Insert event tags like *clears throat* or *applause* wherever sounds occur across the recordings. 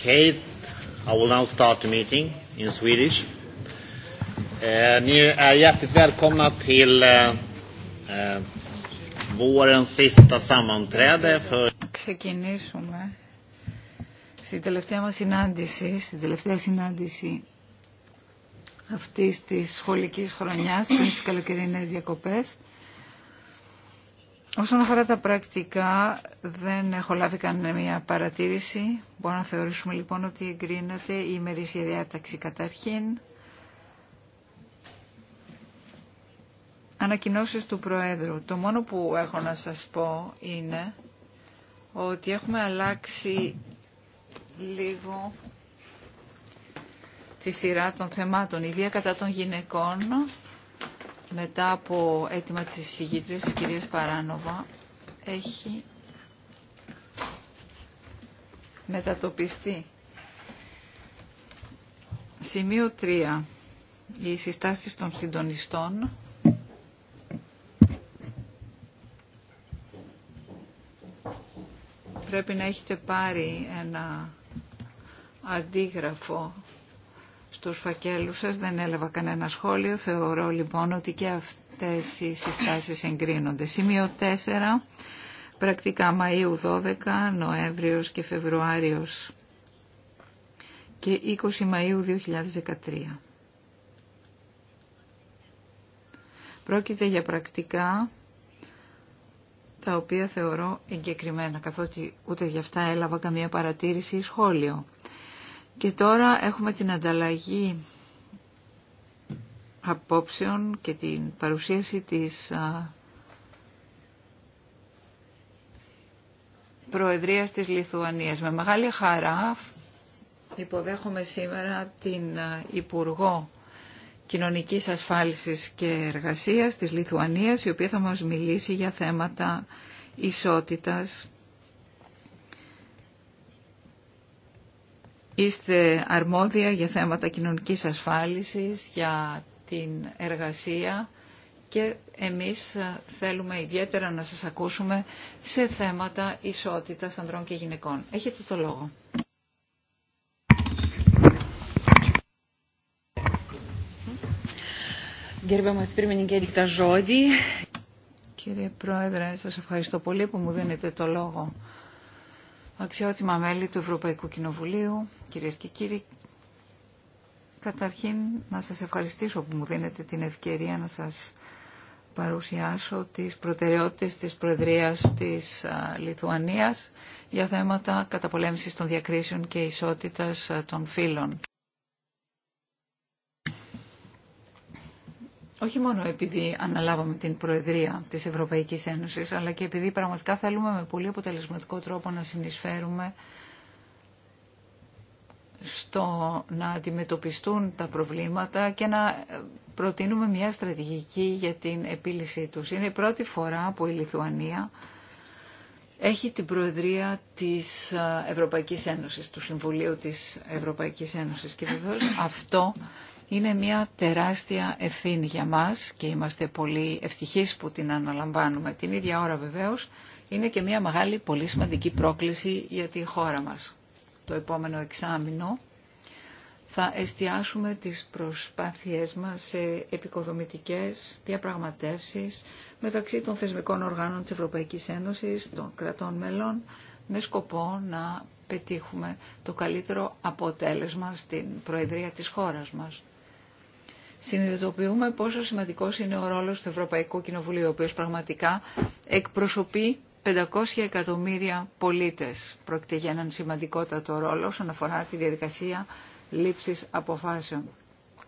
Okay, I will now start the meeting in Swedish. Uh, ni är hjärtligt välkomna till uh, uh, vårens sista sammanträde för... Ξεκινήσουμε στην τελευταία μας συνάντηση, στην τελευταία συνάντηση αυτής της σχολικής χρονιάς πριν τις καλοκαιρινές διακοπές. Όσον αφορά τα πρακτικά, δεν έχω λάβει μια παρατήρηση. Μπορώ να θεωρήσουμε λοιπόν ότι εγκρίνεται η ημερήσια διάταξη καταρχήν. Ανακοινώσεις του Προέδρου. Το μόνο που έχω να σας πω είναι ότι έχουμε αλλάξει λίγο τη σειρά των θεμάτων. Η βία κατά των γυναικών μετά από αίτημα της συγγήτριας της κυρίας Παράνοβα έχει μετατοπιστεί. Σημείο 3. Οι συστάσεις των συντονιστών πρέπει να έχετε πάρει ένα αντίγραφο στους φακέλους σας, δεν έλαβα κανένα σχόλιο. Θεωρώ λοιπόν ότι και αυτές οι συστάσεις εγκρίνονται. Σημείο 4, πρακτικά Μαΐου 12, Νοέμβριος και Φεβρουάριος και 20 Μαΐου 2013. Πρόκειται για πρακτικά τα οποία θεωρώ εγκεκριμένα, καθότι ούτε για αυτά έλαβα καμία παρατήρηση ή σχόλιο. Και τώρα έχουμε την ανταλλαγή απόψεων και την παρουσίαση της Προεδρίας της Λιθουανίας. Με μεγάλη χαρά υποδέχομαι σήμερα την Υπουργό Κοινωνικής Ασφάλισης και Εργασίας της Λιθουανίας, η οποία θα μας μιλήσει για θέματα ισότητας Είστε αρμόδια για θέματα κοινωνικής ασφάλισης, για την εργασία και εμείς θέλουμε ιδιαίτερα να σας ακούσουμε σε θέματα ισότητας ανδρών και γυναικών. Έχετε το λόγο. Κύριε Πρόεδρε, σας ευχαριστώ πολύ που μου δίνετε το λόγο. Αξιότιμα μέλη του Ευρωπαϊκού Κοινοβουλίου, κυρίες και κύριοι, καταρχήν να σας ευχαριστήσω που μου δίνετε την ευκαιρία να σας παρουσιάσω τις προτεραιότητες της Προεδρίας της Λιθουανίας για θέματα καταπολέμησης των διακρίσεων και ισότητας των φύλων. όχι μόνο επειδή αναλάβαμε την Προεδρία της Ευρωπαϊκής Ένωσης, αλλά και επειδή πραγματικά θέλουμε με πολύ αποτελεσματικό τρόπο να συνεισφέρουμε στο να αντιμετωπιστούν τα προβλήματα και να ε, προτείνουμε μια στρατηγική για την επίλυσή τους. Είναι η πρώτη φορά που η Λιθουανία έχει την Προεδρία της ε, Ευρωπαϊκής Ένωσης, του Συμβουλίου της Ευρωπαϊκής Ένωσης και βεβαίως αυτό είναι μια τεράστια ευθύνη για μας και είμαστε πολύ ευτυχείς που την αναλαμβάνουμε. Την ίδια ώρα βεβαίως είναι και μια μεγάλη πολύ σημαντική πρόκληση για τη χώρα μας. Το επόμενο εξάμεινο θα εστιάσουμε τις προσπάθειές μας σε επικοδομητικές διαπραγματεύσεις μεταξύ των θεσμικών οργάνων της Ευρωπαϊκής Ένωσης, των κρατών μελών, με σκοπό να πετύχουμε το καλύτερο αποτέλεσμα στην Προεδρία της χώρας μας συνειδητοποιούμε πόσο σημαντικός είναι ο ρόλος του Ευρωπαϊκού Κοινοβουλίου, ο οποίος πραγματικά εκπροσωπεί 500 εκατομμύρια πολίτες. Πρόκειται για έναν σημαντικότατο ρόλο όσον αφορά τη διαδικασία λήψης αποφάσεων.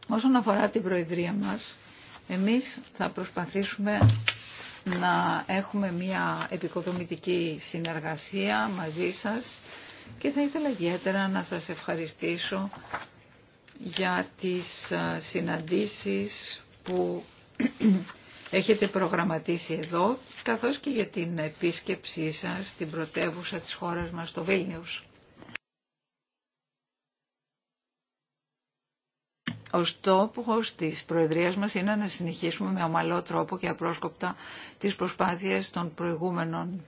Όσον αφορά την Προεδρία μας, εμείς θα προσπαθήσουμε να έχουμε μια επικοδομητική συνεργασία μαζί σας και θα ήθελα ιδιαίτερα να σας ευχαριστήσω για τις ε, συναντήσεις που *clears throat* έχετε προγραμματίσει εδώ, καθώς και για την επίσκεψή σας στην πρωτεύουσα της χώρας μας, το Βίλνιους. Ο στόχος της Προεδρίας μας είναι να συνεχίσουμε με ομαλό τρόπο και απρόσκοπτα τις προσπάθειες των προηγούμενων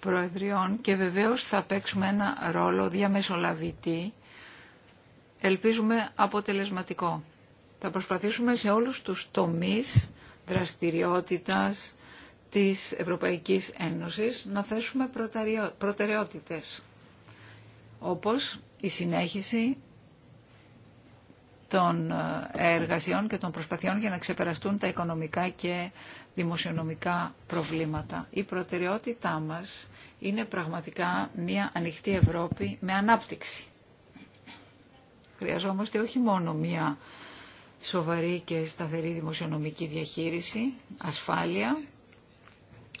Προεδριών και βεβαίως θα παίξουμε ένα ρόλο διαμεσολαβητή ελπίζουμε αποτελεσματικό. Θα προσπαθήσουμε σε όλους τους τομείς δραστηριότητας της Ευρωπαϊκής Ένωσης να θέσουμε προτεραιότητες, όπως η συνέχιση των ε, εργασιών και των προσπαθειών για να ξεπεραστούν τα οικονομικά και δημοσιονομικά προβλήματα. Η προτεραιότητά μας είναι πραγματικά μια ανοιχτή Ευρώπη με ανάπτυξη. Χρειαζόμαστε όχι μόνο μία σοβαρή και σταθερή δημοσιονομική διαχείριση, ασφάλεια,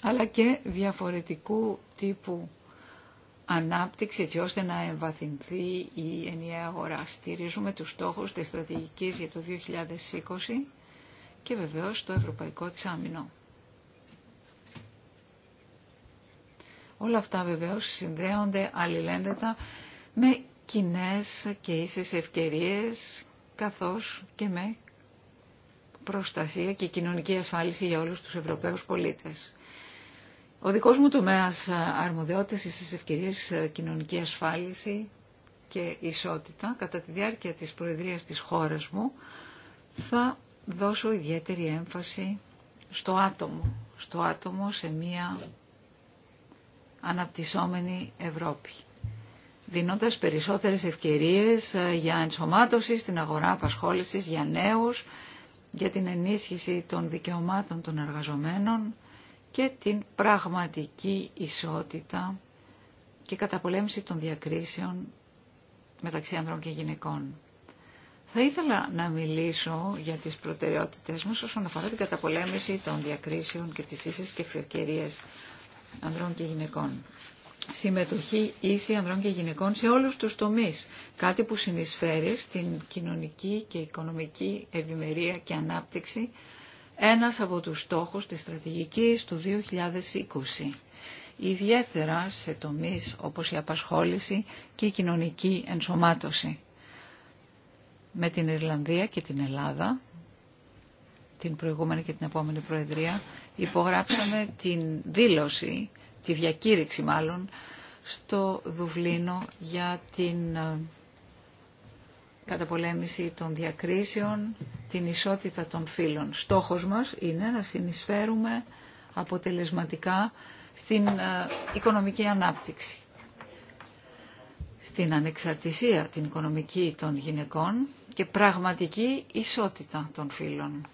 αλλά και διαφορετικού τύπου ανάπτυξη έτσι ώστε να εμβαθυνθεί η ενιαία αγορά. Στηρίζουμε τους στόχους της στρατηγικής για το 2020 και βεβαίως το Ευρωπαϊκό Εξάμεινο. Όλα αυτά βεβαίως συνδέονται αλληλένδετα με κοινέ και ίσες ευκαιρίες καθώς και με προστασία και κοινωνική ασφάλιση για όλους τους Ευρωπαίους πολίτες. Ο δικός μου τομέας αρμοδιότητας στις ευκαιρίες κοινωνική ασφάλιση και ισότητα κατά τη διάρκεια της προεδρίας της χώρας μου θα δώσω ιδιαίτερη έμφαση στο άτομο, στο άτομο σε μία αναπτυσσόμενη Ευρώπη δίνοντας περισσότερες ευκαιρίες ε, για ενσωμάτωση στην αγορά απασχόλησης για νέους, για την ενίσχυση των δικαιωμάτων των εργαζομένων και την πραγματική ισότητα και καταπολέμηση των διακρίσεων μεταξύ ανδρών και γυναικών. Θα ήθελα να μιλήσω για τις προτεραιότητες μας όσον αφορά την καταπολέμηση των διακρίσεων και τις ίσες και ευκαιρίες ανδρών και γυναικών συμμετοχή ίση ανδρών και γυναικών σε όλους τους τομείς. Κάτι που συνεισφέρει στην κοινωνική και οικονομική ευημερία και ανάπτυξη ένας από τους στόχους της στρατηγικής του 2020. Ιδιαίτερα σε τομείς όπως η απασχόληση και η κοινωνική ενσωμάτωση. Με την Ιρλανδία και την Ελλάδα, την προηγούμενη και την επόμενη Προεδρία, υπογράψαμε την δήλωση τη διακήρυξη μάλλον, στο Δουβλίνο για την ε, καταπολέμηση των διακρίσεων, την ισότητα των φύλων. Στόχος μας είναι να συνεισφέρουμε αποτελεσματικά στην ε, οικονομική ανάπτυξη, στην ανεξαρτησία την οικονομική των γυναικών και πραγματική ισότητα των φύλων.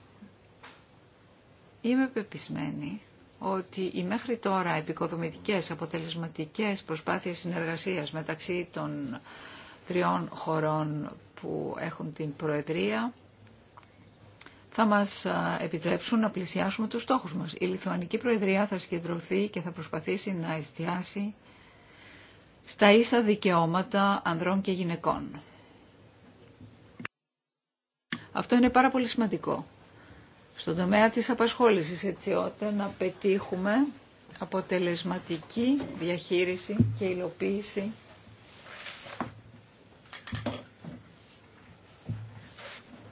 Είμαι πεπισμένη ότι οι μέχρι τώρα επικοδομητικές αποτελεσματικές προσπάθειες συνεργασίας μεταξύ των τριών χωρών που έχουν την Προεδρία θα μας επιτρέψουν να πλησιάσουμε τους στόχους μας. Η Λιθουανική Προεδρία θα συγκεντρωθεί και θα προσπαθήσει να εστιάσει στα ίσα δικαιώματα ανδρών και γυναικών. Αυτό είναι πάρα πολύ σημαντικό στον τομέα της απασχόλησης έτσι ώστε να πετύχουμε αποτελεσματική διαχείριση και υλοποίηση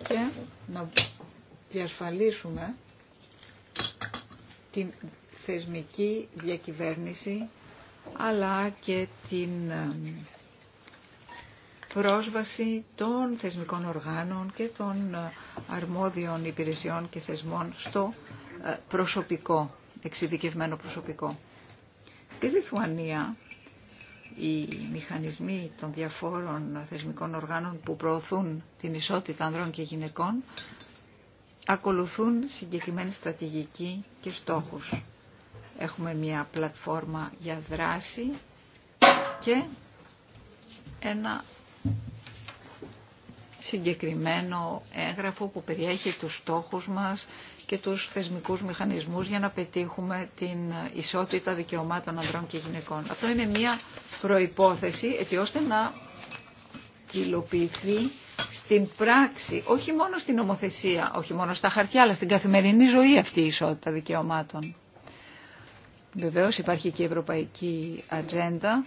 και να διασφαλίσουμε την θεσμική διακυβέρνηση αλλά και την ε, πρόσβαση των θεσμικών οργάνων και των ε, αρμόδιων υπηρεσιών και θεσμών στο ε, προσωπικό, εξειδικευμένο προσωπικό. Στη Λιθουανία οι μηχανισμοί των διαφόρων θεσμικών οργάνων που προωθούν την ισότητα ανδρών και γυναικών ακολουθούν συγκεκριμένη στρατηγική και στόχους. Έχουμε μια πλατφόρμα για δράση και ένα συγκεκριμένο έγγραφο που περιέχει τους στόχους μας και τους θεσμικούς μηχανισμούς για να πετύχουμε την ισότητα δικαιωμάτων ανδρών και γυναικών. Αυτό είναι μια προϋπόθεση έτσι ώστε να υλοποιηθεί στην πράξη, όχι μόνο στην νομοθεσία, όχι μόνο στα χαρτιά, αλλά στην καθημερινή ζωή αυτή η ισότητα δικαιωμάτων. Βεβαίως υπάρχει και η Ευρωπαϊκή Ατζέντα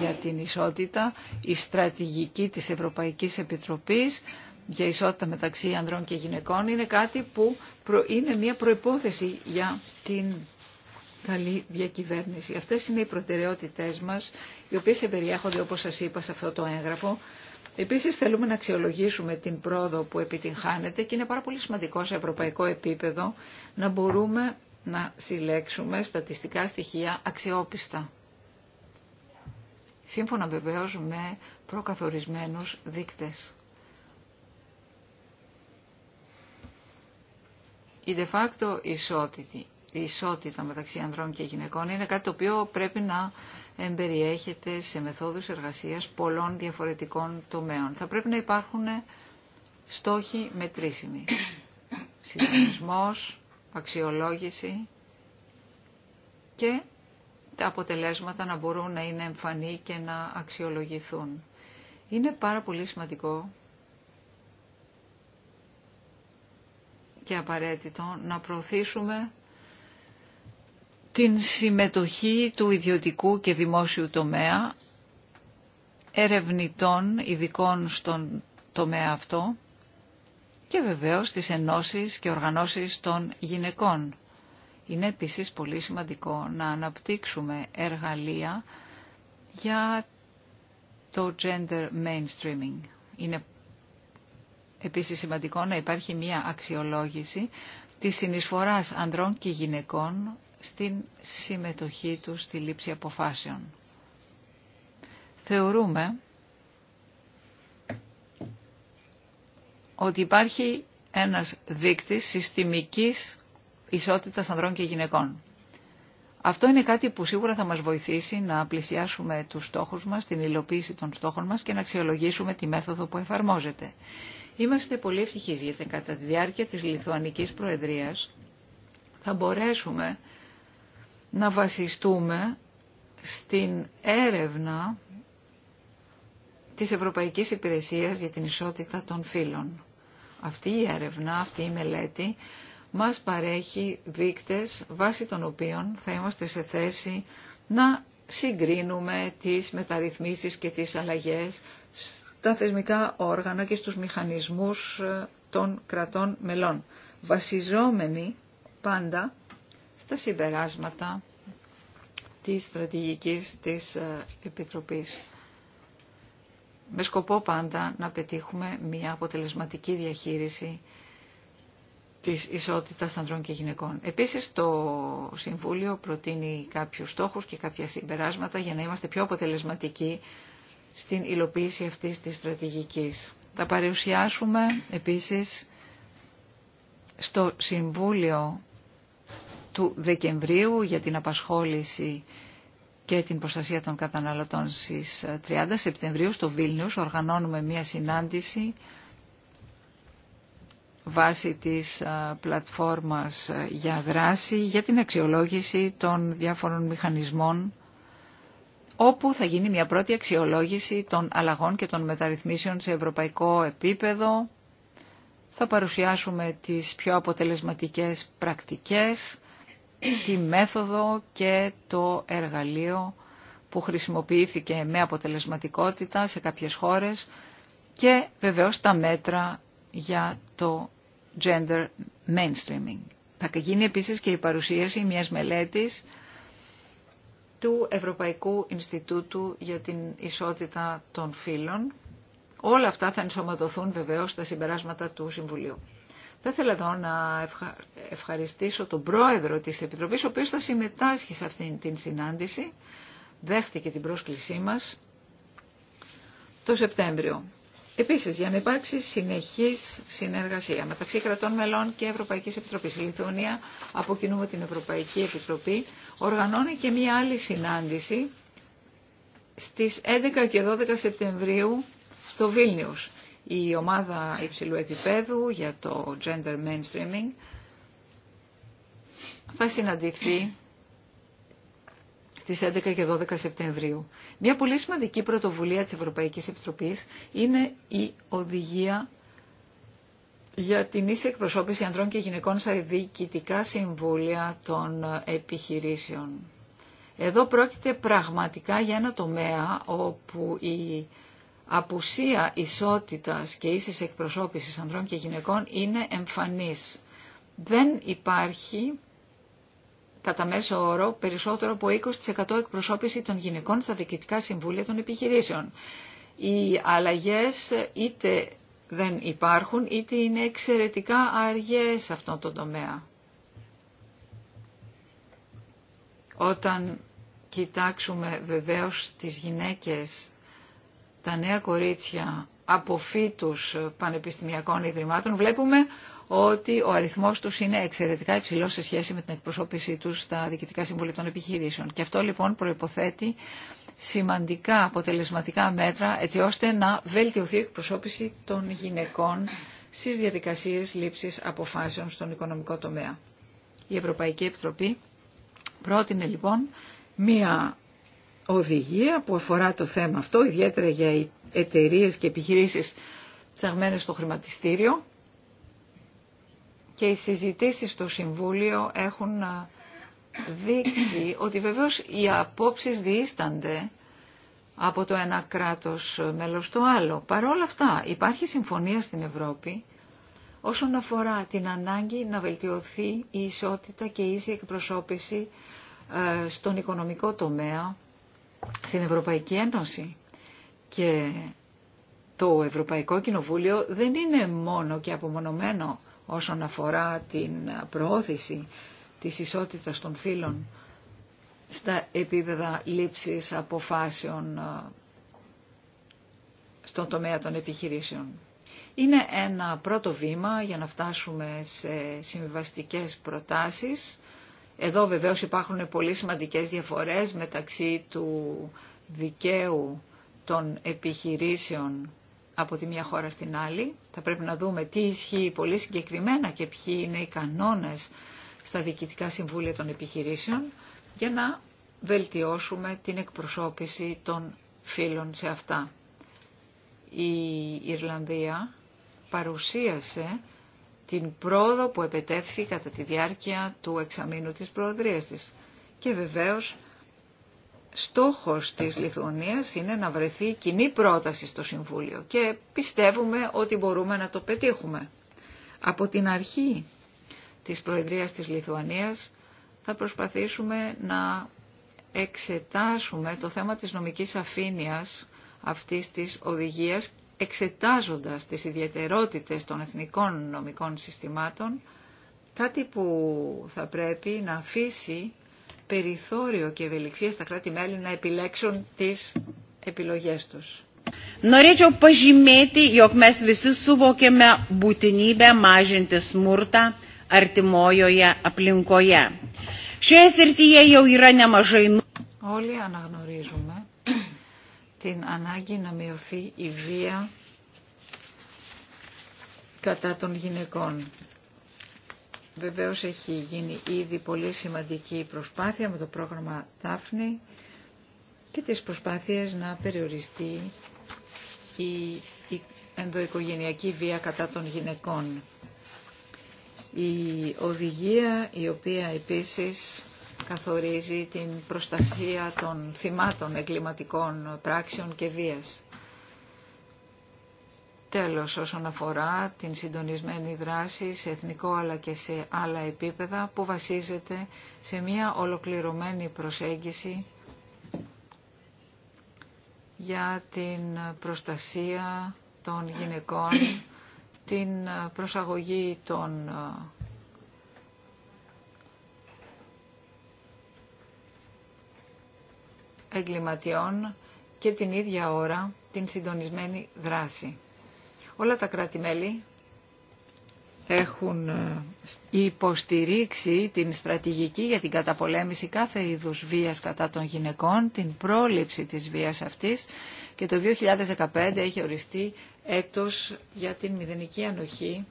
για την ισότητα, η στρατηγική της Ευρωπαϊκής Επιτροπής για ισότητα μεταξύ ανδρών και γυναικών είναι κάτι που είναι μια προϋπόθεση για την καλή διακυβέρνηση. Αυτές είναι οι προτεραιότητές μας, οι οποίες εμπεριέχονται, όπως σας είπα, σε αυτό το έγγραφο. Επίσης θέλουμε να αξιολογήσουμε την πρόοδο που επιτυγχάνεται και είναι πάρα πολύ σημαντικό σε ευρωπαϊκό επίπεδο να μπορούμε να συλλέξουμε στατιστικά στοιχεία αξιόπιστα σύμφωνα βεβαίως με προκαθορισμένους δείκτες. Η de facto ισότητα, η ισότητα μεταξύ ανδρών και γυναικών είναι κάτι το οποίο πρέπει να εμπεριέχεται σε μεθόδους εργασίας πολλών διαφορετικών τομέων. Θα πρέπει να υπάρχουν στόχοι μετρήσιμοι. Συντονισμός, αξιολόγηση και τα αποτελέσματα να μπορούν να είναι εμφανή και να αξιολογηθούν. Είναι πάρα πολύ σημαντικό και απαραίτητο να προωθήσουμε την συμμετοχή του ιδιωτικού και δημόσιου τομέα, ερευνητών ειδικών στον τομέα αυτό και βεβαίως τις ενώσεις και οργανώσεις των γυναικών. Είναι επίσης πολύ σημαντικό να αναπτύξουμε εργαλεία για το gender mainstreaming. Είναι επίσης σημαντικό να υπάρχει μια αξιολόγηση της συνεισφοράς ανδρών και γυναικών στην συμμετοχή τους στη λήψη αποφάσεων. Θεωρούμε ότι υπάρχει ένας δείκτης συστημικής ισότητας ανδρών και γυναικών. Αυτό είναι κάτι που σίγουρα θα μας βοηθήσει να πλησιάσουμε τους στόχους μας, την υλοποίηση των στόχων μας και να αξιολογήσουμε τη μέθοδο που εφαρμόζεται. Είμαστε πολύ ευτυχείς γιατί κατά τη διάρκεια της Λιθουανικής Προεδρίας θα μπορέσουμε να βασιστούμε στην έρευνα της Ευρωπαϊκής Υπηρεσίας για την Ισότητα των Φύλων. Αυτή η έρευνα, αυτή η μελέτη μας παρέχει δείκτες βάσει των οποίων θα είμαστε σε θέση να συγκρίνουμε τις μεταρρυθμίσεις και τις αλλαγές στα θεσμικά όργανα και στους μηχανισμούς των κρατών μελών, βασιζόμενοι πάντα στα συμπεράσματα της στρατηγικής της ε, Επιτροπής. Με σκοπό πάντα να πετύχουμε μια αποτελεσματική διαχείριση της ισότητας ανδρών και γυναικών. Επίσης το Συμβούλιο προτείνει κάποιους στόχους και κάποια συμπεράσματα για να είμαστε πιο αποτελεσματικοί στην υλοποίηση αυτής της στρατηγικής. Θα παρουσιάσουμε επίσης στο Συμβούλιο του Δεκεμβρίου για την απασχόληση και την προστασία των καταναλωτών στις 30 Σεπτεμβρίου στο Βίλνιους. Οργανώνουμε μία συνάντηση βάση της ε, πλατφόρμας ε, για δράση για την αξιολόγηση των διάφορων μηχανισμών όπου θα γίνει μια πρώτη αξιολόγηση των αλλαγών και των μεταρρυθμίσεων σε ευρωπαϊκό επίπεδο. Θα παρουσιάσουμε τις πιο αποτελεσματικές πρακτικές, τη μέθοδο και το εργαλείο που χρησιμοποιήθηκε με αποτελεσματικότητα σε κάποιες χώρες και βεβαίως τα μέτρα για το gender mainstreaming. Θα γίνει επίσης και η παρουσίαση μιας μελέτης του Ευρωπαϊκού Ινστιτούτου για την Ισότητα των Φύλων. Όλα αυτά θα ενσωματωθούν βεβαίως στα συμπεράσματα του Συμβουλίου. Θα ήθελα εδώ να ευχαριστήσω τον πρόεδρο της Επιτροπής, ο οποίος θα συμμετάσχει σε αυτήν την συνάντηση, δέχτηκε την πρόσκλησή μας το Σεπτέμβριο. Επίσης, για να υπάρξει συνεχής συνεργασία μεταξύ κρατών μελών και Ευρωπαϊκής Επιτροπής. Η Λιθουανία, από κοινού με την Ευρωπαϊκή Επιτροπή, οργανώνει και μία άλλη συνάντηση στις 11 και 12 Σεπτεμβρίου στο Βίλνιους. Η ομάδα υψηλού επίπεδου για το gender mainstreaming θα συναντηθεί τις 11 και 12 Σεπτεμβρίου. Μια πολύ σημαντική πρωτοβουλία της Ευρωπαϊκής Επιτροπής είναι η οδηγία για την ίση εκπροσώπηση ανδρών και γυναικών σε διοικητικά συμβούλια των επιχειρήσεων. Εδώ πρόκειται πραγματικά για ένα τομέα όπου η απουσία ισότητας και ίσης εκπροσώπησης ανδρών και γυναικών είναι εμφανής. Δεν υπάρχει κατά μέσο όρο περισσότερο από 20% εκπροσώπηση των γυναικών στα διοικητικά συμβούλια των επιχειρήσεων. Οι αλλαγές είτε δεν υπάρχουν είτε είναι εξαιρετικά αργές σε αυτόν τον τομέα. Όταν κοιτάξουμε βεβαίως τις γυναίκες, τα νέα κορίτσια από πανεπιστημιακών ιδρυμάτων, βλέπουμε ότι ο αριθμός τους είναι εξαιρετικά υψηλό σε σχέση με την εκπροσώπησή τους στα διοικητικά συμβούλια των επιχειρήσεων. Και αυτό λοιπόν προποθέτει σημαντικά αποτελεσματικά μέτρα έτσι ώστε να βελτιωθεί η εκπροσώπηση των γυναικών στις διαδικασίες λήψης αποφάσεων στον οικονομικό τομέα. Η Ευρωπαϊκή Επιτροπή πρότεινε λοιπόν μία οδηγία που αφορά το θέμα αυτό, ιδιαίτερα για εταιρείε και επιχειρήσεις ψαγμένες στο χρηματιστήριο και οι συζητήσεις στο Συμβούλιο έχουν ε, δείξει ότι βεβαίως οι απόψεις διήστανται από το ένα κράτος μέλος στο άλλο. Παρ' όλα αυτά υπάρχει συμφωνία στην Ευρώπη όσον αφορά την ανάγκη να βελτιωθεί η ισότητα και η ίση εκπροσώπηση ε, στον οικονομικό τομέα στην Ευρωπαϊκή Ένωση. Και το Ευρωπαϊκό Κοινοβούλιο δεν είναι μόνο και απομονωμένο όσον αφορά την προώθηση της ισότητας των φύλων στα επίπεδα λήψης αποφάσεων ε, στον τομέα των επιχειρήσεων. Είναι ένα πρώτο βήμα για να φτάσουμε σε συμβιβαστικές προτάσεις. Εδώ βεβαίως υπάρχουν πολύ σημαντικές διαφορές μεταξύ του δικαίου των επιχειρήσεων από τη μια χώρα στην άλλη. Θα πρέπει να δούμε τι ισχύει πολύ συγκεκριμένα και ποιοι είναι οι κανόνες στα διοικητικά συμβούλια των επιχειρήσεων για να βελτιώσουμε την εκπροσώπηση των φίλων σε αυτά. Η Ιρλανδία παρουσίασε την πρόοδο που επετεύχθη κατά τη διάρκεια του εξαμήνου της Προεδρίας της. Και βεβαίως στόχος της Λιθουανίας είναι να βρεθεί κοινή πρόταση στο Συμβούλιο και πιστεύουμε ότι μπορούμε να το πετύχουμε. Από την αρχή της Προεδρίας της Λιθουανίας θα προσπαθήσουμε να εξετάσουμε το θέμα της νομικής αφήνειας αυτής της οδηγίας εξετάζοντας τις ιδιαιτερότητες των εθνικών νομικών συστημάτων, κάτι που θα πρέπει να αφήσει περιθώριο και ευελιξία στα κράτη-μέλη να επιλέξουν τις επιλογές τους. Όλοι αναγνωρίζουμε την ανάγκη να μειωθεί η βία κατά των γυναικών. Βεβαίως έχει γίνει ήδη πολύ σημαντική προσπάθεια με το πρόγραμμα Τάφνη και τις προσπάθειες να περιοριστεί η ενδοοικογενειακή βία κατά των γυναικών. Η οδηγία η οποία επίσης καθορίζει την προστασία των θυμάτων εγκληματικών πράξεων και βίας. Τέλος, όσον αφορά την συντονισμένη δράση σε εθνικό αλλά και σε άλλα επίπεδα που βασίζεται σε μια ολοκληρωμένη προσέγγιση για την προστασία των γυναικών, την προσαγωγή των ε, εγκληματιών και την ίδια ώρα την συντονισμένη δράση. Όλα τα κράτη-μέλη έχουν ε, υποστηρίξει την στρατηγική για την καταπολέμηση κάθε είδους βίας κατά των γυναικών, την πρόληψη της βίας αυτής και το 2015 έχει οριστεί έτος για την μηδενική ανοχή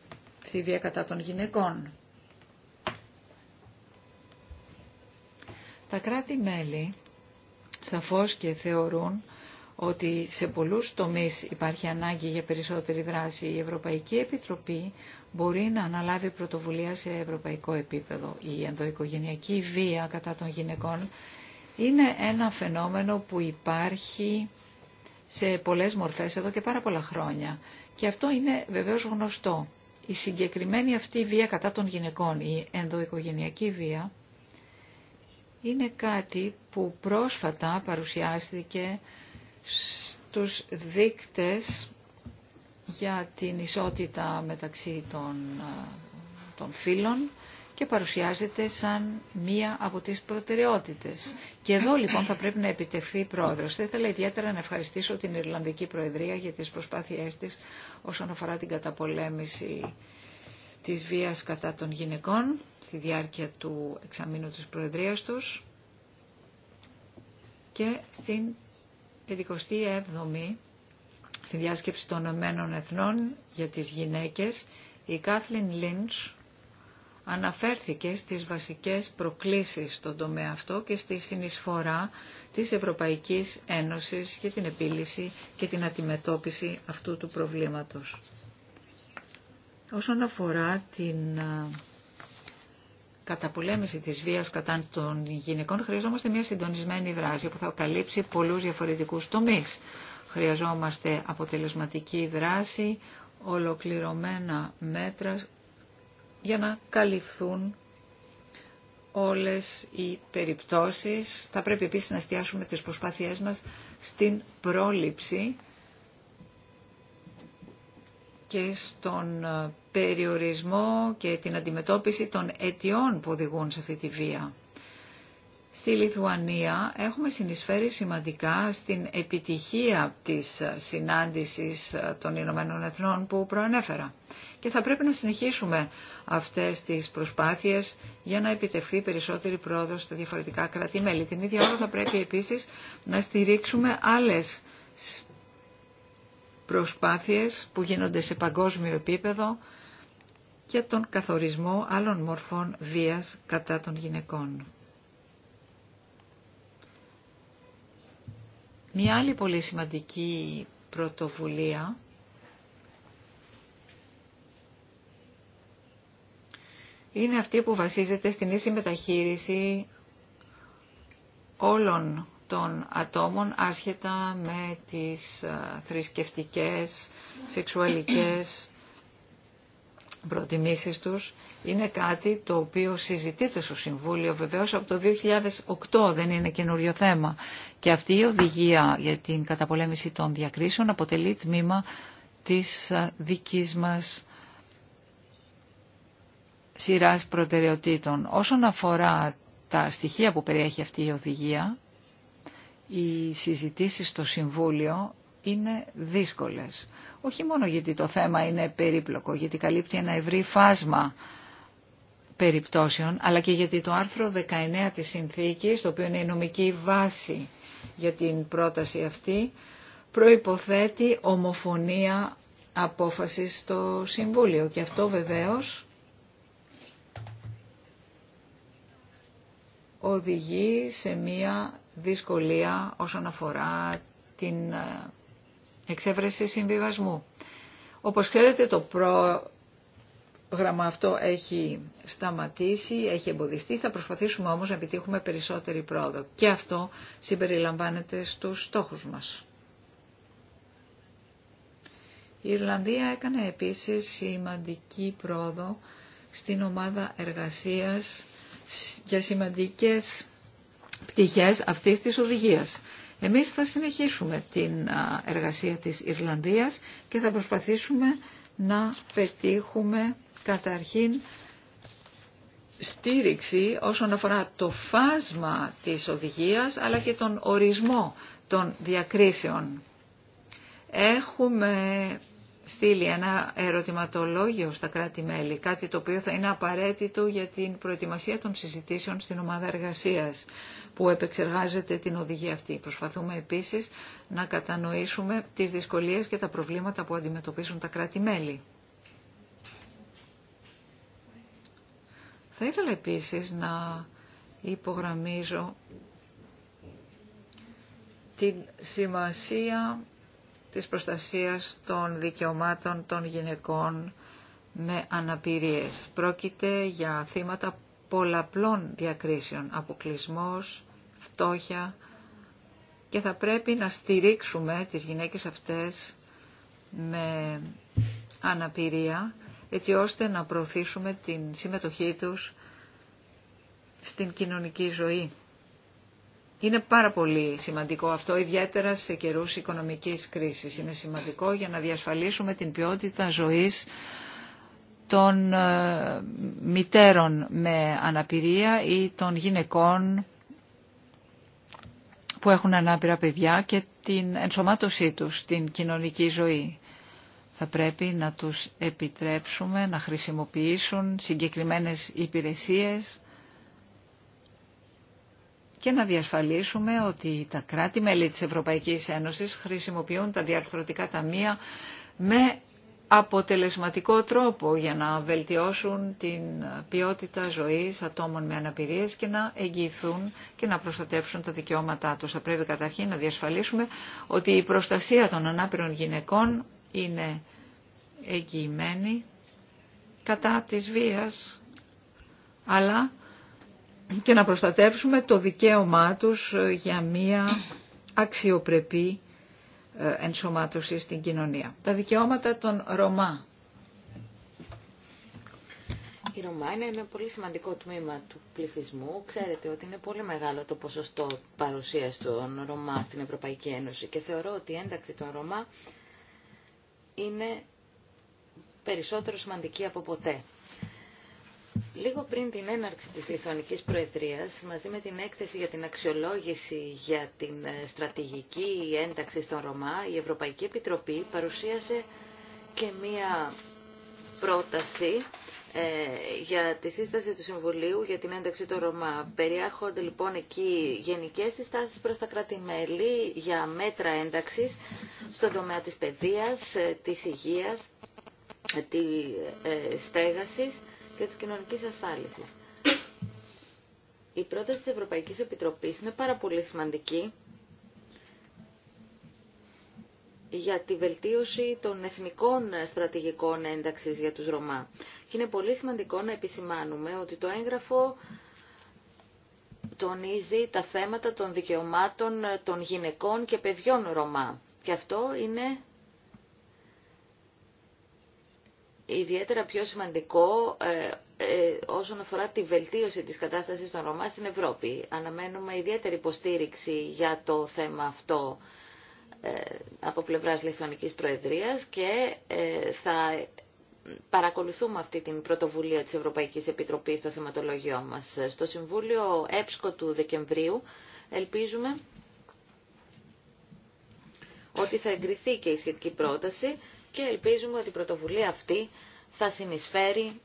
στη βία κατά των γυναικών. Τα κράτη-μέλη σαφώς και θεωρούν ότι σε πολλούς τομείς υπάρχει ανάγκη για περισσότερη δράση. Η Ευρωπαϊκή Επιτροπή μπορεί να αναλάβει πρωτοβουλία σε ευρωπαϊκό επίπεδο. Η ενδοοικογενειακή βία κατά των γυναικών είναι ένα φαινόμενο που υπάρχει σε πολλές μορφές εδώ και πάρα πολλά χρόνια. Και αυτό είναι βεβαίως γνωστό. Η συγκεκριμένη αυτή βία κατά των γυναικών, η ενδοοικογενειακή βία, είναι κάτι που πρόσφατα παρουσιάστηκε στους δείκτες για την ισότητα μεταξύ των, ε, των φύλων και παρουσιάζεται σαν μία από τις προτεραιότητες. Και εδώ λοιπόν θα πρέπει να επιτευχθεί πρόεδρος. Θα ήθελα ιδιαίτερα να ευχαριστήσω την Ιρλανδική Προεδρία για τις προσπάθειές της όσον αφορά την καταπολέμηση της βίας κατά των γυναικών στη διάρκεια του εξαμήνου της Προεδρίας τους και στην τη 27η στη διάσκεψη των Ηνωμένων Εθνών για τις γυναίκες, η Κάθλιν Λίντς αναφέρθηκε στις βασικές προκλήσεις στον τομέα αυτό και στη συνεισφορά της Ευρωπαϊκής Ένωσης για την επίλυση και την αντιμετώπιση αυτού του προβλήματος. Όσον αφορά την καταπολέμηση της βίας κατά των γυναικών χρειαζόμαστε μια συντονισμένη δράση που θα καλύψει πολλούς διαφορετικούς τομείς. Χρειαζόμαστε αποτελεσματική δράση, ολοκληρωμένα μέτρα για να καλυφθούν όλες οι περιπτώσεις. Θα πρέπει επίσης να εστιάσουμε τις προσπάθειές μας στην πρόληψη και στον ε, περιορισμό και την αντιμετώπιση των αιτιών που οδηγούν σε αυτή τη βία. Στη Λιθουανία έχουμε συνεισφέρει σημαντικά στην επιτυχία της ε, συνάντησης ε, των Ηνωμένων Εθνών που προανέφερα. Και θα πρέπει να συνεχίσουμε αυτές τις προσπάθειες για να επιτευχθεί περισσότερη πρόοδος στα διαφορετικά κράτη-μέλη. Την ίδια ώρα θα πρέπει επίσης να στηρίξουμε άλλες προσπάθειες που γίνονται σε παγκόσμιο επίπεδο και τον καθορισμό άλλων μορφών βίας κατά των γυναικών. Μια άλλη πολύ σημαντική πρωτοβουλία είναι αυτή που βασίζεται στην ίση μεταχείριση όλων των ατόμων άσχετα με τις ε, θρησκευτικές, σεξουαλικές προτιμήσεις τους. Είναι κάτι το οποίο συζητείται στο Συμβούλιο βεβαίως από το 2008, δεν είναι καινούριο θέμα. Και αυτή η οδηγία για την καταπολέμηση των διακρίσεων αποτελεί τμήμα της ε, δικής μας σειράς προτεραιοτήτων. Όσον αφορά τα στοιχεία που περιέχει αυτή η οδηγία, οι συζητήσεις στο Συμβούλιο είναι δύσκολες. Όχι μόνο γιατί το θέμα είναι περίπλοκο, γιατί καλύπτει ένα ευρύ φάσμα περιπτώσεων, αλλά και γιατί το άρθρο 19 της συνθήκης, το οποίο είναι η νομική βάση για την πρόταση αυτή, προϋποθέτει ομοφωνία απόφασης στο Συμβούλιο. Και αυτό βεβαίως οδηγεί σε μία δυσκολία όσον αφορά την ε, εξέβρεση συμβιβασμού. Όπως ξέρετε το πρόγραμμα αυτό έχει σταματήσει, έχει εμποδιστεί, θα προσπαθήσουμε όμως να επιτύχουμε περισσότερη πρόοδο. Και αυτό συμπεριλαμβάνεται στους στόχους μας. Η Ιρλανδία έκανε επίσης σημαντική πρόοδο στην ομάδα εργασίας για σημαντικές πτυχές αυτής της οδηγίας. Εμείς θα συνεχίσουμε την εργασία της Ιρλανδίας και θα προσπαθήσουμε να πετύχουμε καταρχήν στήριξη όσον αφορά το φάσμα της οδηγίας αλλά και τον ορισμό των διακρίσεων. Έχουμε στείλει ένα ερωτηματολόγιο στα κράτη-μέλη, κάτι το οποίο θα είναι απαραίτητο για την προετοιμασία των συζητήσεων στην ομάδα εργασίας που επεξεργάζεται την οδηγία αυτή. Προσπαθούμε επίσης να κατανοήσουμε τις δυσκολίες και τα προβλήματα που αντιμετωπίζουν τα κράτη-μέλη. Θα ήθελα επίσης να υπογραμμίζω την σημασία της προστασίας των δικαιωμάτων των γυναικών με αναπηρίες. Πρόκειται για θύματα πολλαπλών διακρίσεων, αποκλεισμός, φτώχεια και θα πρέπει να στηρίξουμε τις γυναίκες αυτές με αναπηρία έτσι ώστε να προωθήσουμε την συμμετοχή τους στην κοινωνική ζωή. Είναι πάρα πολύ σημαντικό αυτό, ιδιαίτερα σε καιρούς οικονομικής κρίσης. Είναι σημαντικό για να διασφαλίσουμε την ποιότητα ζωής των ε, μητέρων με αναπηρία ή των γυναικών που έχουν ανάπηρα παιδιά και την ενσωμάτωσή τους στην κοινωνική ζωή. Θα πρέπει να τους επιτρέψουμε να χρησιμοποιήσουν συγκεκριμένες υπηρεσίες και να διασφαλίσουμε ότι τα κράτη-μέλη της Ευρωπαϊκής Ένωσης χρησιμοποιούν τα διαρθρωτικά ταμεία με αποτελεσματικό τρόπο για να βελτιώσουν την ποιότητα ζωής ατόμων με αναπηρίες και να εγγυηθούν και να προστατεύσουν τα δικαιώματά τους. Θα πρέπει καταρχήν να διασφαλίσουμε ότι η προστασία των ανάπηρων γυναικών είναι εγγυημένη κατά της βίας, αλλά και να προστατεύσουμε το δικαίωμά τους ε, για μία αξιοπρεπή ε, ενσωμάτωση στην κοινωνία. Τα δικαιώματα των Ρωμά. Η Ρωμά είναι ένα πολύ σημαντικό τμήμα του πληθυσμού. Ξέρετε ότι είναι πολύ μεγάλο το ποσοστό παρουσίας των Ρωμά στην Ευρωπαϊκή Ένωση και θεωρώ ότι η ένταξη των Ρωμά είναι περισσότερο σημαντική από ποτέ. Λίγο πριν την έναρξη της Λιθουανικής Προεδρίας, μαζί με την έκθεση για την αξιολόγηση για την ε, στρατηγική ένταξη στον Ρωμά, η Ευρωπαϊκή Επιτροπή παρουσίασε και μία πρόταση ε, για τη σύσταση του Συμβουλίου για την ένταξη των Ρωμά. Περιέχονται λοιπόν εκεί γενικές συστάσεις προς τα κράτη-μέλη για μέτρα ένταξης στον τομέα της παιδείας, ε, της υγείας, της στέγασης και της κοινωνικής ασφάλισης. Η πρόταση της Ευρωπαϊκής Επιτροπής είναι πάρα πολύ σημαντική για τη βελτίωση των εθνικών στρατηγικών ένταξης για τους Ρωμά. Και είναι πολύ σημαντικό να επισημάνουμε ότι το έγγραφο τονίζει τα θέματα των δικαιωμάτων των γυναικών και παιδιών Ρωμά. Και αυτό είναι ιδιαίτερα πιο σημαντικό ε, ε, όσον αφορά τη βελτίωση της κατάστασης των Ρωμά στην Ευρώπη. Αναμένουμε ιδιαίτερη υποστήριξη για το θέμα αυτό ε, από πλευράς Λιθουανικής Προεδρίας και θα παρακολουθούμε αυτή την πρωτοβουλία της Ευρωπαϊκής Επιτροπής στο θεματολογιό μας. Στο Συμβούλιο ΕΠΣΚΟ του Δεκεμβρίου ελπίζουμε ότι θα εγκριθεί και η σχετική πρόταση και ελπίζουμε ότι η πρωτοβουλία αυτή θα συνεισφέρει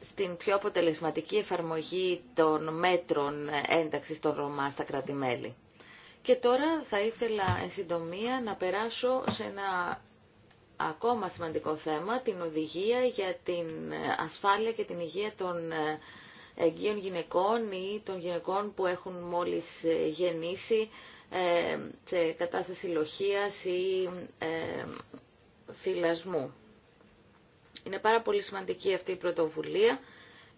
στην πιο αποτελεσματική εφαρμογή των μέτρων ένταξης των Ρωμά στα κράτη-μέλη. Και τώρα θα ήθελα εν συντομία να περάσω σε ένα ακόμα σημαντικό θέμα, την οδηγία για την ασφάλεια και την υγεία των εγγύων γυναικών ή των γυναικών που έχουν μόλις γεννήσει ε, σε κατάσταση λοχίας ή ε, θυλασμού. Είναι πάρα πολύ σημαντική αυτή η πρωτοβουλία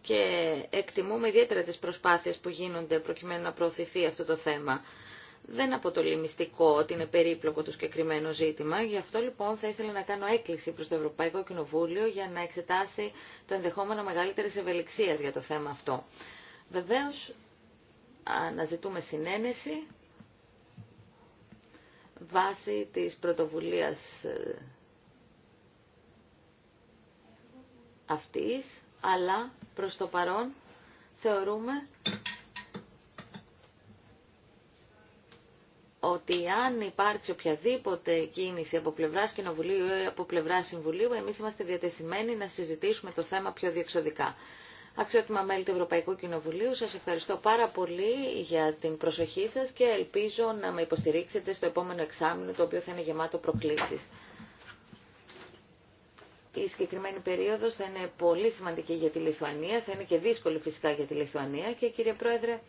και εκτιμούμε ιδιαίτερα τις προσπάθειες που γίνονται προκειμένου να προωθηθεί αυτό το θέμα. Δεν αποτελεί μυστικό ότι είναι περίπλοκο το συγκεκριμένο ζήτημα. Γι' αυτό λοιπόν θα ήθελα να κάνω έκκληση προς το Ευρωπαϊκό Κοινοβούλιο για να εξετάσει το ενδεχόμενο μεγαλύτερης ευελιξίας για το θέμα αυτό. Βεβαίως, αναζητούμε συνένεση βάσει της πρωτοβουλίας ε, αυτής, αλλά προς το παρόν θεωρούμε ότι αν υπάρξει οποιαδήποτε κίνηση από πλευρά Κοινοβουλίου ή από πλευρά Συμβουλίου, εμείς είμαστε διατεθειμένοι να συζητήσουμε το θέμα πιο διεξοδικά. Αξιότιμα μέλη του Ευρωπαϊκού Κοινοβουλίου, σας ευχαριστώ πάρα πολύ για την προσοχή σας και ελπίζω να με υποστηρίξετε στο επόμενο εξάμεινο, το οποίο θα είναι γεμάτο προκλήσεις η συγκεκριμένη περίοδος θα είναι πολύ σημαντική για τη Λιθουανία, θα είναι και δύσκολη φυσικά για τη Λιθουανία και κύριε Πρόεδρε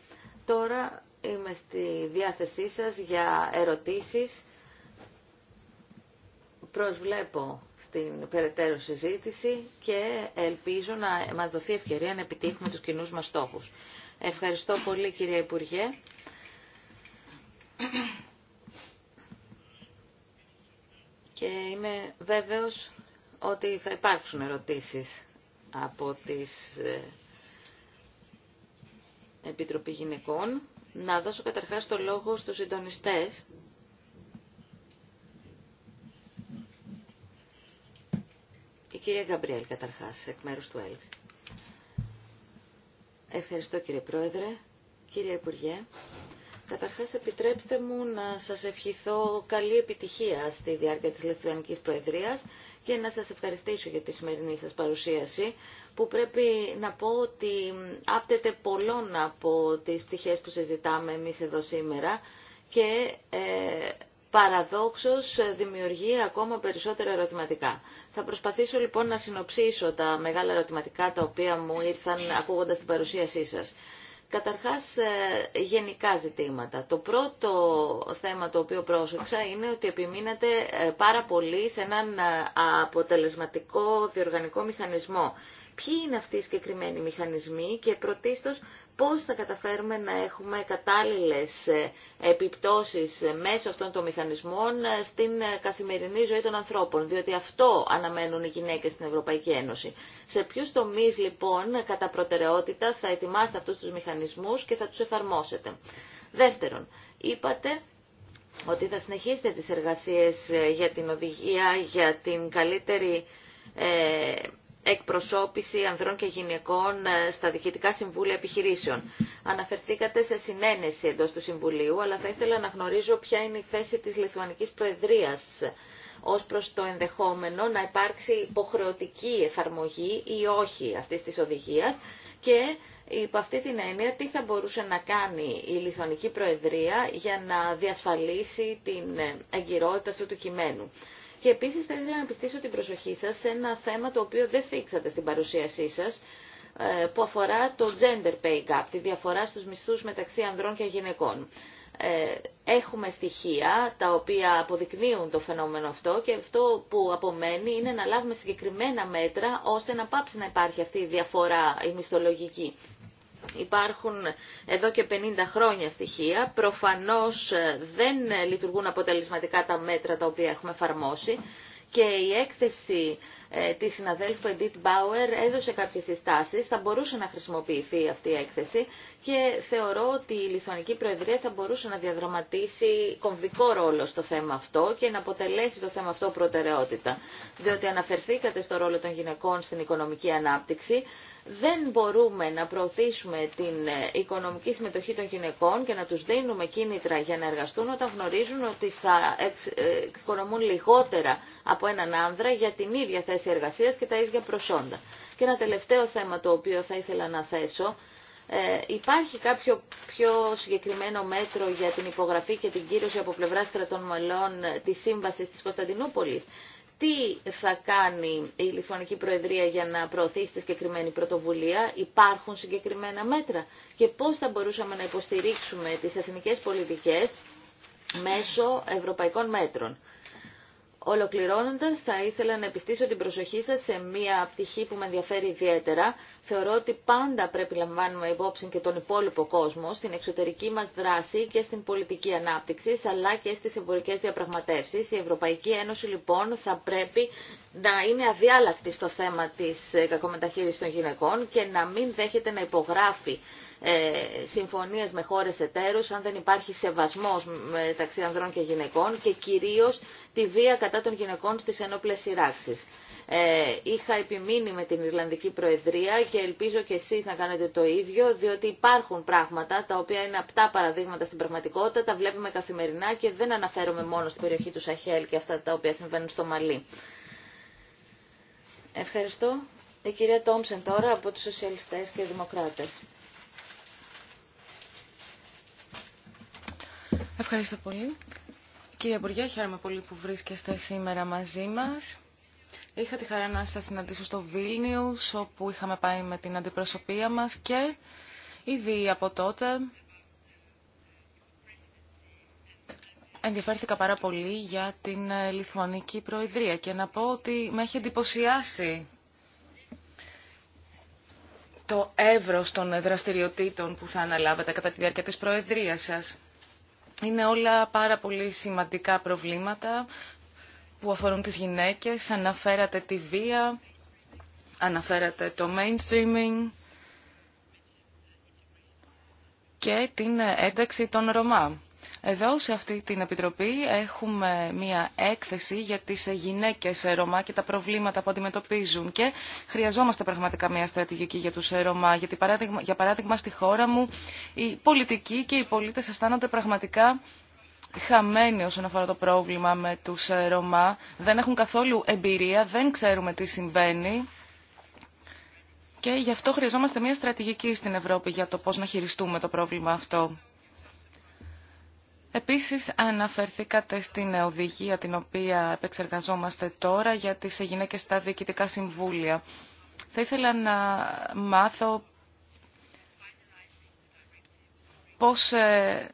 τώρα είμαι στη διάθεσή σας για ερωτήσεις. Προσβλέπω στην περαιτέρω συζήτηση και ελπίζω να μας δοθεί ευκαιρία να επιτύχουμε τους κοινούς μας στόχους. Ευχαριστώ πολύ κύριε Υπουργέ. Και είμαι βέβαιος ότι θα υπάρξουν ερωτήσεις από τις ε, Επιτροπή Γυναικών. Να δώσω καταρχάς το λόγο στους συντονιστές. Η κυρία Γκαμπριέλ καταρχάς, εκ μέρους του ΕΛΚ. Ευχαριστώ κύριε Πρόεδρε, κύριε Υπουργέ. Καταρχάς επιτρέψτε μου να σας ευχηθώ καλή επιτυχία στη διάρκεια της Λεθουανικής Προεδρίας και να σας ευχαριστήσω για τη σημερινή σας παρουσίαση που πρέπει να πω ότι άπτεται πολλών από τις πτυχές που συζητάμε εμείς εδώ σήμερα και ε, παραδόξως δημιουργεί ακόμα περισσότερα ερωτηματικά. Θα προσπαθήσω λοιπόν να συνοψίσω τα μεγάλα ερωτηματικά τα οποία μου ήρθαν ακούγοντας την παρουσίασή σας. Καταρχάς, ε, γενικά ζητήματα. Το πρώτο θέμα το οποίο πρόσεξα είναι ότι επιμείνεται ε, πάρα πολύ σε έναν ε, αποτελεσματικό διοργανικό μηχανισμό. Ποιοι είναι αυτοί οι συγκεκριμένοι μηχανισμοί και πρωτίστως πώς θα καταφέρουμε να έχουμε κατάλληλες ε, επιπτώσεις ε, μέσω αυτών των μηχανισμών ε, στην καθημερινή ζωή των ανθρώπων, διότι αυτό αναμένουν οι γυναίκες στην Ευρωπαϊκή Ένωση. Σε ποιους τομείς λοιπόν κατά προτεραιότητα θα ετοιμάσετε αυτούς τους μηχανισμούς και θα τους εφαρμόσετε. Δεύτερον, είπατε ότι θα συνεχίσετε τις εργασίες για την οδηγία, για την καλύτερη εκπροσώπηση ανδρών και γυναικών ε, στα διοικητικά συμβούλια επιχειρήσεων. Αναφερθήκατε σε συνένεση εντός του Συμβουλίου, αλλά θα ήθελα να γνωρίζω ποια είναι η θέση της Λιθουανικής Προεδρίας ως προς το ενδεχόμενο να υπάρξει υποχρεωτική εφαρμογή ή όχι αυτής της οδηγίας και υπό αυτή την έννοια τι θα μπορούσε να κάνει η Λιθουανική Προεδρία για να διασφαλίσει την εγκυρότητα αυτού του κειμένου. Και επίσης θα να πιστήσω την προσοχή σας σε ένα θέμα το οποίο δεν θίξατε στην παρουσίασή σας, ε, που αφορά το gender pay gap, τη διαφορά στους μισθούς μεταξύ ανδρών και γυναικών. Ε, έχουμε στοιχεία τα οποία αποδεικνύουν το φαινόμενο αυτό και αυτό που απομένει είναι να λάβουμε συγκεκριμένα μέτρα ώστε να πάψει να υπάρχει αυτή η διαφορά η μισθολογική. Υπάρχουν εδώ και 50 χρόνια στοιχεία. Προφανώς ε, δεν λειτουργούν αποτελεσματικά τα μέτρα τα οποία έχουμε εφαρμόσει και η έκθεση ε, της συναδέλφου Edith Bauer έδωσε κάποιες συστάσεις. Θα μπορούσε να χρησιμοποιηθεί αυτή η έκθεση και θεωρώ ότι η Λιθουανική Προεδρία θα μπορούσε να διαδραματίσει κομβικό ρόλο στο θέμα αυτό και να αποτελέσει το θέμα αυτό προτεραιότητα. Διότι αναφερθήκατε στο ρόλο των γυναικών στην οικονομική ανάπτυξη δεν μπορούμε να προωθήσουμε την οικονομική συμμετοχή των γυναικών και να τους δίνουμε κίνητρα για να εργαστούν όταν γνωρίζουν ότι θα ε, εξοικονομούν λιγότερα από έναν άνδρα για την ίδια θέση εργασίας και τα ίδια προσόντα. Και ένα τελευταίο θέμα το οποίο θα ήθελα να θέσω. Ε, υπάρχει κάποιο πιο συγκεκριμένο μέτρο για την υπογραφή και την κύρωση από πλευρά κρατών μελών ε, τη σύμβασης της Κωνσταντινούπολης. Τι θα κάνει η Λιθουανική Προεδρία για να προωθήσει τη συγκεκριμένη πρωτοβουλία, υπάρχουν συγκεκριμένα μέτρα και πώς θα μπορούσαμε να υποστηρίξουμε τις εθνικές πολιτικές μέσω ευρωπαϊκών μέτρων. Ολοκληρώνοντας, θα ήθελα να επιστήσω την προσοχή σας σε μία πτυχή που με ενδιαφέρει ιδιαίτερα. Θεωρώ ότι πάντα πρέπει να λαμβάνουμε υπόψη και τον υπόλοιπο κόσμο στην εξωτερική μας δράση και στην πολιτική ανάπτυξη, αλλά και στις εμπορικές διαπραγματεύσεις. Η Ευρωπαϊκή Ένωση, λοιπόν, θα πρέπει να είναι αδιάλακτη στο θέμα της κακομεταχείρισης των γυναικών και να μην δέχεται να υπογράφει ε, συμφωνίες με χώρες εταίρους, αν δεν υπάρχει σεβασμός μεταξύ ανδρών και γυναικών και κυρίως τη βία κατά των γυναικών στις ενόπλες σειράξεις. Ε, είχα επιμείνει με την Ιρλανδική Προεδρία και ελπίζω και εσείς να κάνετε το ίδιο, διότι υπάρχουν πράγματα τα οποία είναι απτά παραδείγματα στην πραγματικότητα, τα βλέπουμε καθημερινά και δεν αναφέρομαι μόνο στην περιοχή του Σαχέλ και αυτά τα οποία συμβαίνουν στο Μαλί. Ευχαριστώ. Η κυρία Τόμψεν τώρα από τους Σοσιαλιστές και Δημοκράτες. Ευχαριστώ πολύ. Κύριε Υπουργέ, χαίρομαι πολύ που βρίσκεστε σήμερα μαζί μας. Είχα τη χαρά να σας συναντήσω στο Βίλνιους, όπου είχαμε πάει με την αντιπροσωπεία μας και ήδη από τότε ενδιαφέρθηκα πάρα πολύ για την ε, Λιθουανική Προεδρία και να πω ότι με έχει εντυπωσιάσει το εύρος των δραστηριοτήτων που θα αναλάβετε κατά τη διάρκεια της Προεδρίας σας. Είναι όλα πάρα πολύ σημαντικά προβλήματα που αφορούν τις γυναίκες. Αναφέρατε τη βία, αναφέρατε το mainstreaming και την ένταξη των Ρωμά. Εδώ σε αυτή την Επιτροπή έχουμε μία έκθεση για τις γυναίκες Ρωμά και τα προβλήματα που αντιμετωπίζουν και χρειαζόμαστε πραγματικά μία στρατηγική για τους Ρωμά. Γιατί παράδειγμα, για παράδειγμα στη χώρα μου οι πολιτικοί και οι πολίτες αισθάνονται πραγματικά χαμένοι όσον αφορά το πρόβλημα με τους Ρωμά. Δεν έχουν καθόλου εμπειρία, δεν ξέρουμε τι συμβαίνει. Και γι' αυτό χρειαζόμαστε μια στρατηγική στην Ευρώπη για το πώς να χειριστούμε το πρόβλημα αυτό. Επίσης αναφερθήκατε στην οδηγία την οποία επεξεργαζόμαστε τώρα για τις γυναίκες στα διοικητικά συμβούλια. Θα ήθελα να μάθω πώς, ε,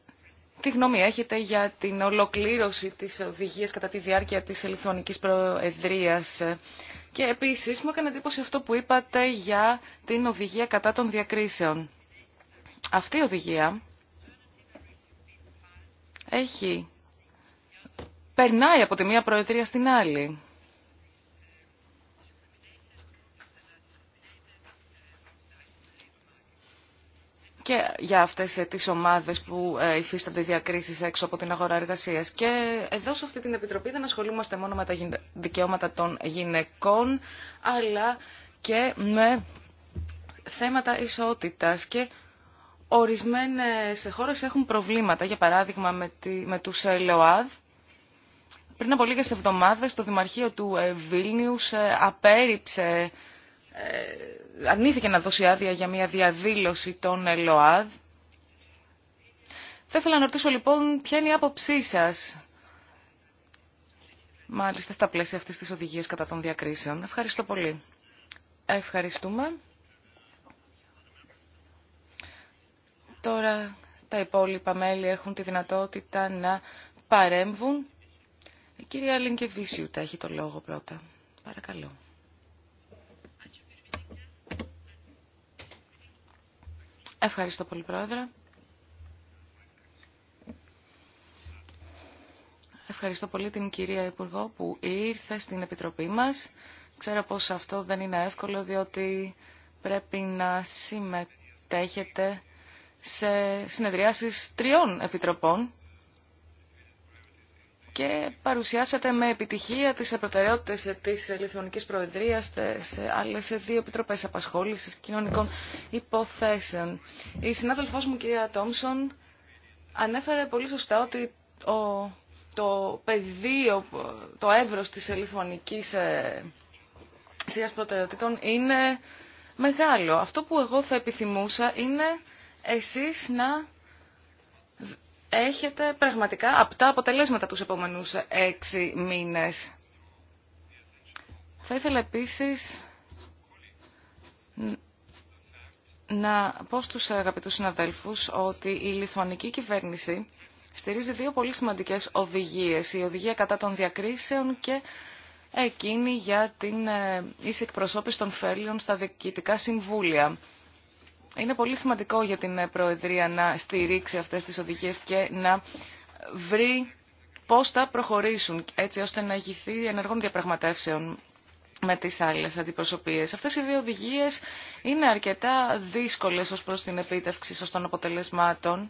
τι γνώμη έχετε για την ολοκλήρωση της οδηγίας κατά τη διάρκεια της Ελιθουανικής Προεδρίας. Και επίσης μου έκανε εντύπωση αυτό που είπατε για την οδηγία κατά των διακρίσεων. Αυτή η οδηγία έχει, περνάει από τη μία προεδρία στην άλλη. και για αυτές ε, τις ομάδες που ε, υφίστανται διακρίσεις έξω από την αγορά εργασίας. Και εδώ σε αυτή την Επιτροπή δεν ασχολούμαστε μόνο με τα δικαιώματα των γυναικών, αλλά και με θέματα ισότητας. Και Ορισμένες χώρες έχουν προβλήματα, για παράδειγμα με, με τους ε, ΛΟΑΔ. Πριν από λίγες εβδομάδες το Δημαρχείο του ε, Βίλνιους ε, απέριψε, αρνήθηκε να δώσει άδεια για μια διαδήλωση των ΛΟΑΔ. Θα ήθελα να ρωτήσω λοιπόν ποια είναι η άποψή σας μάλιστα στα πλαίσια αυτής της οδηγίας κατά των διακρίσεων. Ευχαριστώ πολύ. Ευχαριστούμε. Τώρα τα υπόλοιπα μέλη έχουν τη δυνατότητα να παρέμβουν. Η κυρία Λινκεβίσιου τα έχει το λόγο πρώτα. Παρακαλώ. Ευχαριστώ πολύ, Πρόεδρε. Ευχαριστώ πολύ την κυρία Υπουργό που ήρθε στην Επιτροπή μας. Ξέρω πως αυτό δεν είναι εύκολο διότι πρέπει να συμμετέχετε σε συνεδριάσεις τριών επιτροπών και παρουσιάσατε με επιτυχία τις προτεραιότητες της Λιθουανικής Προεδρίας σε άλλες δύο επιτροπές απασχόλησης κοινωνικών υποθέσεων. Η συνάδελφός μου, κυρία Τόμσον, ανέφερε πολύ σωστά ότι το πεδίο, το εύρος της Λιθουανικής ε, σειράς προτεραιοτήτων είναι μεγάλο. Αυτό που εγώ θα επιθυμούσα είναι εσείς να έχετε πραγματικά απτά αποτελέσματα τους επόμενους έξι μήνες. Θα ήθελα επίσης να πω στους αγαπητούς συναδέλφους ότι η λιθουανική κυβέρνηση στηρίζει δύο πολύ σημαντικές οδηγίες. Η οδηγία κατά των διακρίσεων και εκείνη για την ε, ίση εκπροσώπηση των φέλιων στα διοικητικά συμβούλια είναι πολύ σημαντικό για την ε, Προεδρία να στηρίξει αυτές τις οδηγίες και να βρει πώς θα προχωρήσουν έτσι ώστε να ηγηθεί ενεργών διαπραγματεύσεων με τις άλλες αντιπροσωπείες. Αυτές οι δύο οδηγίες είναι αρκετά δύσκολες ως προς την επίτευξη σωστών αποτελεσμάτων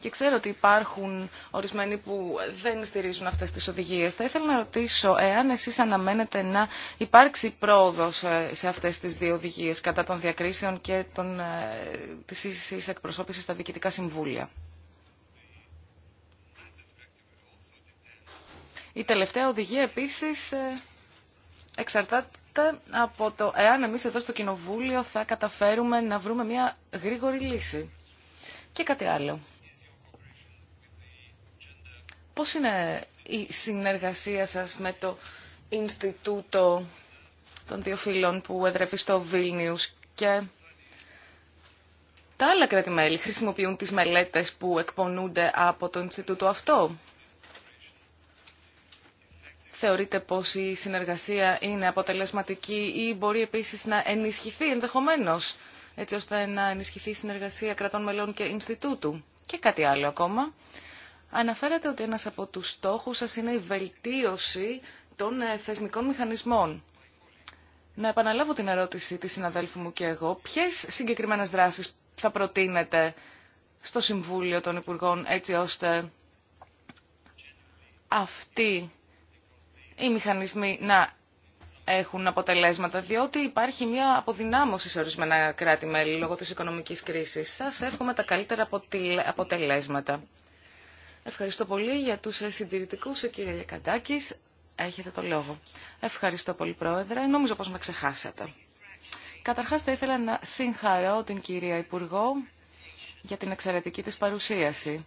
και ξέρω ότι υπάρχουν ορισμένοι που δεν στηρίζουν αυτές τις οδηγίες. Θα ήθελα να ρωτήσω εάν εσείς αναμένετε να υπάρξει πρόοδος ε, σε αυτές τις δύο οδηγίες κατά των διακρίσεων και των, ε, της ίσης εκπροσώπησης στα διοικητικά συμβούλια. Η τελευταία οδηγία επίσης ε, εξαρτάται από το εάν εμείς εδώ στο Κοινοβούλιο θα καταφέρουμε να βρούμε μια γρήγορη λύση. Και κάτι άλλο. Πώς είναι η συνεργασία σας με το Ινστιτούτο των δύο που εδρεύει στο Βίλνιους και τα άλλα κράτη-μέλη χρησιμοποιούν τις μελέτες που εκπονούνται από το Ινστιτούτο αυτό. Θεωρείτε πως η συνεργασία είναι αποτελεσματική ή μπορεί επίσης να ενισχυθεί ενδεχομένως, έτσι ώστε να ενισχυθεί η συνεργασία κρατών μελών και Ινστιτούτου. Και κάτι άλλο ακόμα αναφέρατε ότι ένας από τους στόχους σας είναι η βελτίωση των ε, θεσμικών μηχανισμών. Να επαναλάβω την ερώτηση της συναδέλφου μου και εγώ. Ποιες συγκεκριμένες δράσεις θα προτείνετε στο Συμβούλιο των Υπουργών έτσι ώστε αυτοί οι μηχανισμοί να έχουν αποτελέσματα, διότι υπάρχει μια αποδυνάμωση σε ορισμένα κράτη-μέλη λόγω της οικονομικής κρίσης. Σας εύχομαι τα καλύτερα αποτελέσματα. Ευχαριστώ πολύ για τους ε, συντηρητικούς, ε, κύριε Γιακαντάκης. Έχετε το λόγο. Ευχαριστώ πολύ, Πρόεδρε. Νομίζω πως με ξεχάσατε. Καταρχάς, θα ήθελα να συγχαρώ την κυρία Υπουργό για την εξαιρετική της παρουσίαση.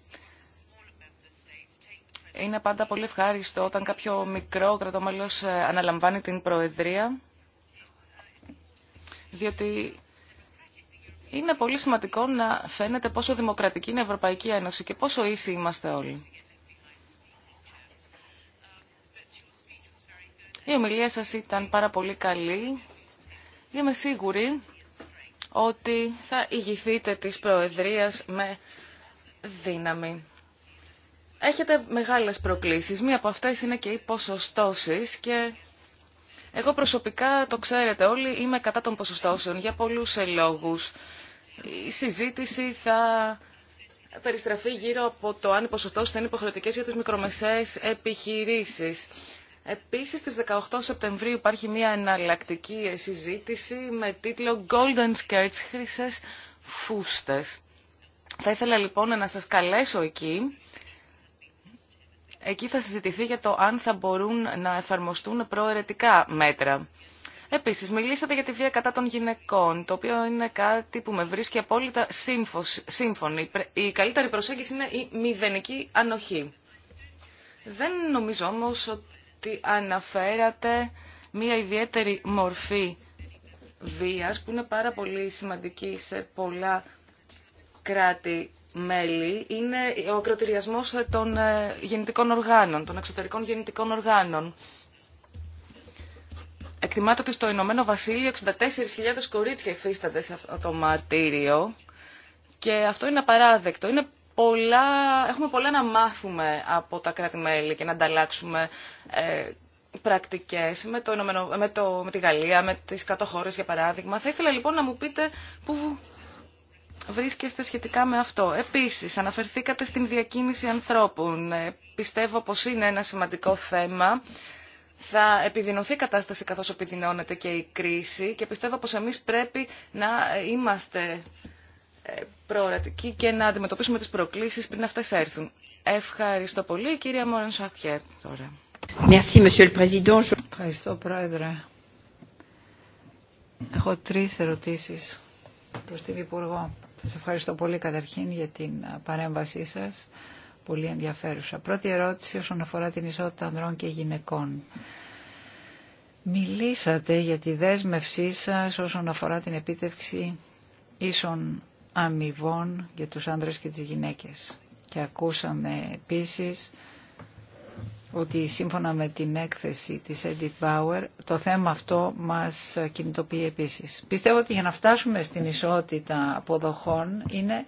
Είναι πάντα πολύ ευχάριστο όταν κάποιο μικρό κρατομέλος ε, αναλαμβάνει την Προεδρία, διότι είναι πολύ σημαντικό να φαίνεται πόσο δημοκρατική είναι η Ευρωπαϊκή Ένωση και πόσο ίσοι είμαστε όλοι. Η ομιλία σας ήταν πάρα πολύ καλή. Είμαι σίγουρη ότι θα ηγηθείτε της Προεδρίας με δύναμη. Έχετε μεγάλες προκλήσεις. Μία από αυτές είναι και οι ποσοστώσεις και εγώ προσωπικά το ξέρετε όλοι είμαι κατά των ποσοστώσεων για πολλούς λόγους η συζήτηση θα περιστραφεί γύρω από το αν οι ποσοστώσεις θα είναι υποχρεωτικές για τις μικρομεσαίες επιχειρήσεις. Επίσης, στις 18 Σεπτεμβρίου υπάρχει μια εναλλακτική συζήτηση με τίτλο «Golden Skirts, χρυσές φούστες». Θα ήθελα λοιπόν να σας καλέσω εκεί. Εκεί θα συζητηθεί για το αν θα μπορούν να εφαρμοστούν προαιρετικά μέτρα. Επίσης, μιλήσατε για τη βία κατά των γυναικών, το οποίο είναι κάτι που με βρίσκει απόλυτα σύμφωνη. Η καλύτερη προσέγγιση είναι η μηδενική ανοχή. Δεν νομίζω όμως ότι αναφέρατε μία ιδιαίτερη μορφή βίας που είναι πάρα πολύ σημαντική σε πολλά κράτη-μέλη είναι ο ακροτηριασμός των ε, γεννητικών οργάνων, των εξωτερικών γεννητικών οργάνων. Εκτιμάται ότι στο Ηνωμένο Βασίλειο 64.000 κορίτσια υφίστανται σε αυτό το μαρτύριο και αυτό είναι απαράδεκτο. Είναι πολλά, έχουμε πολλά να μάθουμε από τα κράτη-μέλη και να ανταλλάξουμε ε, πρακτικές με, το, με, το, με τη Γαλλία, με τις χώρες για παράδειγμα. Θα ήθελα λοιπόν να μου πείτε πού βρίσκεστε σχετικά με αυτό. Επίσης, αναφερθήκατε στην διακίνηση ανθρώπων. Ε, πιστεύω πως είναι ένα σημαντικό θέμα θα επιδεινωθεί η κατάσταση καθώς επιδεινώνεται και η κρίση και πιστεύω πως εμείς πρέπει να είμαστε ε, προορατικοί και να αντιμετωπίσουμε τις προκλήσεις πριν αυτές έρθουν. Ευχαριστώ πολύ κυρία Μόρεν Σαρτιέ τώρα. Ευχαριστώ πρόεδρε. Έχω τρεις ερωτήσεις προς την Υπουργό. Σας ευχαριστώ πολύ καταρχήν για την παρέμβασή σας πολύ ενδιαφέρουσα. Πρώτη ερώτηση όσον αφορά την ισότητα ανδρών και γυναικών. Μιλήσατε για τη δέσμευσή σας όσον αφορά την επίτευξη ίσων αμοιβών για τους άνδρες και τις γυναίκες. Και ακούσαμε επίσης ότι σύμφωνα με την έκθεση της Edith Bauer το θέμα αυτό μας κινητοποιεί επίσης. Πιστεύω ότι για να φτάσουμε στην ισότητα αποδοχών είναι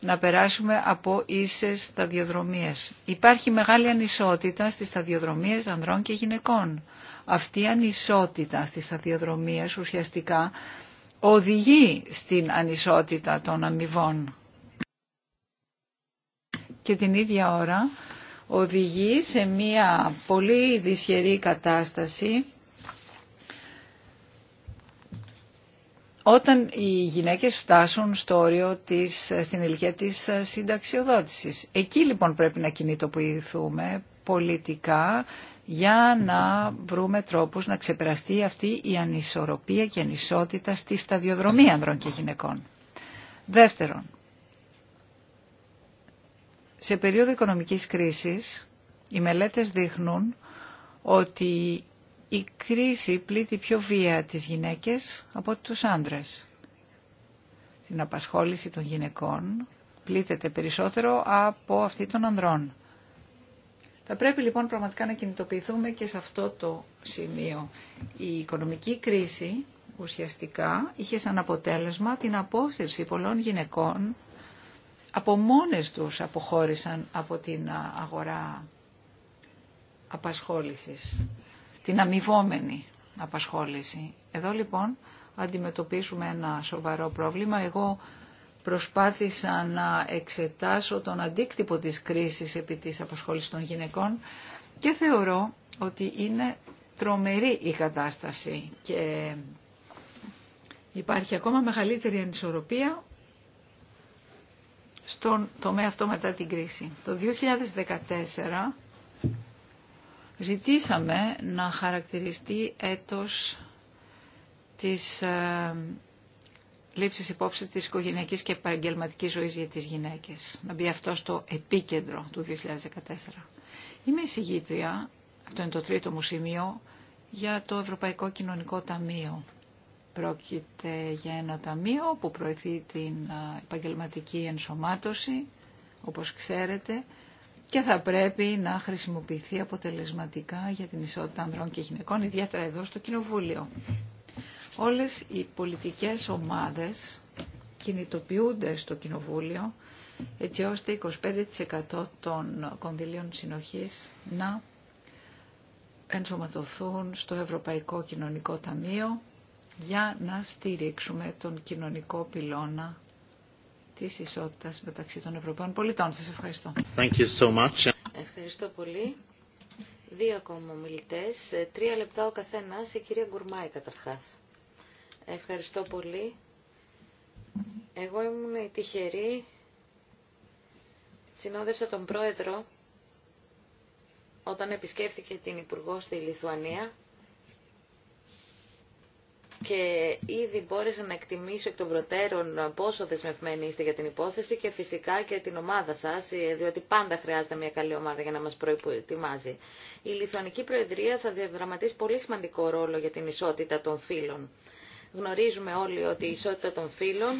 να περάσουμε από ίσες σταδιοδρομίες. Υπάρχει μεγάλη ανισότητα στις σταδιοδρομίες ανδρών και γυναικών. Αυτή η ανισότητα στις σταδιοδρομίες ουσιαστικά οδηγεί στην ανισότητα των αμοιβών. Και την ίδια ώρα οδηγεί σε μια πολύ δυσχερή κατάσταση όταν οι γυναίκες φτάσουν στο όριο της, στην ηλικία της συνταξιοδότησης. Εκεί λοιπόν πρέπει να κινητοποιηθούμε πολιτικά για να βρούμε τρόπους να ξεπεραστεί αυτή η ανισορροπία και ανισότητα στη σταδιοδρομία ανδρών και γυναικών. Δεύτερον, σε περίοδο οικονομικής κρίσης οι μελέτες δείχνουν ότι η κρίση πλήττει πιο βία τις γυναίκες από τους άντρες. Την απασχόληση των γυναικών πλήττεται περισσότερο από αυτή των ανδρών. Θα πρέπει λοιπόν πραγματικά να κινητοποιηθούμε και σε αυτό το σημείο. Η οικονομική κρίση ουσιαστικά είχε σαν αποτέλεσμα την απόσυρση πολλών γυναικών από μόνες τους αποχώρησαν από την αγορά απασχόλησης την αμοιβόμενη απασχόληση. Εδώ λοιπόν αντιμετωπίσουμε ένα σοβαρό πρόβλημα. Εγώ προσπάθησα να εξετάσω τον αντίκτυπο της κρίσης επί της απασχόλησης των γυναικών και θεωρώ ότι είναι τρομερή η κατάσταση και υπάρχει ακόμα μεγαλύτερη ανισορροπία στον τομέα αυτό μετά την κρίση. Το 2014 Ζητήσαμε να χαρακτηριστεί έτος της ε, λήψης υπόψη της οικογενειακής και επαγγελματική ζωής για τις γυναίκες. Να μπει αυτό στο επίκεντρο του 2014. Είμαι εισηγήτρια, αυτό είναι το τρίτο μου σημείο, για το Ευρωπαϊκό Κοινωνικό Ταμείο. Πρόκειται για ένα ταμείο που προωθεί την ε, επαγγελματική ενσωμάτωση, όπως ξέρετε, και θα πρέπει να χρησιμοποιηθεί αποτελεσματικά για την ισότητα ανδρών και γυναικών, ιδιαίτερα εδώ στο Κοινοβούλιο. Όλες οι πολιτικές ομάδες κινητοποιούνται στο Κοινοβούλιο έτσι ώστε 25% των κονδυλίων συνοχής να ενσωματωθούν στο Ευρωπαϊκό Κοινωνικό Ταμείο για να στηρίξουμε τον κοινωνικό πυλώνα της ισότητας μεταξύ των Ευρωπαίων πολιτών. Σας ευχαριστώ. Thank you so much. Ευχαριστώ πολύ. Δύο ακόμα ομιλητέ, ε, τρία λεπτά ο καθένας, η κυρία Γκουρμάη καταρχάς. Ευχαριστώ πολύ. Εγώ ήμουν η τυχερή, συνόδευσα τον πρόεδρο όταν επισκέφθηκε την Υπουργό στη Λιθουανία και ήδη μπόρεσα να εκτιμήσω εκ των προτέρων πόσο δεσμευμένοι είστε για την υπόθεση και φυσικά και την ομάδα σα, ε, διότι πάντα χρειάζεται μια καλή ομάδα για να μα προετοιμάζει. Η Λιθουανική Προεδρία θα διαδραματίσει πολύ σημαντικό ρόλο για την ισότητα των φύλων. Γνωρίζουμε όλοι ότι η ισότητα των φύλων ε,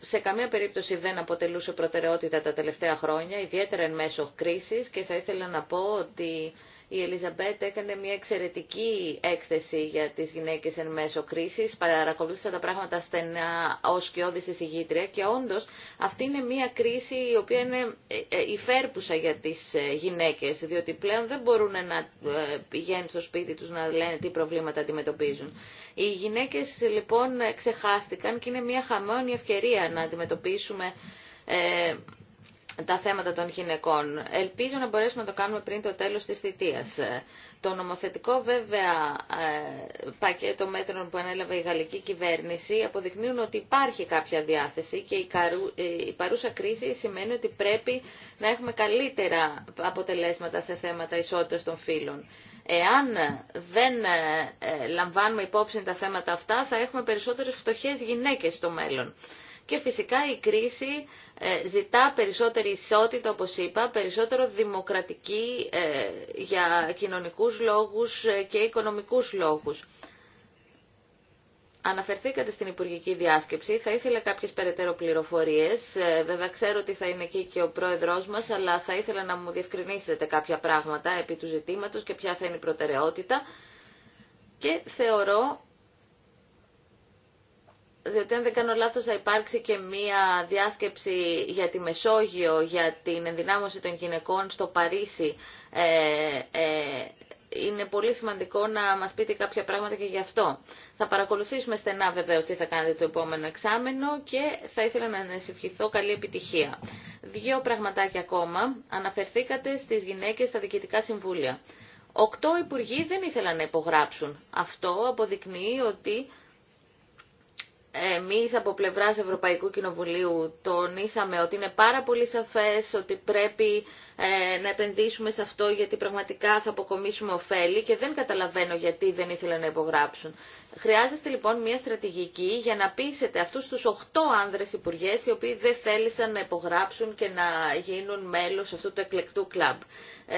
σε καμία περίπτωση δεν αποτελούσε προτεραιότητα τα τελευταία χρόνια, ιδιαίτερα εν μέσω κρίση και θα ήθελα να πω ότι η Ελιζαμπέτ έκανε μια εξαιρετική έκθεση για τις γυναίκες εν μέσω κρίσης, παρακολούθησα τα πράγματα στενά ως και και όντως αυτή είναι μια κρίση η οποία είναι ε, ε, υφέρπουσα για τις ε, γυναίκες, διότι πλέον δεν μπορούν να πηγαίνουν στο σπίτι τους να λένε τι προβλήματα αντιμετωπίζουν. Οι γυναίκες λοιπόν ξεχάστηκαν και είναι μια χαμένη ευκαιρία να αντιμετωπίσουμε τα θέματα των γυναικών. Ελπίζω να μπορέσουμε να το κάνουμε πριν το τέλος της θητείας. Ε, το νομοθετικό βέβαια ε, πακέτο μέτρων που ανέλαβε η γαλλική κυβέρνηση αποδεικνύουν ότι υπάρχει κάποια διάθεση και ε, η παρούσα κρίση σημαίνει ότι πρέπει να έχουμε καλύτερα αποτελέσματα σε θέματα ισότητας των φύλων. Εάν δεν λαμβάνουμε υπόψη τα θέματα αυτά θα έχουμε περισσότερες φτωχές γυναίκες στο μέλλον. Και φυσικά η κρίση ε, ζητά περισσότερη ισότητα, όπως είπα, περισσότερο δημοκρατική ε, για κοινωνικούς λόγους ε, και οικονομικούς λόγους. Αναφερθήκατε στην Υπουργική Διάσκεψη. Θα ήθελα κάποιες περαιτέρω πληροφορίες. Βέβαια ξέρω ότι θα είναι εκεί και ο πρόεδρός μας, αλλά θα ήθελα να μου διευκρινίσετε κάποια πράγματα επί του ζητήματος και ποια θα είναι η προτεραιότητα. Και θεωρώ διότι αν δεν κάνω λάθος θα υπάρξει και μία διάσκεψη για τη Μεσόγειο, για την ενδυνάμωση των γυναικών στο Παρίσι. Ε, ε, είναι πολύ σημαντικό να μας πείτε κάποια πράγματα και γι' αυτό. Θα παρακολουθήσουμε στενά βεβαίως τι θα κάνετε το επόμενο εξάμενο και θα ήθελα να ευχηθώ καλή επιτυχία. Δύο πραγματάκια ακόμα. Αναφερθήκατε στις γυναίκες στα διοικητικά συμβούλια. Οκτώ υπουργοί δεν ήθελαν να υπογράψουν. Αυτό αποδεικνύει ότι εμείς από πλευράς Ευρωπαϊκού Κοινοβουλίου τονίσαμε ότι είναι πάρα πολύ σαφές ότι πρέπει ε, να επενδύσουμε σε αυτό γιατί πραγματικά θα αποκομίσουμε ωφέλη και δεν καταλαβαίνω γιατί δεν ήθελαν να υπογράψουν. Χρειάζεστε λοιπόν μια στρατηγική για να πείσετε αυτούς τους 8 άνδρες υπουργέ οι οποίοι δεν θέλησαν να υπογράψουν και να γίνουν μέλος αυτού του εκλεκτού κλαμπ. Ε,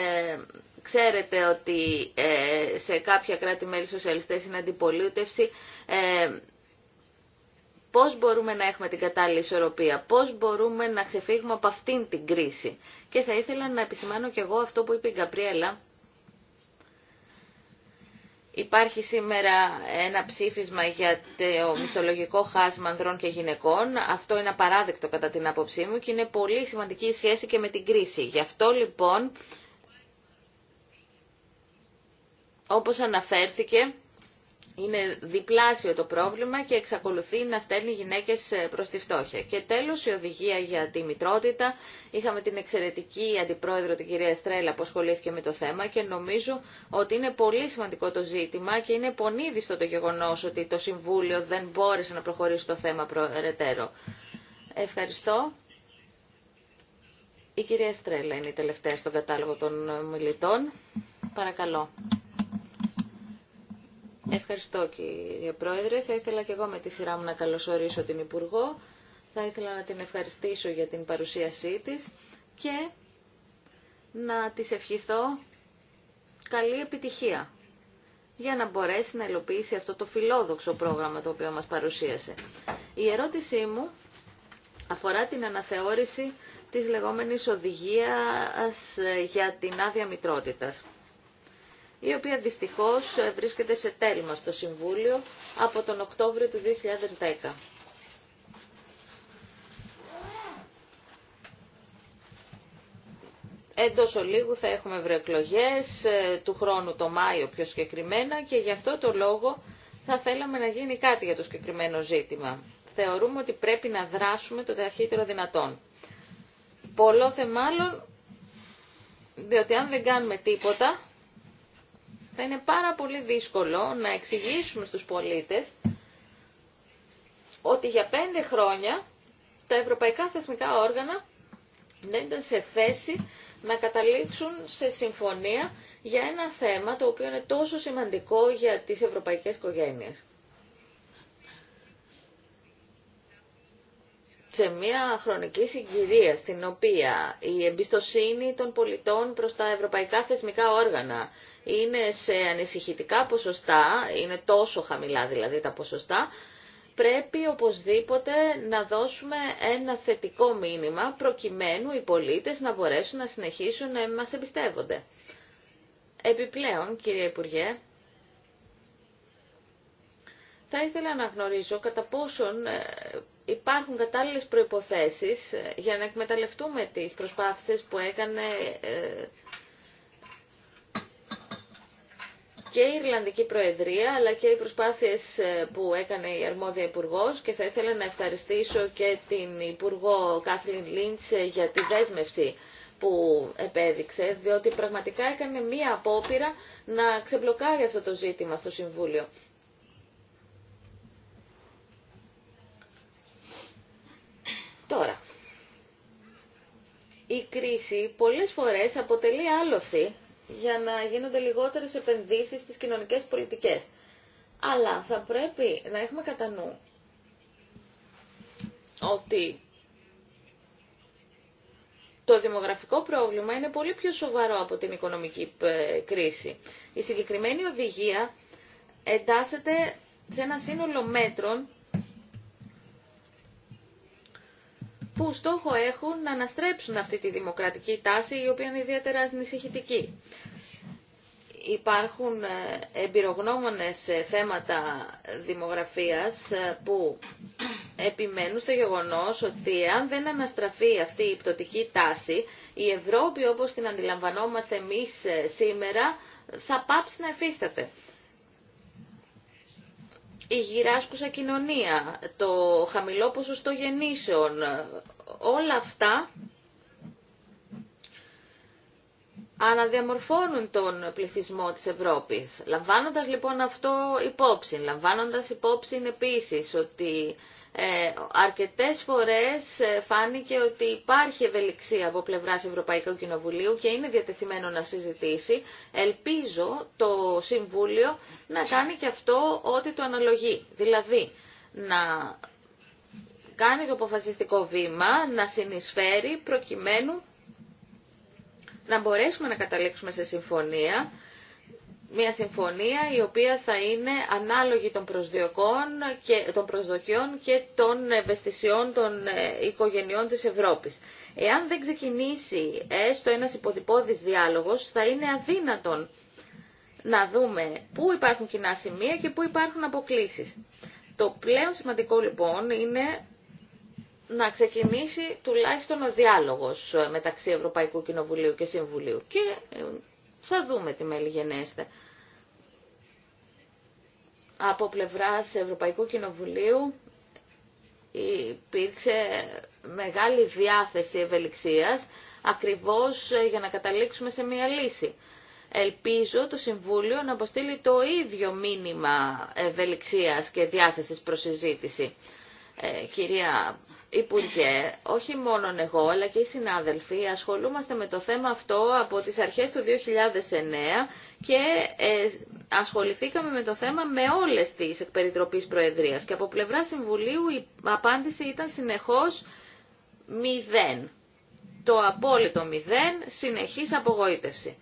ξέρετε ότι ε, σε κάποια κράτη-μέλη σοσιαλιστές είναι αντιπολίτευση πώς μπορούμε να έχουμε την κατάλληλη ισορροπία, πώς μπορούμε να ξεφύγουμε από αυτήν την κρίση. Και θα ήθελα να επισημάνω και εγώ αυτό που είπε η Γκαπριέλα. Υπάρχει σήμερα ένα ψήφισμα για το μισθολογικό χάσμα ανδρών και γυναικών. Αυτό είναι απαράδεκτο κατά την άποψή μου και είναι πολύ σημαντική η σχέση και με την κρίση. Γι' αυτό λοιπόν, όπως αναφέρθηκε, είναι διπλάσιο το πρόβλημα και εξακολουθεί να στέλνει γυναίκες ε, προς τη φτώχεια. Και τέλος η οδηγία για τη μητρότητα. Είχαμε την εξαιρετική αντιπρόεδρο την κυρία Στρέλα που ασχολήθηκε με το θέμα και νομίζω ότι είναι πολύ σημαντικό το ζήτημα και είναι πονίδιστο το γεγονός ότι το Συμβούλιο δεν μπόρεσε να προχωρήσει το θέμα προαιρετέρω. Ευχαριστώ. Η κυρία Στρέλα είναι η τελευταία στον κατάλογο των μιλητών. Παρακαλώ. Ευχαριστώ κύριε Πρόεδρε. Θα ήθελα και εγώ με τη σειρά μου να καλωσορίσω την Υπουργό. Θα ήθελα να την ευχαριστήσω για την παρουσίασή της και να της ευχηθώ καλή επιτυχία για να μπορέσει να υλοποιήσει αυτό το φιλόδοξο πρόγραμμα το οποίο μας παρουσίασε. Η ερώτησή μου αφορά την αναθεώρηση της λεγόμενης οδηγίας για την άδεια μητρότητας η οποία δυστυχώς ε, βρίσκεται σε τέλμα στο Συμβούλιο από τον Οκτώβριο του 2010. Εντός ολίγου θα έχουμε ευρωεκλογέ ε, του χρόνου το Μάιο πιο συγκεκριμένα και γι' αυτό το λόγο θα θέλαμε να γίνει κάτι για το συγκεκριμένο ζήτημα. Θεωρούμε ότι πρέπει να δράσουμε το ταχύτερο δυνατόν. Πολλό μάλλον, διότι αν δεν κάνουμε τίποτα, θα είναι πάρα πολύ δύσκολο να εξηγήσουμε στους πολίτες ότι για πέντε χρόνια τα ευρωπαϊκά θεσμικά όργανα δεν ήταν σε θέση να καταλήξουν σε συμφωνία για ένα θέμα το οποίο είναι τόσο σημαντικό για τις ευρωπαϊκές οικογένειες. σε μια χρονική συγκυρία στην οποία η εμπιστοσύνη των πολιτών προς τα ευρωπαϊκά θεσμικά όργανα, είναι σε ανησυχητικά ποσοστά, είναι τόσο χαμηλά δηλαδή τα ποσοστά, πρέπει οπωσδήποτε να δώσουμε ένα θετικό μήνυμα προκειμένου οι πολίτες να μπορέσουν να συνεχίσουν να μας εμπιστεύονται. Επιπλέον, κύριε Υπουργέ, θα ήθελα να γνωρίζω κατά πόσον ε, υπάρχουν κατάλληλες προϋποθέσεις ε, για να εκμεταλλευτούμε τις προσπάθειες που έκανε ε, και η Ιρλανδική Προεδρία αλλά και οι προσπάθειες ε, που έκανε η αρμόδια υπουργό και θα ήθελα να ευχαριστήσω και την Υπουργό Κάθλιν Λίντς ε, για τη δέσμευση που επέδειξε, διότι πραγματικά έκανε μία απόπειρα να ξεμπλοκάρει αυτό το ζήτημα στο Συμβούλιο. Τώρα, η κρίση πολλές φορές αποτελεί άλοθη για να γίνονται λιγότερες επενδύσεις στις κοινωνικές πολιτικές. Αλλά θα πρέπει να έχουμε κατά νου ότι το δημογραφικό πρόβλημα είναι πολύ πιο σοβαρό από την οικονομική ε, κρίση. Η συγκεκριμένη οδηγία εντάσσεται σε ένα σύνολο μέτρων που στόχο έχουν να αναστρέψουν αυτή τη δημοκρατική τάση η οποία είναι ιδιαίτερα ανησυχητική. Υπάρχουν ε, εμπειρογνώμονες θέματα δημογραφίας ε, που επιμένουν στο γεγονός ότι αν δεν αναστραφεί αυτή η πτωτική τάση, η Ευρώπη όπως την αντιλαμβανόμαστε εμείς ε, σήμερα θα πάψει να εφίσταται η γυράσκουσα κοινωνία, το χαμηλό ποσοστό γεννήσεων, όλα αυτά αναδιαμορφώνουν τον πληθυσμό της Ευρώπης. Λαμβάνοντας λοιπόν αυτό υπόψη, λαμβάνοντας υπόψη επίσης ότι ε, αρκετές φορές ε, φάνηκε ότι υπάρχει ευελιξία από πλευράς Ευρωπαϊκού Κοινοβουλίου και είναι διατεθειμένο να συζητήσει. Ελπίζω το Συμβούλιο να κάνει και αυτό ό,τι το αναλογεί. Δηλαδή, να κάνει το αποφασιστικό βήμα, να συνεισφέρει προκειμένου να μπορέσουμε να καταλήξουμε σε συμφωνία μια συμφωνία η οποία θα είναι ανάλογη των, προσδιοκών και, των προσδοκιών και των ευαισθησιών των ε, οικογενειών της Ευρώπης. Εάν δεν ξεκινήσει έστω ένας υποδιπόδης διάλογος, θα είναι αδύνατον να δούμε πού υπάρχουν κοινά σημεία και πού υπάρχουν αποκλήσεις. Το πλέον σημαντικό λοιπόν είναι να ξεκινήσει τουλάχιστον ο διάλογος μεταξύ Ευρωπαϊκού Κοινοβουλίου και Συμβουλίου. Και ε, θα δούμε τι μελιγενέστε. Από πλευράς Ευρωπαϊκού Κοινοβουλίου υπήρξε μεγάλη διάθεση ευελιξίας ακριβώς για να καταλήξουμε σε μια λύση. Ελπίζω το Συμβούλιο να αποστείλει το ίδιο μήνυμα ευελιξίας και διάθεσης προς συζήτηση. Ε, κυρία Υπουργέ, όχι μόνο εγώ αλλά και οι συνάδελφοι ασχολούμαστε με το θέμα αυτό από τις αρχές του 2009 και ε, ασχοληθήκαμε με το θέμα με όλες τις εκπεριτροπής Προεδρίας και από πλευρά Συμβουλίου η απάντηση ήταν συνεχώς μηδέν. Το απόλυτο μηδέν, συνεχής απογοήτευση.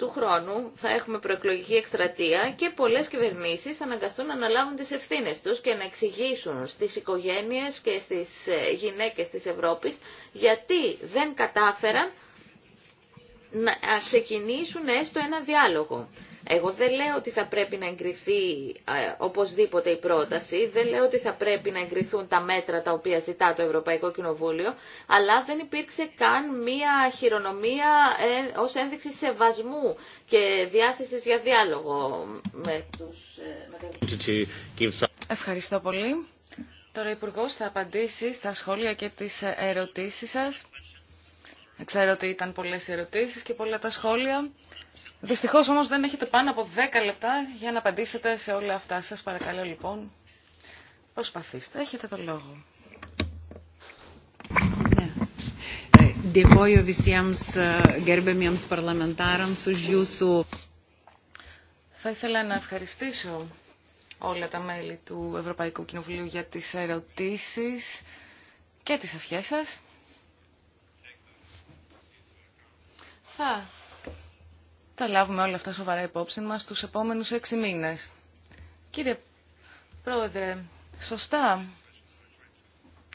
του χρόνου θα έχουμε προεκλογική εκστρατεία και πολλές κυβερνήσεις θα αναγκαστούν να αναλάβουν τις ευθύνες τους και να εξηγήσουν στις οικογένειες και στις ε, γυναίκες της Ευρώπης γιατί δεν κατάφεραν να ξεκινήσουν έστω ένα διάλογο. Εγώ δεν λέω ότι θα πρέπει να εγκριθεί ε, οπωσδήποτε η πρόταση, δεν λέω ότι θα πρέπει να εγκριθούν τα μέτρα τα οποία ζητά το Ευρωπαϊκό Κοινοβούλιο, αλλά δεν υπήρξε καν μία χειρονομία ε, ως ένδειξη σεβασμού και διάθεσης για διάλογο με τους... Ε, Ευχαριστώ πολύ. Τώρα ο Υπουργός θα απαντήσει στα σχόλια και τις ερωτήσεις σας. Ξέρω ότι ήταν πολλέ οι ερωτήσεις και πολλά τα σχόλια. Δυστυχώ όμω δεν έχετε πάνω από 10 λεπτά για να απαντήσετε σε όλα αυτά. Σα παρακαλώ λοιπόν, προσπαθήστε, έχετε το λόγο. Θα ήθελα να ευχαριστήσω όλα τα μέλη του Ευρωπαϊκού Κοινοβουλίου για τις ερωτήσεις και τις ευχές σας. Θα τα λάβουμε όλα αυτά σοβαρά υπόψη μας τους επόμενους έξι μήνες. Κύριε Πρόεδρε, σωστά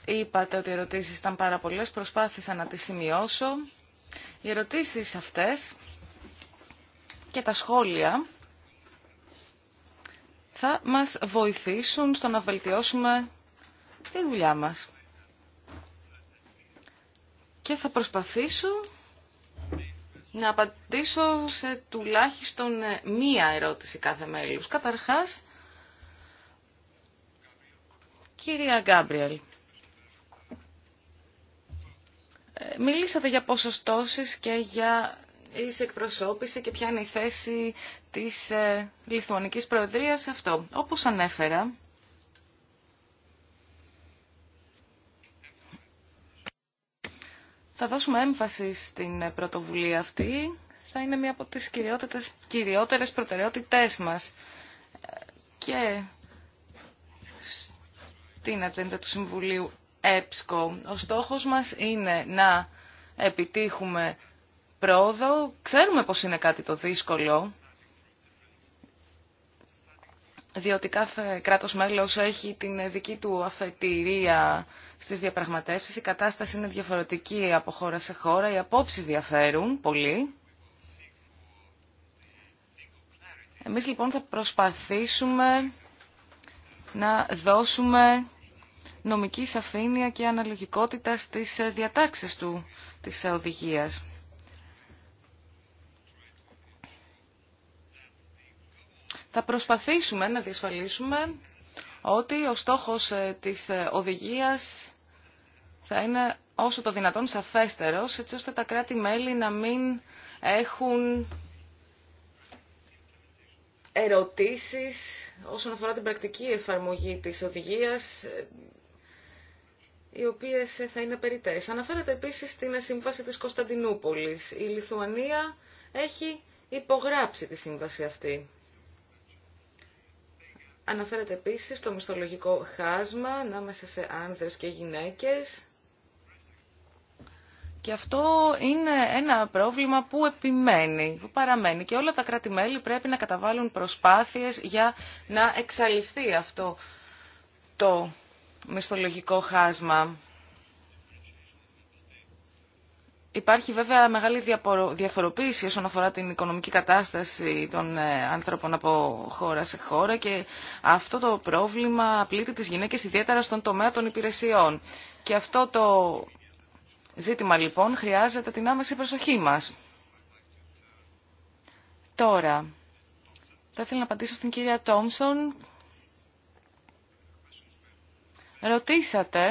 είπατε ότι οι ερωτήσεις ήταν πάρα πολλές, προσπάθησα να τις σημειώσω. Οι ερωτήσεις αυτές και τα σχόλια θα μας βοηθήσουν στο να βελτιώσουμε τη δουλειά μας. Και θα προσπαθήσω να απαντήσω σε τουλάχιστον ε, μία ερώτηση κάθε μέλους. Καταρχάς, κυρία Γκάμπριελ, ε, μιλήσατε για ποσοστώσεις και για εις εκπροσώπηση και ποια είναι η θέση της ε, Λιθουανικής Προεδρίας σε αυτό. Όπως ανέφερα, Θα δώσουμε έμφαση στην πρωτοβουλία αυτή. Θα είναι μία από τις κυριότερες προτεραιότητές μας. Και στην ατζέντα του Συμβουλίου ΕΠΣΚΟ. Ο στόχος μας είναι να επιτύχουμε πρόοδο. Ξέρουμε πως είναι κάτι το δύσκολο διότι κάθε κράτος μέλος έχει την δική του αφετηρία στις διαπραγματεύσεις. Η κατάσταση είναι διαφορετική από χώρα σε χώρα, οι απόψεις διαφέρουν πολύ. Εμείς λοιπόν θα προσπαθήσουμε να δώσουμε νομική σαφήνεια και αναλογικότητα στις διατάξεις του της οδηγίας. Θα προσπαθήσουμε να διασφαλίσουμε ότι ο στόχος ε, της ε, οδηγίας θα είναι όσο το δυνατόν σαφέστερος, έτσι ώστε τα κράτη-μέλη να μην έχουν ερωτήσεις όσον αφορά την πρακτική εφαρμογή της οδηγίας, ε, οι οποίες θα είναι περιττές. Αναφέρεται επίσης στην σύμβαση της Κωνσταντινούπολης. Η Λιθουανία έχει υπογράψει τη σύμβαση αυτή. Αναφέρεται επίσης το μισθολογικό χάσμα ανάμεσα σε άνδρες και γυναίκες. Και αυτό είναι ένα πρόβλημα που επιμένει, που παραμένει. Και όλα τα κράτη-μέλη πρέπει να καταβάλουν προσπάθειες για να εξαλειφθεί αυτό το μισθολογικό χάσμα. Υπάρχει βέβαια μεγάλη διαφοροποίηση όσον αφορά την οικονομική κατάσταση των άνθρωπων ε, από χώρα σε χώρα και αυτό το πρόβλημα πλήττει τις γυναίκες ιδιαίτερα στον τομέα των υπηρεσιών. Και αυτό το ζήτημα λοιπόν χρειάζεται την άμεση προσοχή μας. Τώρα, θα ήθελα να απαντήσω στην κυρία Τόμσον. Ρωτήσατε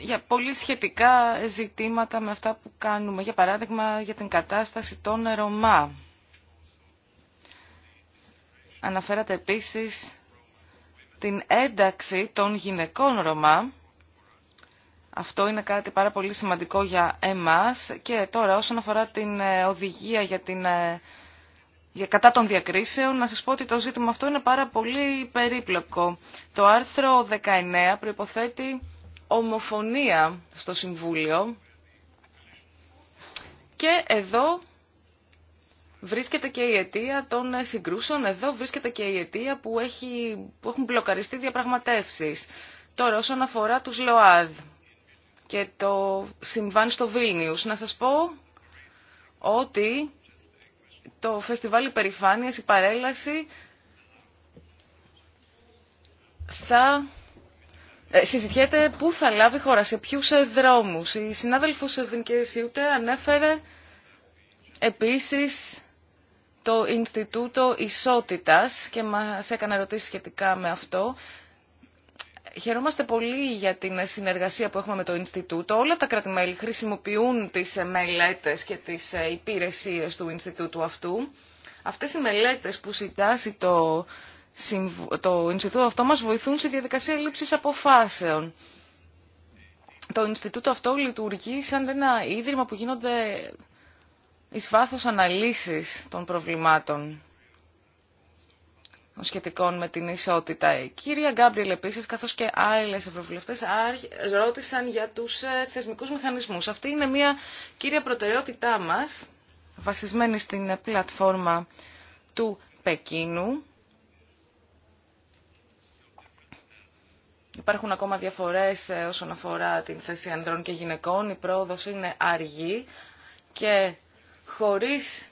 για πολύ σχετικά ζητήματα με αυτά που κάνουμε. Για παράδειγμα, για την κατάσταση των Ρωμά. Αναφέρατε επίσης την ένταξη των γυναικών Ρωμά. Αυτό είναι κάτι πάρα πολύ σημαντικό για εμάς. Και τώρα όσον αφορά την ε, οδηγία για την ε, για κατά των διακρίσεων, να σας πω ότι το ζήτημα αυτό είναι πάρα πολύ περίπλοκο. Το άρθρο 19 προϋποθέτει ομοφωνία στο Συμβούλιο και εδώ βρίσκεται και η αιτία των συγκρούσεων, εδώ βρίσκεται και η αιτία που, έχει, που έχουν μπλοκαριστεί διαπραγματεύσεις. Τώρα όσον αφορά τους ΛΟΑΔ και το συμβάν στο Βίλνιους, να σας πω ότι το φεστιβάλ υπερηφάνειας, η παρέλαση θα ε, συζητιέται πού θα λάβει χώρα, σε ποιου ε, δρόμου. Η συνάδελφος ούτε ανέφερε επίσης το Ινστιτούτο Ισότητας και μας έκανε ερωτήσεις σχετικά με αυτό. Χαιρόμαστε πολύ για την συνεργασία που έχουμε με το Ινστιτούτο. Όλα τα κρατημέλη χρησιμοποιούν τις ε, μελέτες και τις υπηρεσίες του Ινστιτούτου αυτού. Αυτές οι μελέτες που συντάσσει το το Ινστιτούτο αυτό μας βοηθούν στη διαδικασία λήψης αποφάσεων. Το Ινστιτούτο αυτό λειτουργεί σαν ένα ίδρυμα που γίνονται εις βάθος αναλύσεις των προβλημάτων σχετικών με την ισότητα. Η κυρία Γκάμπριελ επίσης, καθώς και άλλες ευρωβουλευτές, ρώτησαν για τους ε, θεσμικούς μηχανισμούς. Αυτή είναι μια κύρια προτεραιότητά μας, βασισμένη στην πλατφόρμα του Πεκίνου, Υπάρχουν ακόμα διαφορές ε, όσον αφορά την θέση ανδρών και γυναικών. Η πρόοδος είναι αργή και χωρίς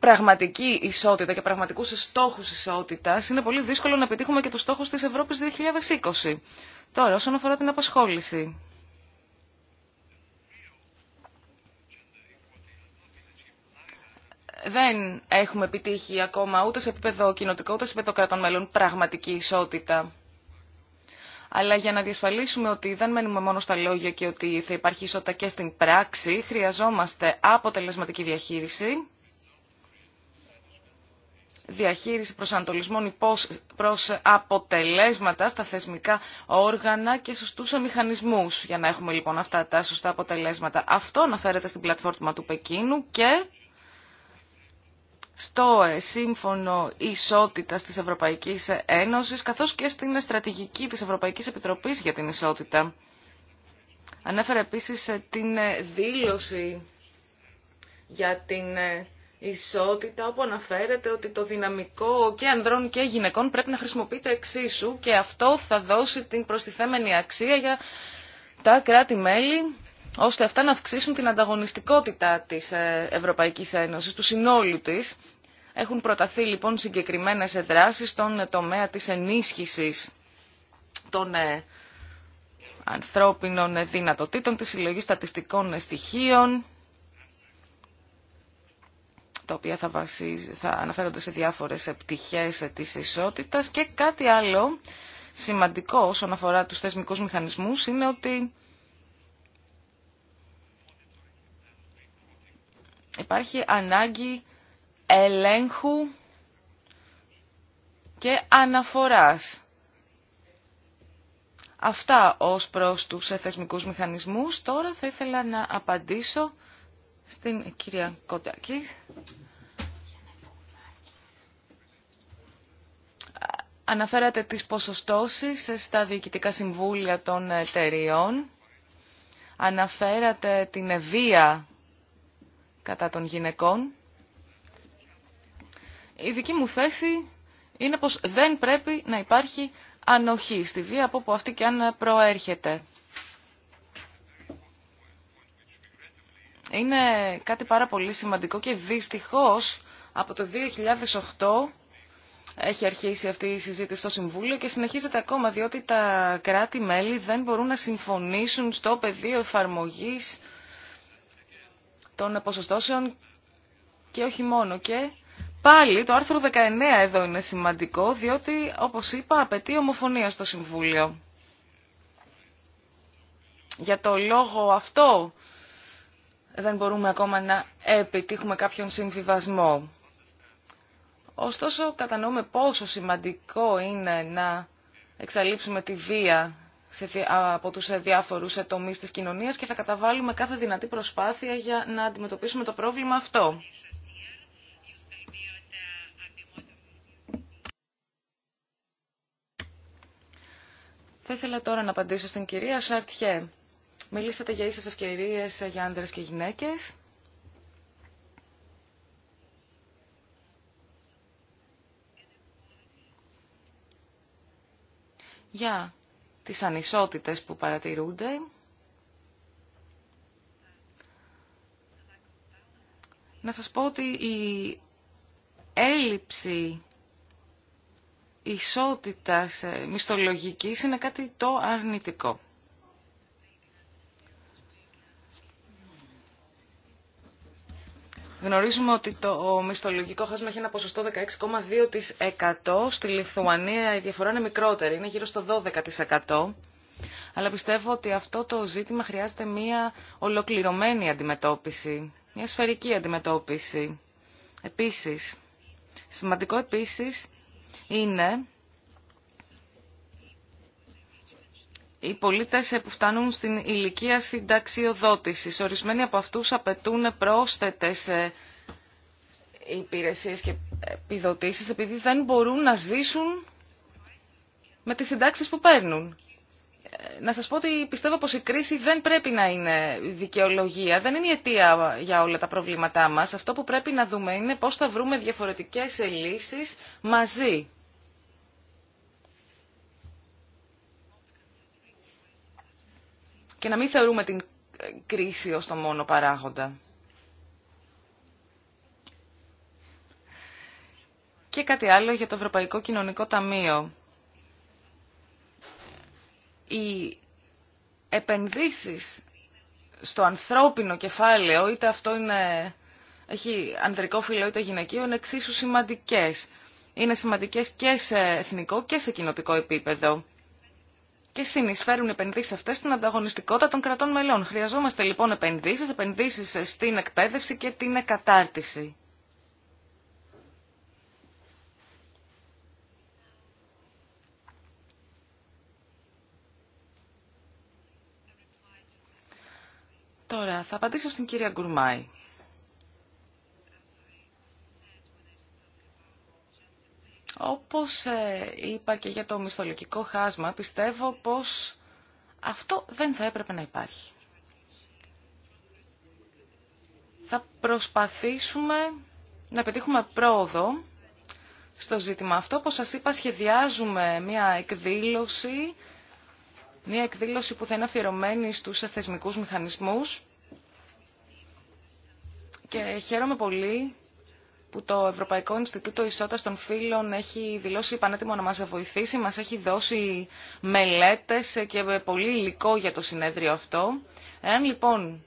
πραγματική ισότητα και πραγματικούς στόχους ισότητας είναι πολύ δύσκολο να πετύχουμε και τους στόχους της Ευρώπης 2020. Τώρα, όσον αφορά την απασχόληση. δεν έχουμε επιτύχει ακόμα ούτε σε επίπεδο κοινοτικό ούτε σε επίπεδο κρατών μέλων πραγματική ισότητα. Αλλά για να διασφαλίσουμε ότι δεν μένουμε μόνο στα λόγια και ότι θα υπάρχει ισότητα και στην πράξη, χρειαζόμαστε αποτελεσματική διαχείριση, διαχείριση προσανατολισμών προς αποτελέσματα στα θεσμικά όργανα και σωστούς μηχανισμούς για να έχουμε λοιπόν αυτά τα σωστά αποτελέσματα. Αυτό αναφέρεται στην πλατφόρμα του Πεκίνου και στο ε, Σύμφωνο Ισότητας της Ευρωπαϊκής Ένωσης καθώς και στην στρατηγική της Ευρωπαϊκής Επιτροπής για την Ισότητα. Ανέφερε επίσης ε, την ε, δήλωση για την ισότητα όπου αναφέρεται ότι το δυναμικό και ανδρών και γυναικών πρέπει να χρησιμοποιείται εξίσου και αυτό θα δώσει την προστιθέμενη αξία για τα κράτη-μέλη ώστε αυτά να αυξήσουν την ανταγωνιστικότητα της ε, Ευρωπαϊκής Ένωσης, του συνόλου της. Έχουν προταθεί λοιπόν συγκεκριμένες δράσεις στον ε, τομέα της ενίσχυσης των ε, ανθρώπινων δυνατοτήτων, της συλλογή στατιστικών στοιχείων, τα οποία θα, θα αναφέρονται σε διάφορες πτυχές της ισότητας και κάτι άλλο σημαντικό όσον αφορά τους θεσμικούς μηχανισμούς είναι ότι υπάρχει ανάγκη ελέγχου και αναφοράς. Αυτά ως προς τους θεσμικούς μηχανισμούς. Τώρα θα ήθελα να απαντήσω στην κυρία Κοντακή. Αναφέρατε τις ποσοστώσεις στα διοικητικά συμβούλια των εταιριών. Αναφέρατε την ευεία κατά των γυναικών. Η δική μου θέση είναι πως δεν πρέπει να υπάρχει ανοχή στη βία από που αυτή και αν προέρχεται. Είναι κάτι πάρα πολύ σημαντικό και δυστυχώς από το 2008 έχει αρχίσει αυτή η συζήτηση στο Συμβούλιο και συνεχίζεται ακόμα διότι τα κράτη-μέλη δεν μπορούν να συμφωνήσουν στο πεδίο εφαρμογής των ποσοστώσεων και όχι μόνο. Και πάλι το άρθρο 19 εδώ είναι σημαντικό, διότι όπως είπα απαιτεί ομοφωνία στο Συμβούλιο. Για το λόγο αυτό δεν μπορούμε ακόμα να επιτύχουμε κάποιον συμβιβασμό. Ωστόσο κατανοούμε πόσο σημαντικό είναι να εξαλείψουμε τη βία από τους ε, διάφορους ε, τομείς της κοινωνίας και θα καταβάλουμε κάθε δυνατή προσπάθεια για να αντιμετωπίσουμε το πρόβλημα αυτό. Θα ήθελα τώρα να απαντήσω στην κυρία Σαρτιέ. Μιλήσατε για ίσες ευκαιρίες ε, για άνδρες και γυναίκες. Για τις ανισότητες που παρατηρούνται να σας πω ότι η έλλειψη ισότητας μισθολογικής είναι κάτι το αρνητικό. Γνωρίζουμε ότι το μισθολογικό χάσμα έχει ένα ποσοστό 16,2%. Στη Λιθουανία η διαφορά είναι μικρότερη, είναι γύρω στο 12%. Αλλά πιστεύω ότι αυτό το ζήτημα χρειάζεται μία ολοκληρωμένη αντιμετώπιση, μία σφαιρική αντιμετώπιση. Επίσης, σημαντικό επίσης είναι οι πολίτες που φτάνουν στην ηλικία συνταξιοδότησης. Ορισμένοι από αυτούς απαιτούν πρόσθετες ε, υπηρεσίες και επιδοτήσεις επειδή δεν μπορούν να ζήσουν με τις συντάξεις που παίρνουν. Ε, να σας πω ότι πιστεύω πως η κρίση δεν πρέπει να είναι δικαιολογία, δεν είναι η αιτία για όλα τα προβλήματά μας. Αυτό που πρέπει να δούμε είναι πώς θα βρούμε διαφορετικές λύσεις μαζί. και να μην θεωρούμε την ε, κρίση ως το μόνο παράγοντα. Και κάτι άλλο για το Ευρωπαϊκό Κοινωνικό Ταμείο. Οι επενδύσεις στο ανθρώπινο κεφάλαιο, είτε αυτό είναι, έχει ανδρικό φύλλο είτε γυναικείο, είναι εξίσου σημαντικές. Είναι σημαντικές και σε εθνικό και σε κοινοτικό επίπεδο και συνεισφέρουν οι επενδύσει αυτέ στην ανταγωνιστικότητα των κρατών μελών. Χρειαζόμαστε λοιπόν επενδύσει, επενδύσει στην εκπαίδευση και την κατάρτιση. Τώρα θα απαντήσω στην κυρία Γκουρμάη. Όπως ε, είπα και για το μισθολογικό χάσμα, πιστεύω πως αυτό δεν θα έπρεπε να υπάρχει. Θα προσπαθήσουμε να πετύχουμε πρόοδο στο ζήτημα αυτό. Όπως σας είπα, σχεδιάζουμε μια εκδήλωση, μια εκδήλωση που θα είναι αφιερωμένη στους θεσμικούς μηχανισμούς και χαίρομαι πολύ που το Ευρωπαϊκό Ινστιτούτο Ισότητας των Φύλων έχει δηλώσει πανέτοιμο να μας βοηθήσει, μας έχει δώσει μελέτες και πολύ υλικό για το συνέδριο αυτό. Εάν λοιπόν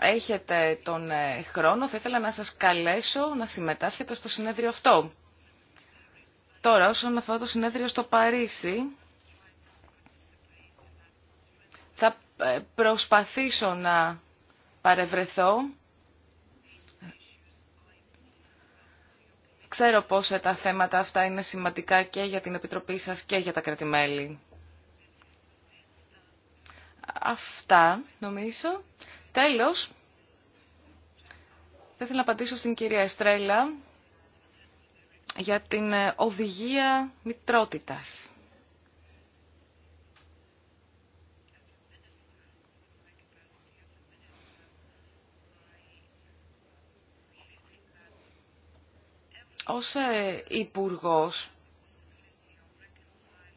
έχετε τον ε, χρόνο, θα ήθελα να σας καλέσω να συμμετάσχετε στο συνέδριο αυτό. Τώρα, όσον αφορά το συνέδριο στο Παρίσι, θα ε, προσπαθήσω να παρευρεθώ Ξέρω πώς τα θέματα αυτά είναι σημαντικά και για την Επιτροπή σας και για τα κρατημέλη. Αυτά, νομίζω. Τέλος, θα ήθελα να απαντήσω στην κυρία Εστρέλα για την ε, οδηγία μητρότητας. ως ε, υπουργό.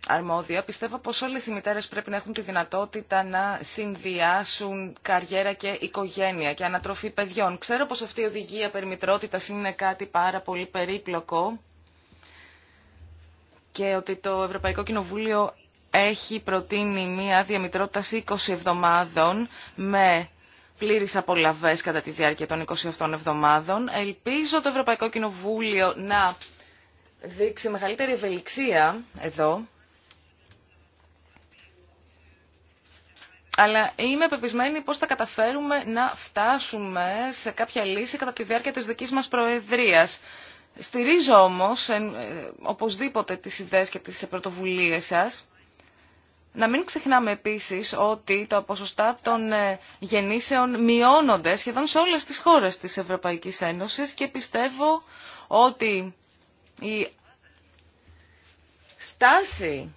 Αρμόδια, πιστεύω πως όλες οι μητέρες πρέπει να έχουν τη δυνατότητα να συνδυάσουν καριέρα και οικογένεια και ανατροφή παιδιών. Ξέρω πως αυτή η οδηγία περιμητρότητας είναι κάτι πάρα πολύ περίπλοκο και ότι το Ευρωπαϊκό Κοινοβούλιο έχει προτείνει μία διαμητρότητα 20 εβδομάδων με πλήρε απολαυέ κατά τη διάρκεια των 27 εβδομάδων. Ελπίζω το Ευρωπαϊκό Κοινοβούλιο να δείξει μεγαλύτερη ευελιξία εδώ. Αλλά είμαι πεπισμένη πώς θα καταφέρουμε να φτάσουμε σε κάποια λύση κατά τη διάρκεια της δικής μας προεδρίας. Στηρίζω όμως ε, οπωσδήποτε τις ιδέες και τις πρωτοβουλίες σας. Να μην ξεχνάμε επίσης ότι τα ποσοστά των ε, γεννήσεων μειώνονται σχεδόν σε όλες τις χώρες της Ευρωπαϊκής Ένωσης και πιστεύω ότι η στάση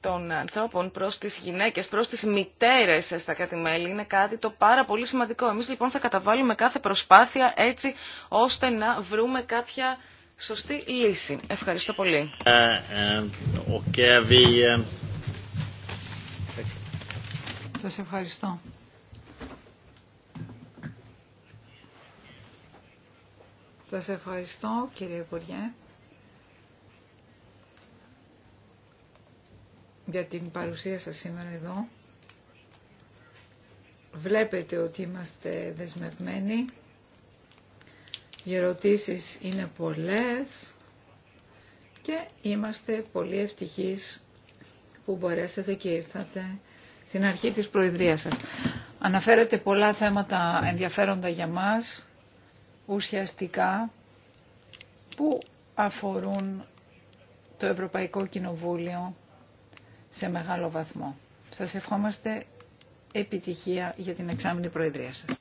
των ανθρώπων προς τις γυναίκες, προς τις μητέρες στα κράτη-μέλη είναι κάτι το πάρα πολύ σημαντικό. Εμείς λοιπόν θα καταβάλουμε κάθε προσπάθεια έτσι ώστε να βρούμε κάποια σωστή λύση. Ευχαριστώ πολύ. Ε, ε, σας ευχαριστώ. Σας ευχαριστώ κύριε Υπουργέ για την παρουσία σας σήμερα εδώ. Βλέπετε ότι είμαστε δεσμευμένοι. Οι ερωτήσεις είναι πολλές και είμαστε πολύ ευτυχείς που μπορέσατε και ήρθατε στην αρχή της Προεδρίας σας. Αναφέρετε πολλά θέματα ενδιαφέροντα για μας, ουσιαστικά, που αφορούν το Ευρωπαϊκό Κοινοβούλιο σε μεγάλο βαθμό. Σας ευχόμαστε επιτυχία για την εξάμεινη Προεδρία σας.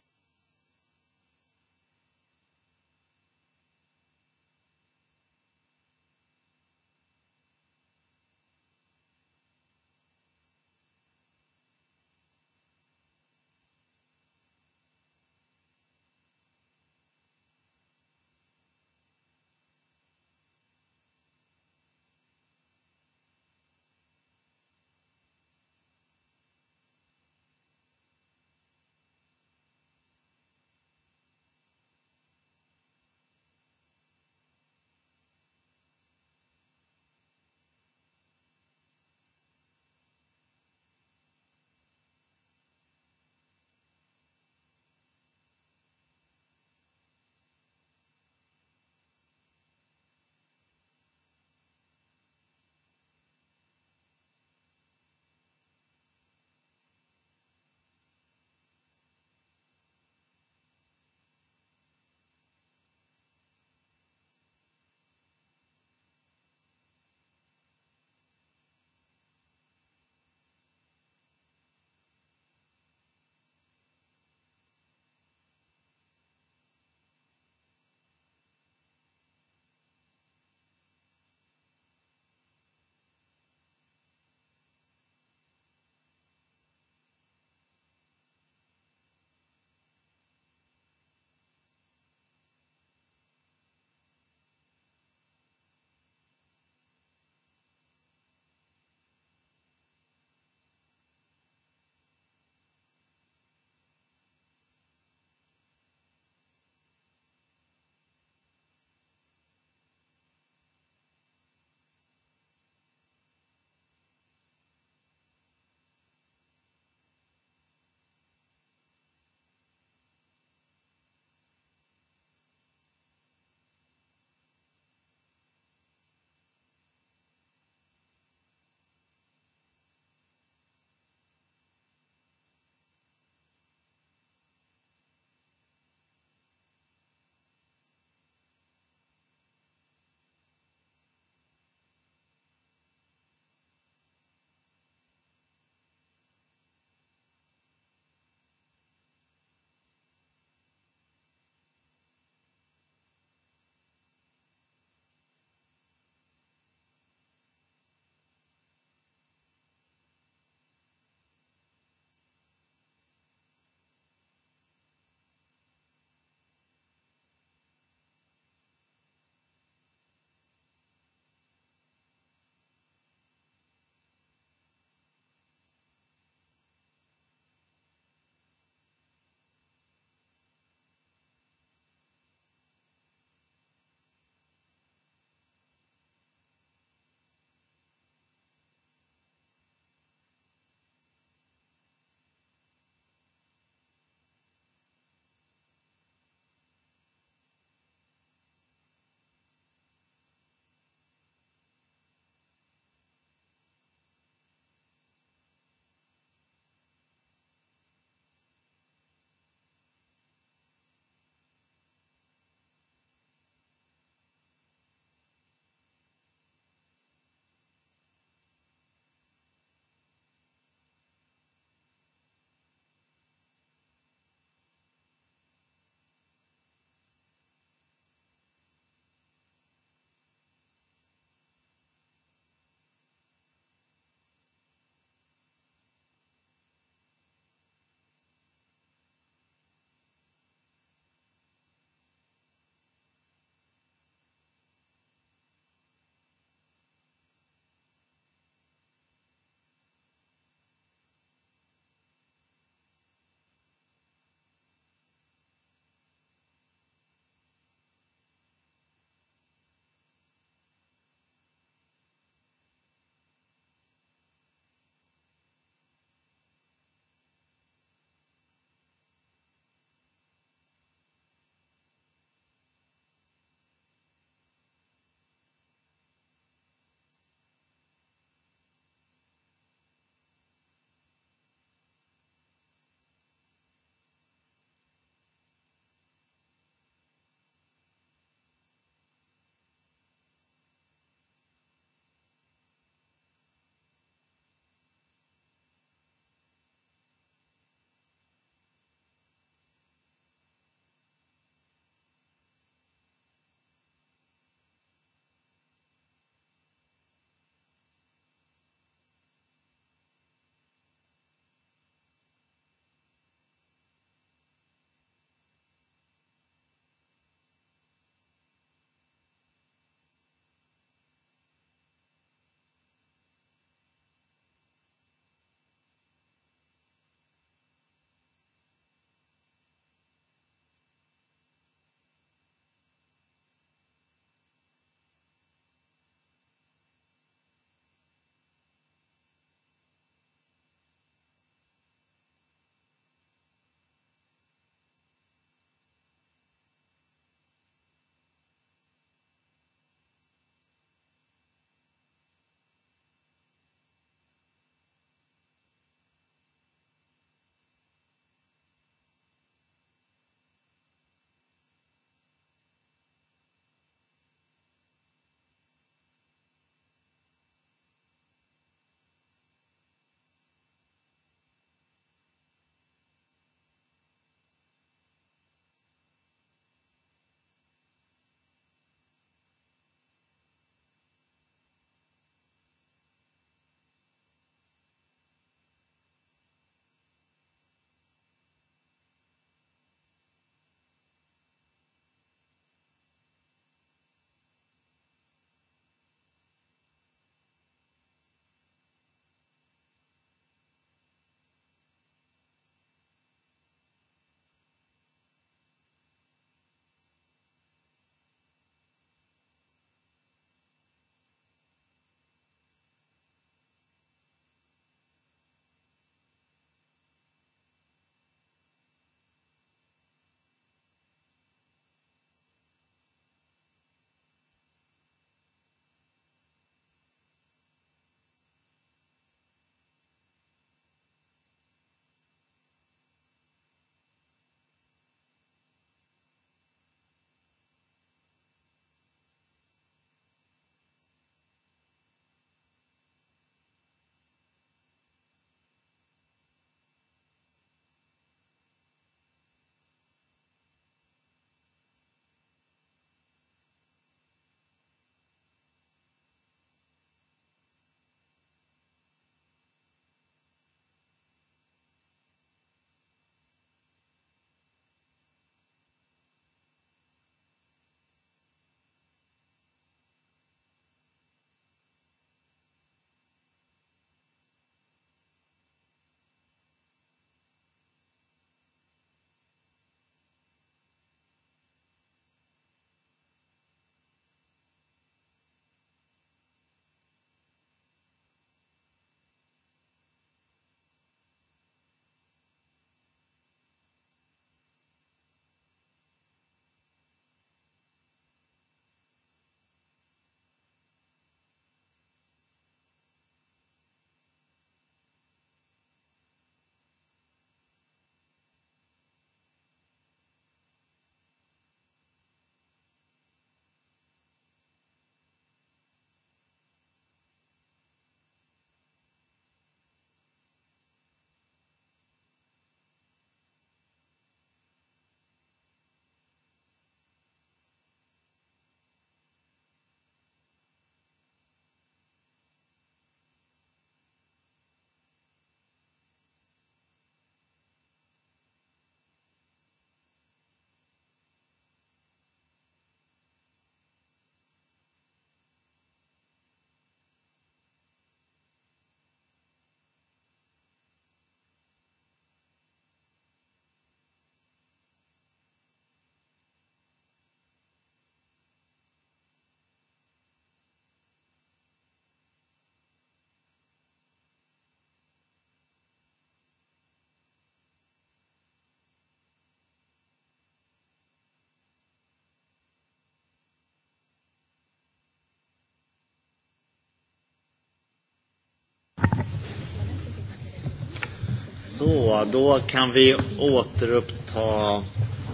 Så, då kan vi återuppta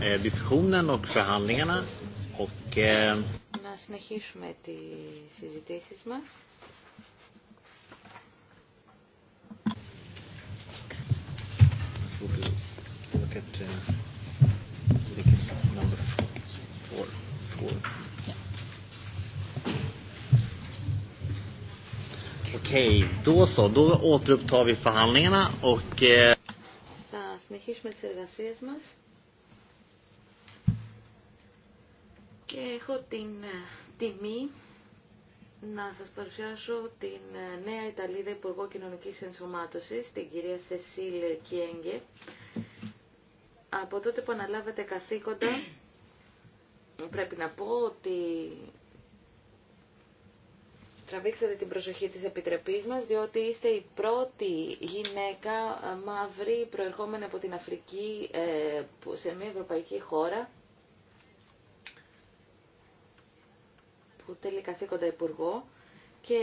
eh, diskussionen och förhandlingarna. Och, eh... Okej, okay, Okej, då så. Då återupptar vi förhandlingarna och... Eh συνεχίσουμε τις εργασίες μας. Και έχω την ε, τιμή να σας παρουσιάσω την ε, νέα Ιταλίδα Υπουργό Κοινωνικής Ενσωμάτωσης, την κυρία Σεσίλ Κιέγγε. Από τότε που αναλάβατε καθήκοντα, πρέπει να πω ότι τραβήξατε την προσοχή της Επιτρεπής μας, διότι είστε η πρώτη γυναίκα ε, μαύρη προερχόμενη από την Αφρική ε, σε μια ευρωπαϊκή χώρα που τέλει καθήκοντα υπουργό και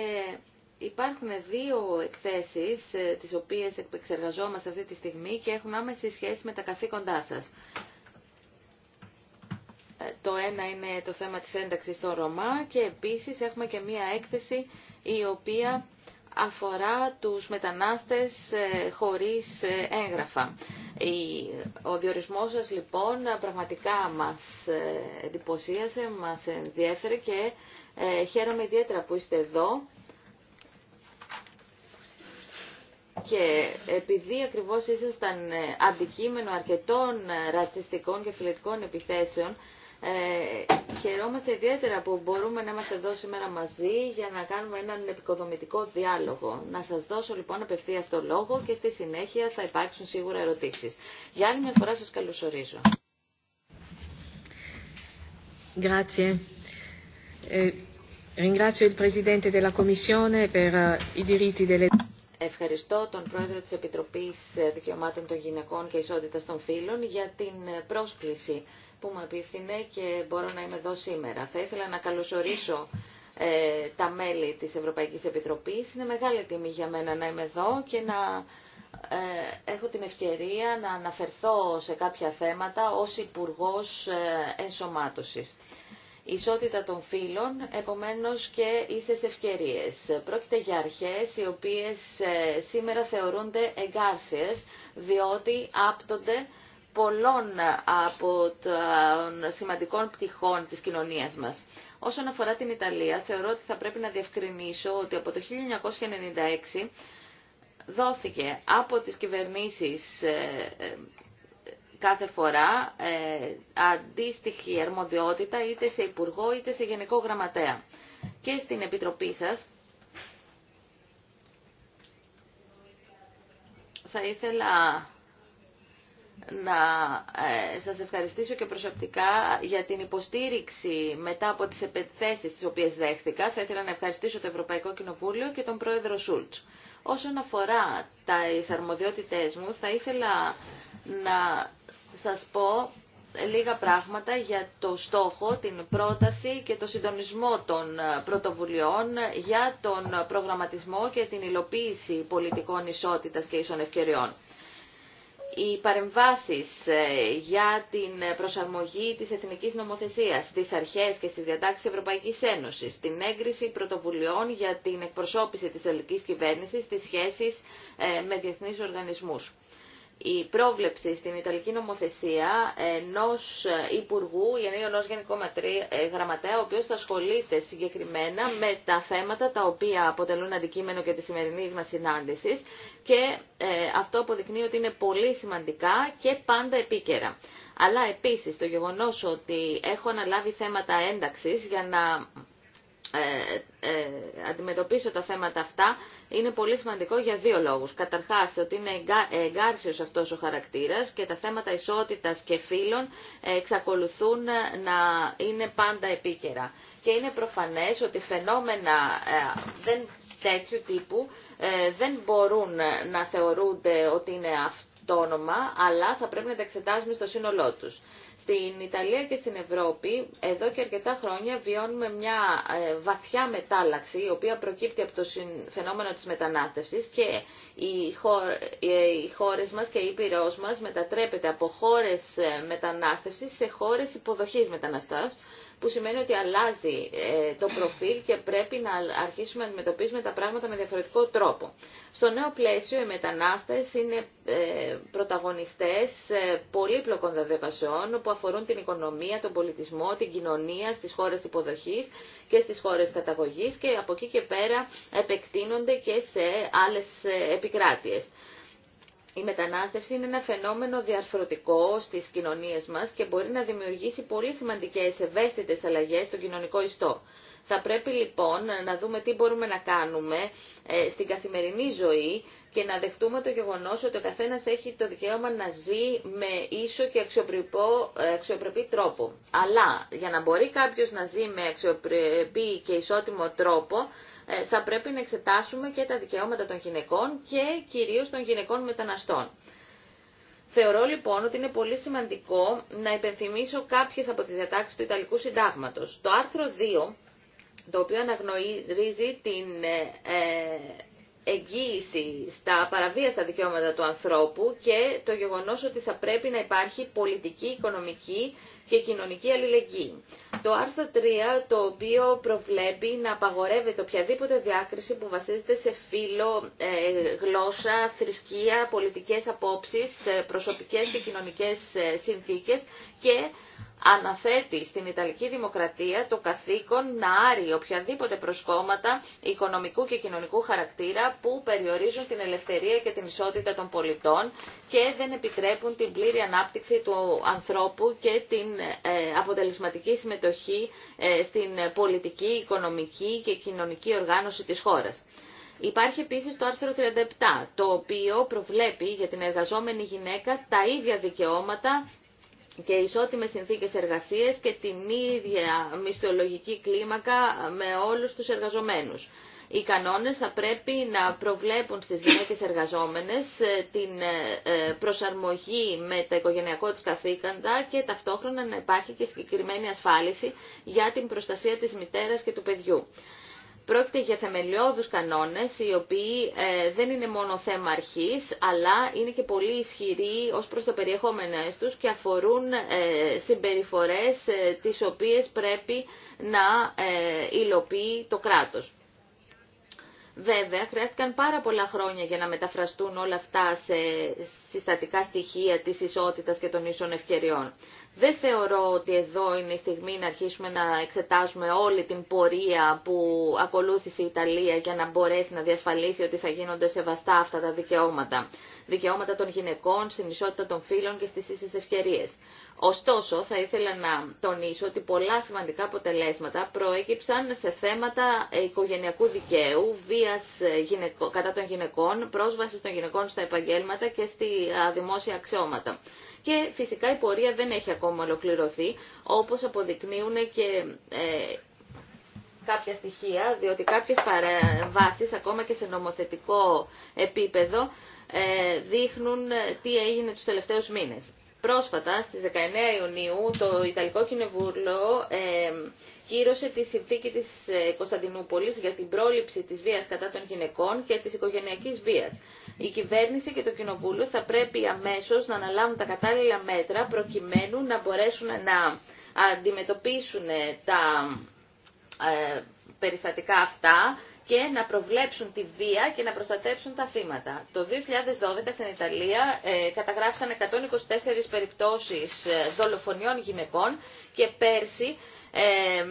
υπάρχουν δύο εκθέσεις ε, τις οποίες εξεργαζόμαστε αυτή τη στιγμή και έχουν άμεση σχέση με τα καθήκοντά σας. Το ένα είναι το θέμα της ένταξης στο Ρωμά και επίσης έχουμε και μία έκθεση η οποία αφορά τους μετανάστες ε, χωρίς ε, έγγραφα. Ο διορισμός σας λοιπόν πραγματικά μας ε, εντυπωσίασε, μας ενδιέφερε και χαίρομαι ιδιαίτερα που είστε εδώ. Και επειδή ακριβώς ήσασταν αντικείμενο αρκετών ρατσιστικών και φιλετικών επιθέσεων, ε, χαιρόμαστε ιδιαίτερα που μπορούμε να είμαστε εδώ σήμερα μαζί για να κάνουμε έναν επικοδομητικό διάλογο. Να σας δώσω λοιπόν απευθεία το λόγο και στη συνέχεια θα υπάρξουν σίγουρα ερωτήσεις. Για άλλη μια φορά σας καλωσορίζω. Grazie. Ε, ringrazio il Presidente della Commissione per eh, i diritti delle ευχαριστώ τον Πρόεδρο της Επιτροπής ε, Δικαιωμάτων των Γυναικών και Ισότητας των Φίλων για την ε, πρόσκληση που με και μπορώ να είμαι εδώ σήμερα. Θα ήθελα να καλωσορίσω ε, τα μέλη της Ευρωπαϊκής Επιτροπής. Είναι μεγάλη τιμή για μένα να είμαι εδώ και να ε, έχω την ευκαιρία να αναφερθώ σε κάποια θέματα ως Υπουργός ε, Ενσωμάτωσης. Η ισότητα των φύλων, επομένως και ίσες ευκαιρίες. Πρόκειται για αρχές οι οποίες σήμερα θεωρούνται εγκάρσιες, διότι άπτονται πολλών από των σημαντικών πτυχών της κοινωνίας μας. Όσον αφορά την Ιταλία, θεωρώ ότι θα πρέπει να διευκρινίσω ότι από το 1996 δόθηκε από τις κυβερνήσεις ε, ε, κάθε φορά ε, αντίστοιχη αρμοδιότητα είτε σε Υπουργό είτε σε Γενικό Γραμματέα. Και στην Επιτροπή σας θα ήθελα να ε, σας ευχαριστήσω και προσωπικά για την υποστήριξη μετά από τις επιθέσεις τις οποίες δέχθηκα. Θα ήθελα να ευχαριστήσω το Ευρωπαϊκό Κοινοβούλιο και τον Πρόεδρο Σούλτς. Όσον αφορά τα αρμοδιότητές μου, θα ήθελα να σας πω λίγα πράγματα για το στόχο, την πρόταση και το συντονισμό των πρωτοβουλειών για τον προγραμματισμό και την υλοποίηση πολιτικών ισότητας και ίσων ευκαιριών οι παρεμβάσεις ε, για την προσαρμογή της εθνικής νομοθεσίας στις αρχές και στις διατάξεις Ευρωπαϊκής Ένωσης, την έγκριση πρωτοβουλειών για την εκπροσώπηση της ελληνικής κυβέρνησης στις σχέσεις ε, με διεθνείς οργανισμούς η πρόβλεψη στην Ιταλική νομοθεσία ενό υπουργού ή ενό γενικού ε, γραμματέα, ο οποίος θα ασχολείται συγκεκριμένα με τα θέματα τα οποία αποτελούν αντικείμενο και τη σημερινή μα συνάντηση και ε, αυτό αποδεικνύει ότι είναι πολύ σημαντικά και πάντα επίκαιρα. Αλλά επίση, το γεγονός ότι έχω αναλάβει θέματα ένταξης για να ε, αντιμετωπίσω τα θέματα αυτά είναι πολύ σημαντικό για δύο λόγους. Καταρχάς ότι είναι εγκάρσιο αυτός ο χαρακτήρας και τα θέματα ισότητα και φύλων εξακολουθούν να είναι πάντα επίκαιρα. Και είναι προφανές ότι φαινόμενα ε, δεν, τέτοιου τύπου ε, δεν μπορούν να θεωρούνται ότι είναι αυτόνομα, αλλά θα πρέπει να τα εξετάζουμε στο σύνολό τους. Στην Ιταλία και στην Ευρώπη εδώ και αρκετά χρόνια βιώνουμε μια ε, βαθιά μετάλλαξη η οποία προκύπτει από το φαινόμενο της μετανάστευσης και ε, οι χώρες μας και η Ήπειρός μας μετατρέπεται από χώρες ε, μετανάστευσης σε χώρες υποδοχής μεταναστών που σημαίνει ότι αλλάζει ε, το προφίλ και πρέπει να αρχίσουμε να αντιμετωπίζουμε τα πράγματα με διαφορετικό τρόπο. Στο νέο πλαίσιο οι μετανάστες είναι ε, πρωταγωνιστές πολύπλοκων δεδομένων που αφορούν την οικονομία, τον πολιτισμό, την κοινωνία στις χώρες υποδοχής και στις χώρες καταγωγής και από εκεί και πέρα επεκτείνονται και σε άλλες ε, επικράτειες η μετανάστευση είναι ένα φαινόμενο διαρθρωτικό στις κοινωνίες μας και μπορεί να δημιουργήσει πολύ σημαντικές ευαίσθητες αλλαγές στον κοινωνικό ιστό. Θα πρέπει λοιπόν να δούμε τι μπορούμε να κάνουμε ε, στην καθημερινή ζωή και να δεχτούμε το γεγονός ότι ο καθένας έχει το δικαίωμα να ζει με ίσο και ε, αξιοπρεπή τρόπο. Αλλά για να μπορεί κάποιος να ζει με αξιοπρεπή και ισότιμο τρόπο ε, θα πρέπει να εξετάσουμε και τα δικαιώματα των γυναικών και κυρίως των γυναικών μεταναστών. Θεωρώ λοιπόν ότι είναι πολύ σημαντικό να υπενθυμίσω κάποιες από τις διατάξεις του Ιταλικού Συντάγματος. Το άρθρο 2, το οποίο αναγνωρίζει την ε, ε, εγγύηση στα παραβίαστα δικαιώματα του ανθρώπου και το γεγονός ότι θα πρέπει να υπάρχει πολιτική, οικονομική και κοινωνική αλληλεγγύη. Το άρθρο 3 το οποίο προβλέπει να απαγορεύεται οποιαδήποτε διάκριση που βασίζεται σε φύλλο, ε, γλώσσα, θρησκεία, πολιτικές απόψεις, ε, προσωπικές και κοινωνικές ε, συνθήκες και αναθέτει στην Ιταλική Δημοκρατία το καθήκον να άρει οποιαδήποτε προσκόμματα οικονομικού και κοινωνικού χαρακτήρα που περιορίζουν την ελευθερία και την ισότητα των πολιτών και δεν επιτρέπουν την πλήρη ανάπτυξη του ανθρώπου και την ε, αποτελεσματική συμμετοχή ε, στην πολιτική, οικονομική και κοινωνική οργάνωση της χώρας. Υπάρχει επίσης το άρθρο 37, το οποίο προβλέπει για την εργαζόμενη γυναίκα τα ίδια δικαιώματα και ισότιμες συνθήκες εργασίας και την ίδια μισθολογική κλίμακα με όλους τους εργαζομένους. Οι κανόνες θα πρέπει να προβλέπουν στις γυναίκες εργαζόμενες ε, την ε, ε, προσαρμογή με τα οικογενειακό της καθήκοντα και ταυτόχρονα να υπάρχει και συγκεκριμένη ασφάλιση για την προστασία της μητέρας και του παιδιού. Πρόκειται για θεμελιώδους κανόνες, οι οποίοι ε, δεν είναι μόνο θέμα αρχής, αλλά είναι και πολύ ισχυροί ως προς το περιεχόμενο τους και αφορούν ε, συμπεριφορές ε, τις οποίες πρέπει να υλοποιεί το κράτος. Βέβαια, χρειάστηκαν πάρα πολλά χρόνια για να μεταφραστούν όλα αυτά σε συστατικά στοιχεία της ισότητας και των ίσων ευκαιριών. Δεν θεωρώ ότι εδώ είναι η στιγμή να αρχίσουμε να εξετάζουμε όλη την πορεία που ακολούθησε η Ιταλία για να μπορέσει να διασφαλίσει ότι θα γίνονται σεβαστά αυτά τα δικαιώματα. Δικαιώματα των γυναικών, στην ισότητα των φίλων και στις ίσες ευκαιρίες. Ωστόσο, θα ήθελα να τονίσω ότι πολλά σημαντικά αποτελέσματα προέκυψαν σε θέματα οικογενειακού δικαίου, βίας ε, κατά των γυναικών, πρόσβασης των γυναικών στα επαγγέλματα και στη δημόσια αξιώματα. Και φυσικά η πορεία δεν έχει ακόμα ολοκληρωθεί, όπως αποδεικνύουν και ε, κάποια στοιχεία, διότι κάποιες παρεμβάσεις, ακόμα και σε νομοθετικό επίπεδο, ε, δείχνουν ε, τι έγινε τους τελευταίους μήνες. Πρόσφατα, στις 19 Ιουνίου, το Ιταλικό Κοινοβούλιο ε, κύρωσε τη συνθήκη της ε, Κωνσταντινούπολης για την πρόληψη της βίας κατά των γυναικών και της οικογενειακής βίας. Η κυβέρνηση και το Κοινοβούλιο θα πρέπει αμέσως να αναλάβουν τα κατάλληλα μέτρα προκειμένου να μπορέσουν να αντιμετωπίσουν τα ε, περιστατικά αυτά και να προβλέψουν τη βία και να προστατέψουν τα θύματα. Το 2012 στην Ιταλία ε, καταγράφησαν 124 περιπτώσεις ε, δολοφονιών γυναικών και πέρσι ε,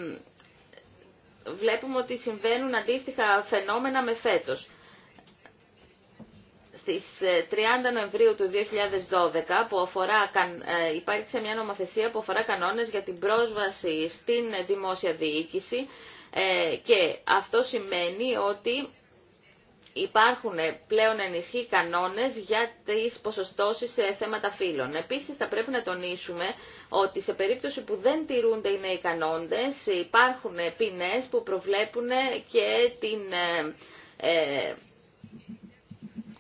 βλέπουμε ότι συμβαίνουν αντίστοιχα φαινόμενα με φέτος. Στις 30 ε, Νοεμβρίου του 2012 που αφορά, μια νομοθεσία που αφορά κανόνες για την πρόσβαση στην δημόσια διοίκηση ε, και αυτό σημαίνει ότι υπάρχουν πλέον ενισχύει κανόνες για τις ποσοστώσεις σε θέματα φύλων. Επίσης θα πρέπει να τονίσουμε ότι σε περίπτωση που δεν τηρούνται οι νέοι κανόνες υπάρχουν ποινές που προβλέπουν και την ε, ε,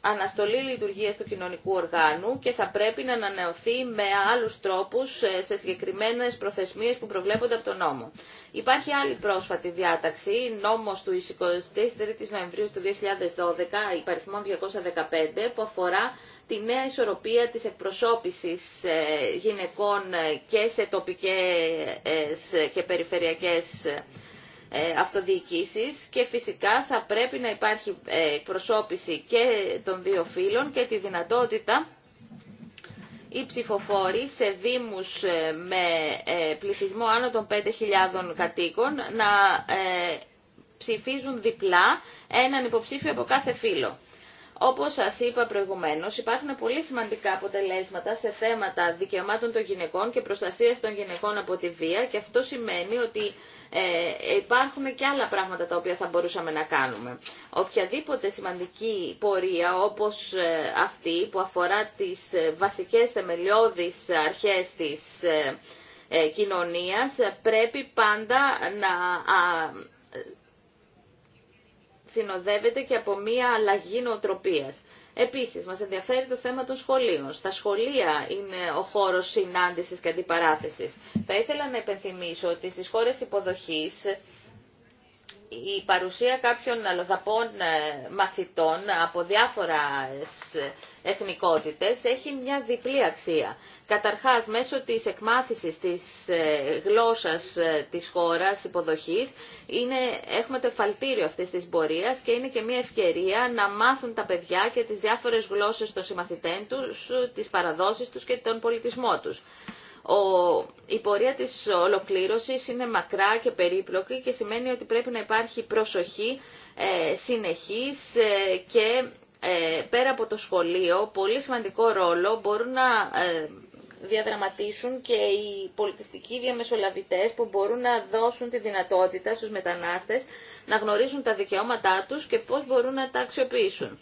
αναστολή λειτουργίας του κοινωνικού οργάνου και θα πρέπει να ανανεωθεί με άλλους τρόπους ε, σε συγκεκριμένες προθεσμίες που προβλέπονται από τον νόμο. Υπάρχει άλλη πρόσφατη διάταξη, νόμος του 23 Νοεμβρίου του 2012, υπαριθμών 215, που αφορά τη νέα ισορροπία της εκπροσώπησης ε, γυναικών ε, και σε τοπικές και περιφερειακές ε, αυτοδιοικήσεις και φυσικά θα πρέπει να υπάρχει ε, προσώπηση και των δύο φύλων και τη δυνατότητα οι ψηφοφόροι σε δήμους ε, με πληθυσμό άνω των 5.000 κατοίκων να ψηφίζουν διπλά έναν υποψήφιο από κάθε φύλο. Όπως σας είπα προηγουμένως, υπάρχουν πολύ σημαντικά αποτελέσματα σε θέματα δικαιωμάτων των γυναικών και προστασίας των γυναικών από τη βία και αυτό σημαίνει ότι ε, υπάρχουν και άλλα πράγματα τα οποία θα μπορούσαμε να κάνουμε. Οποιαδήποτε σημαντική πορεία όπως ε, αυτή που αφορά τις ε, βασικές θεμελιώδεις αρχές της ε, κοινωνίας πρέπει πάντα να συνοδεύεται και από μία αλλαγή νοοτροπίας. Επίσης, μας ενδιαφέρει το θέμα των σχολείων. Στα σχολεία είναι ο χώρος συνάντησης και αντιπαράθεσης. Θα ήθελα να επενθυμίσω ότι στις χώρες υποδοχής η παρουσία κάποιων αλλοδαπών ε, μαθητών από διάφορα εθνικότητες έχει μια διπλή αξία. Καταρχάς, μέσω της εκμάθησης της ε, γλώσσας ε, της χώρας υποδοχής, είναι, έχουμε το εφαλτήριο αυτής της πορείας και είναι και μια ευκαιρία να μάθουν τα παιδιά και τις διάφορες γλώσσες των συμμαθητών τους, τις παραδόσεις τους και τον πολιτισμό τους η πορεία της ολοκλήρωσης είναι μακρά και περίπλοκη και σημαίνει ότι πρέπει να υπάρχει προσοχή ε, συνεχής ε, και ε, πέρα από το σχολείο πολύ σημαντικό ρόλο μπορούν να διαδραματίσουν και οι πολιτιστικοί διαμεσολαβητές που μπορούν να δώσουν τη δυνατότητα στους μετανάστες να γνωρίζουν τα δικαιώματά τους και πώς μπορούν να τα αξιοποιήσουν.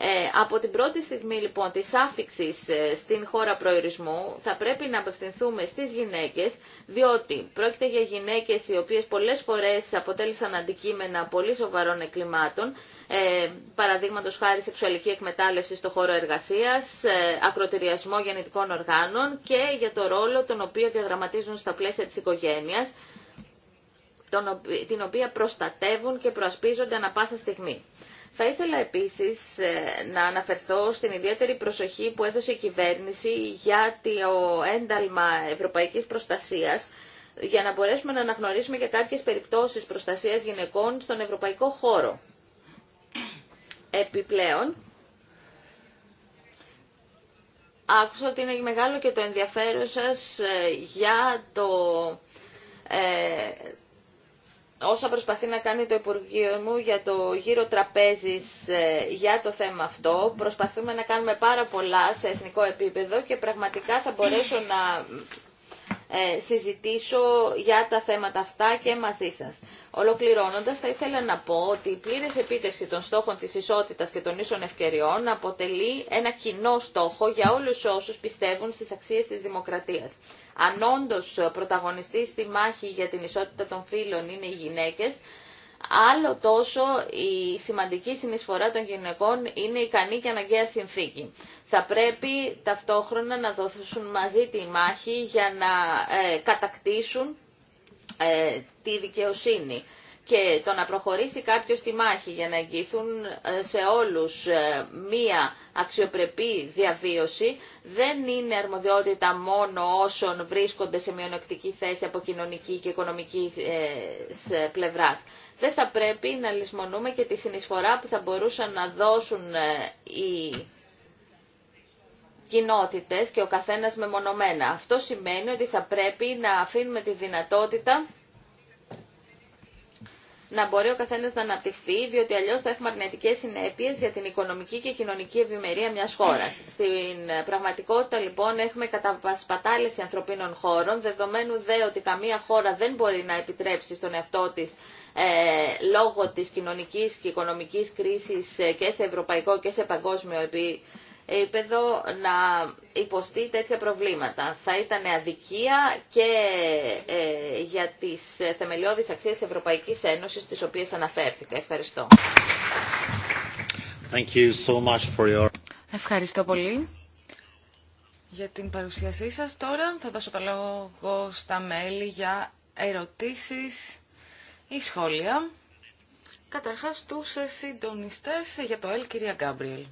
Ε, από την πρώτη στιγμή λοιπόν της άφηξης ε, στην χώρα προορισμού θα πρέπει να απευθυνθούμε στις γυναίκες διότι πρόκειται για γυναίκες οι οποίες πολλές φορές αποτέλεσαν αντικείμενα πολύ σοβαρών εκκλημάτων ε, παραδείγματος χάρη σεξουαλική εκμετάλλευση στο χώρο εργασίας, ε, ακροτηριασμό γεννητικών οργάνων και για το ρόλο τον οποίο διαδραματίζουν στα πλαίσια της οικογένειας, την οποία προστατεύουν και προασπίζονται ανα πάσα στιγμή. Θα ήθελα επίσης ε, να αναφερθώ στην ιδιαίτερη προσοχή που έδωσε η κυβέρνηση για το ένταλμα ευρωπαϊκής προστασίας για να μπορέσουμε να αναγνωρίσουμε και κάποιες περιπτώσεις προστασίας γυναικών στον ευρωπαϊκό χώρο. Επιπλέον, άκουσα ότι είναι μεγάλο και το ενδιαφέρον σας ε, για το, ε, όσα προσπαθεί να κάνει το Υπουργείο μου για το γύρο τραπέζης ε, για το θέμα αυτό. Προσπαθούμε να κάνουμε πάρα πολλά σε εθνικό επίπεδο και πραγματικά θα μπορέσω να ε, συζητήσω για τα θέματα αυτά και μαζί σας. Ολοκληρώνοντας, θα ήθελα να πω ότι η πλήρες επίτευξη των στόχων της ισότητας και των ίσων ευκαιριών αποτελεί ένα κοινό στόχο για όλους όσους πιστεύουν στις αξίες της δημοκρατίας. Αν όντω πρωταγωνιστή στη μάχη για την ισότητα των φίλων είναι οι γυναίκες, άλλο τόσο η σημαντική συνεισφορά των γυναικών είναι ικανή και αναγκαία συνθήκη. Θα πρέπει ταυτόχρονα να δώσουν μαζί τη μάχη για να ε, κατακτήσουν ε, τη δικαιοσύνη. Και το να προχωρήσει κάποιος τη μάχη για να εγγυθούν ε, σε όλους μία αξιοπρεπή διαβίωση δεν είναι αρμοδιότητα μόνο όσων βρίσκονται σε μειονεκτική θέση από κοινωνική και οικονομική πλευράς δεν θα πρέπει να λησμονούμε και τη συνεισφορά που θα μπορούσαν να δώσουν ε, οι κοινότητες και ο καθένας μεμονωμένα. Αυτό σημαίνει ότι θα πρέπει να αφήνουμε τη δυνατότητα να μπορεί ο καθένας να αναπτυχθεί, διότι αλλιώς θα έχουμε αρνητικές συνέπειες για την οικονομική και κοινωνική ευημερία μιας χώρας. Στην ε, πραγματικότητα λοιπόν έχουμε καταπασπατάληση ανθρωπίνων χώρων, δεδομένου δε ότι καμία χώρα δεν μπορεί να επιτρέψει στον εαυτό της ε, λόγω της κοινωνικής και οικονομικής κρίσης ε, και σε ευρωπαϊκό και σε παγκόσμιο επίπεδο να υποστεί τέτοια προβλήματα. Θα ήταν αδικία και ε, για τις θεμελιώδεις αξίες Ευρωπαϊκής Ένωσης, τις οποίες αναφέρθηκα. Ευχαριστώ. Thank you so much for Ευχαριστώ πολύ για την παρουσίασή σας. Τώρα θα δώσω το λόγο στα μέλη για ερωτήσεις ή σχόλια. Καταρχάς τους συντονιστές για το ΕΛ, κυρία Γκάμπριελ.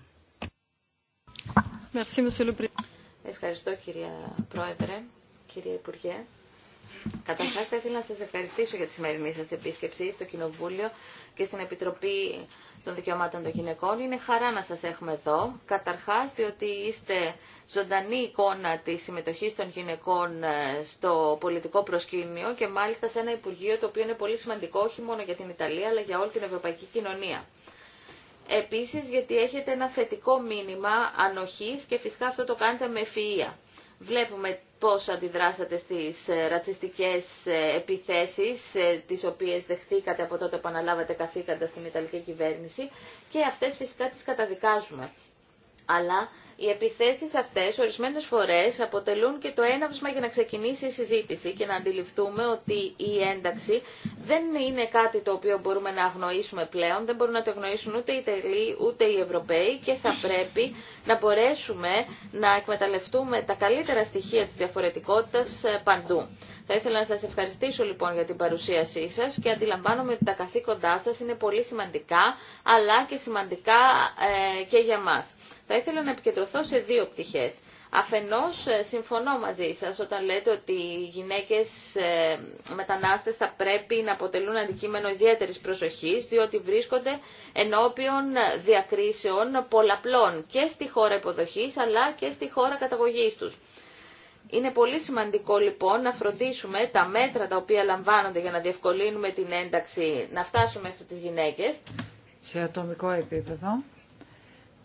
Ευχαριστώ κυρία Πρόεδρε, κυρία Υπουργέ. Καταρχά, θα ήθελα να σα ευχαριστήσω για τη σημερινή σα επίσκεψη στο Κοινοβούλιο και στην Επιτροπή των Δικαιωμάτων των Γυναικών. Είναι χαρά να σα έχουμε εδώ. Καταρχά, διότι είστε ζωντανή εικόνα τη συμμετοχή των γυναικών ε, στο πολιτικό προσκήνιο και μάλιστα σε ένα Υπουργείο το οποίο είναι πολύ σημαντικό όχι μόνο για την Ιταλία αλλά για όλη την ευρωπαϊκή κοινωνία. Επίση, γιατί έχετε ένα θετικό μήνυμα ανοχή και φυσικά αυτό το κάνετε με ευφυα. Βλέπουμε πώς αντιδράσατε στις ε, ρατσιστικές ε, επιθέσεις ε, τις οποίες δεχθήκατε από τότε που αναλάβατε καθήκοντα στην Ιταλική κυβέρνηση και αυτές φυσικά τις καταδικάζουμε. Αλλά οι επιθέσεις αυτές ορισμένες φορές αποτελούν και το έναυσμα για να ξεκινήσει η συζήτηση και να αντιληφθούμε ότι η ένταξη δεν είναι κάτι το οποίο μπορούμε να αγνοήσουμε πλέον, δεν μπορούν να το αγνοήσουν ούτε οι Ιταλοί ούτε οι Ευρωπαίοι και θα πρέπει να μπορέσουμε να εκμεταλλευτούμε τα καλύτερα στοιχεία της διαφορετικότητας ε, παντού. Θα ήθελα να σας ευχαριστήσω λοιπόν για την παρουσίασή σας και αντιλαμβάνομαι ότι τα καθήκοντά σας είναι πολύ σημαντικά αλλά και σημαντικά ε, και για μας. Θα ήθελα να επικεντρωθώ σε δύο πτυχές. Αφενός, ε, συμφωνώ μαζί σας όταν λέτε ότι οι γυναίκες ε, μετανάστες θα πρέπει να αποτελούν αντικείμενο ιδιαίτερης προσοχής, διότι βρίσκονται ενώπιον διακρίσεων πολλαπλών και στη χώρα υποδοχής αλλά και στη χώρα καταγωγής τους. Είναι πολύ σημαντικό λοιπόν να φροντίσουμε τα μέτρα τα οποία λαμβάνονται για να διευκολύνουμε την ένταξη να φτάσουμε μέχρι τις γυναίκες. Σε ατομικό επίπεδο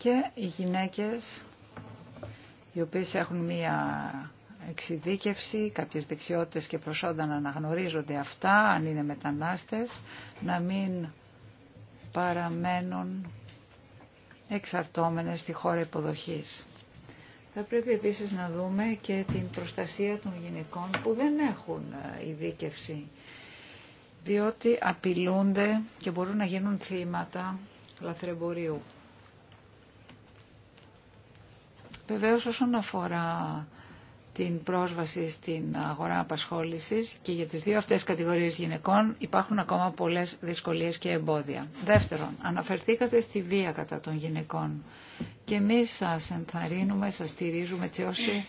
και οι γυναίκες οι οποίες έχουν μία εξειδίκευση, κάποιες δεξιότητες και προσόντα να αναγνωρίζονται αυτά, αν είναι μετανάστες, να μην παραμένουν εξαρτώμενες στη χώρα υποδοχής. Θα πρέπει επίσης να δούμε και την προστασία των γυναικών που δεν έχουν ε, ειδίκευση, διότι απειλούνται και μπορούν να γίνουν θύματα λαθρεμπορίου. Βεβαίως όσον αφορά την πρόσβαση στην αγορά απασχόλησης και για τις δύο αυτές κατηγορίες γυναικών υπάρχουν ακόμα πολλές δυσκολίες και εμπόδια. Δεύτερον, αναφερθήκατε στη βία κατά των γυναικών και εμείς σας ενθαρρύνουμε, σας στηρίζουμε έτσι ώστε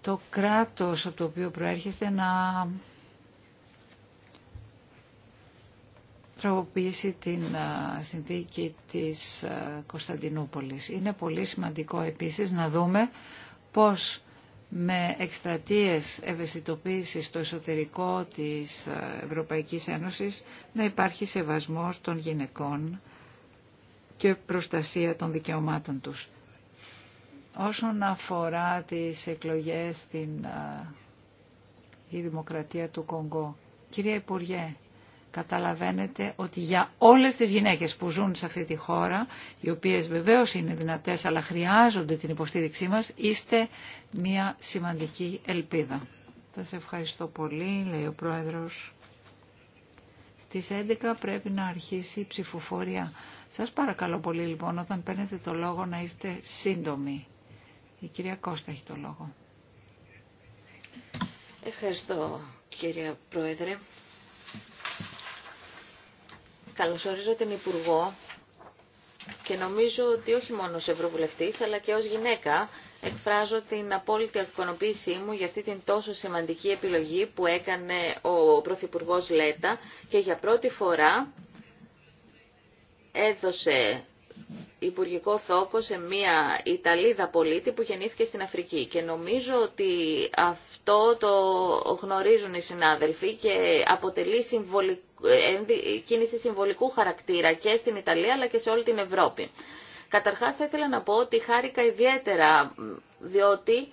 το κράτος από το οποίο προέρχεστε να τροποποιήσει την συνθήκη της Κωνσταντινούπολης. Είναι πολύ σημαντικό επίσης να δούμε πώς με εκστρατείες ευαισθητοποίησης στο εσωτερικό της Ευρωπαϊκής Ένωσης να υπάρχει σεβασμός των γυναικών και προστασία των δικαιωμάτων τους. Όσον αφορά τις εκλογές στην η Δημοκρατία του Κονγκό, Κυρία Υπουργέ, καταλαβαίνετε ότι για όλες τις γυναίκες που ζουν σε αυτή τη χώρα, οι οποίες βεβαίως είναι δυνατές αλλά χρειάζονται την υποστήριξή μας, είστε μια σημαντική ελπίδα. Σας ευχαριστώ πολύ, λέει ο Πρόεδρος. Στις 11 πρέπει να αρχίσει η ψηφοφορία. Σας παρακαλώ πολύ λοιπόν όταν παίρνετε το λόγο να είστε σύντομοι. Η κυρία Κώστα έχει το λόγο. Ευχαριστώ κυρία Πρόεδρε. Καλωσορίζω την Υπουργό και νομίζω ότι όχι μόνο ως Ευρωβουλευτής αλλά και ως γυναίκα εκφράζω την απόλυτη ακονοποίησή μου για αυτή την τόσο σημαντική επιλογή που έκανε ο Πρωθυπουργό Λέτα και για πρώτη φορά έδωσε υπουργικό θόκο σε μια Ιταλίδα πολίτη που γεννήθηκε στην Αφρική. Και νομίζω ότι αυτό αυτό το γνωρίζουν οι συνάδελφοι και αποτελεί συμβολικ... κίνηση συμβολικού χαρακτήρα και στην Ιταλία αλλά και σε όλη την Ευρώπη. Καταρχάς θα ήθελα να πω ότι χάρηκα ιδιαίτερα διότι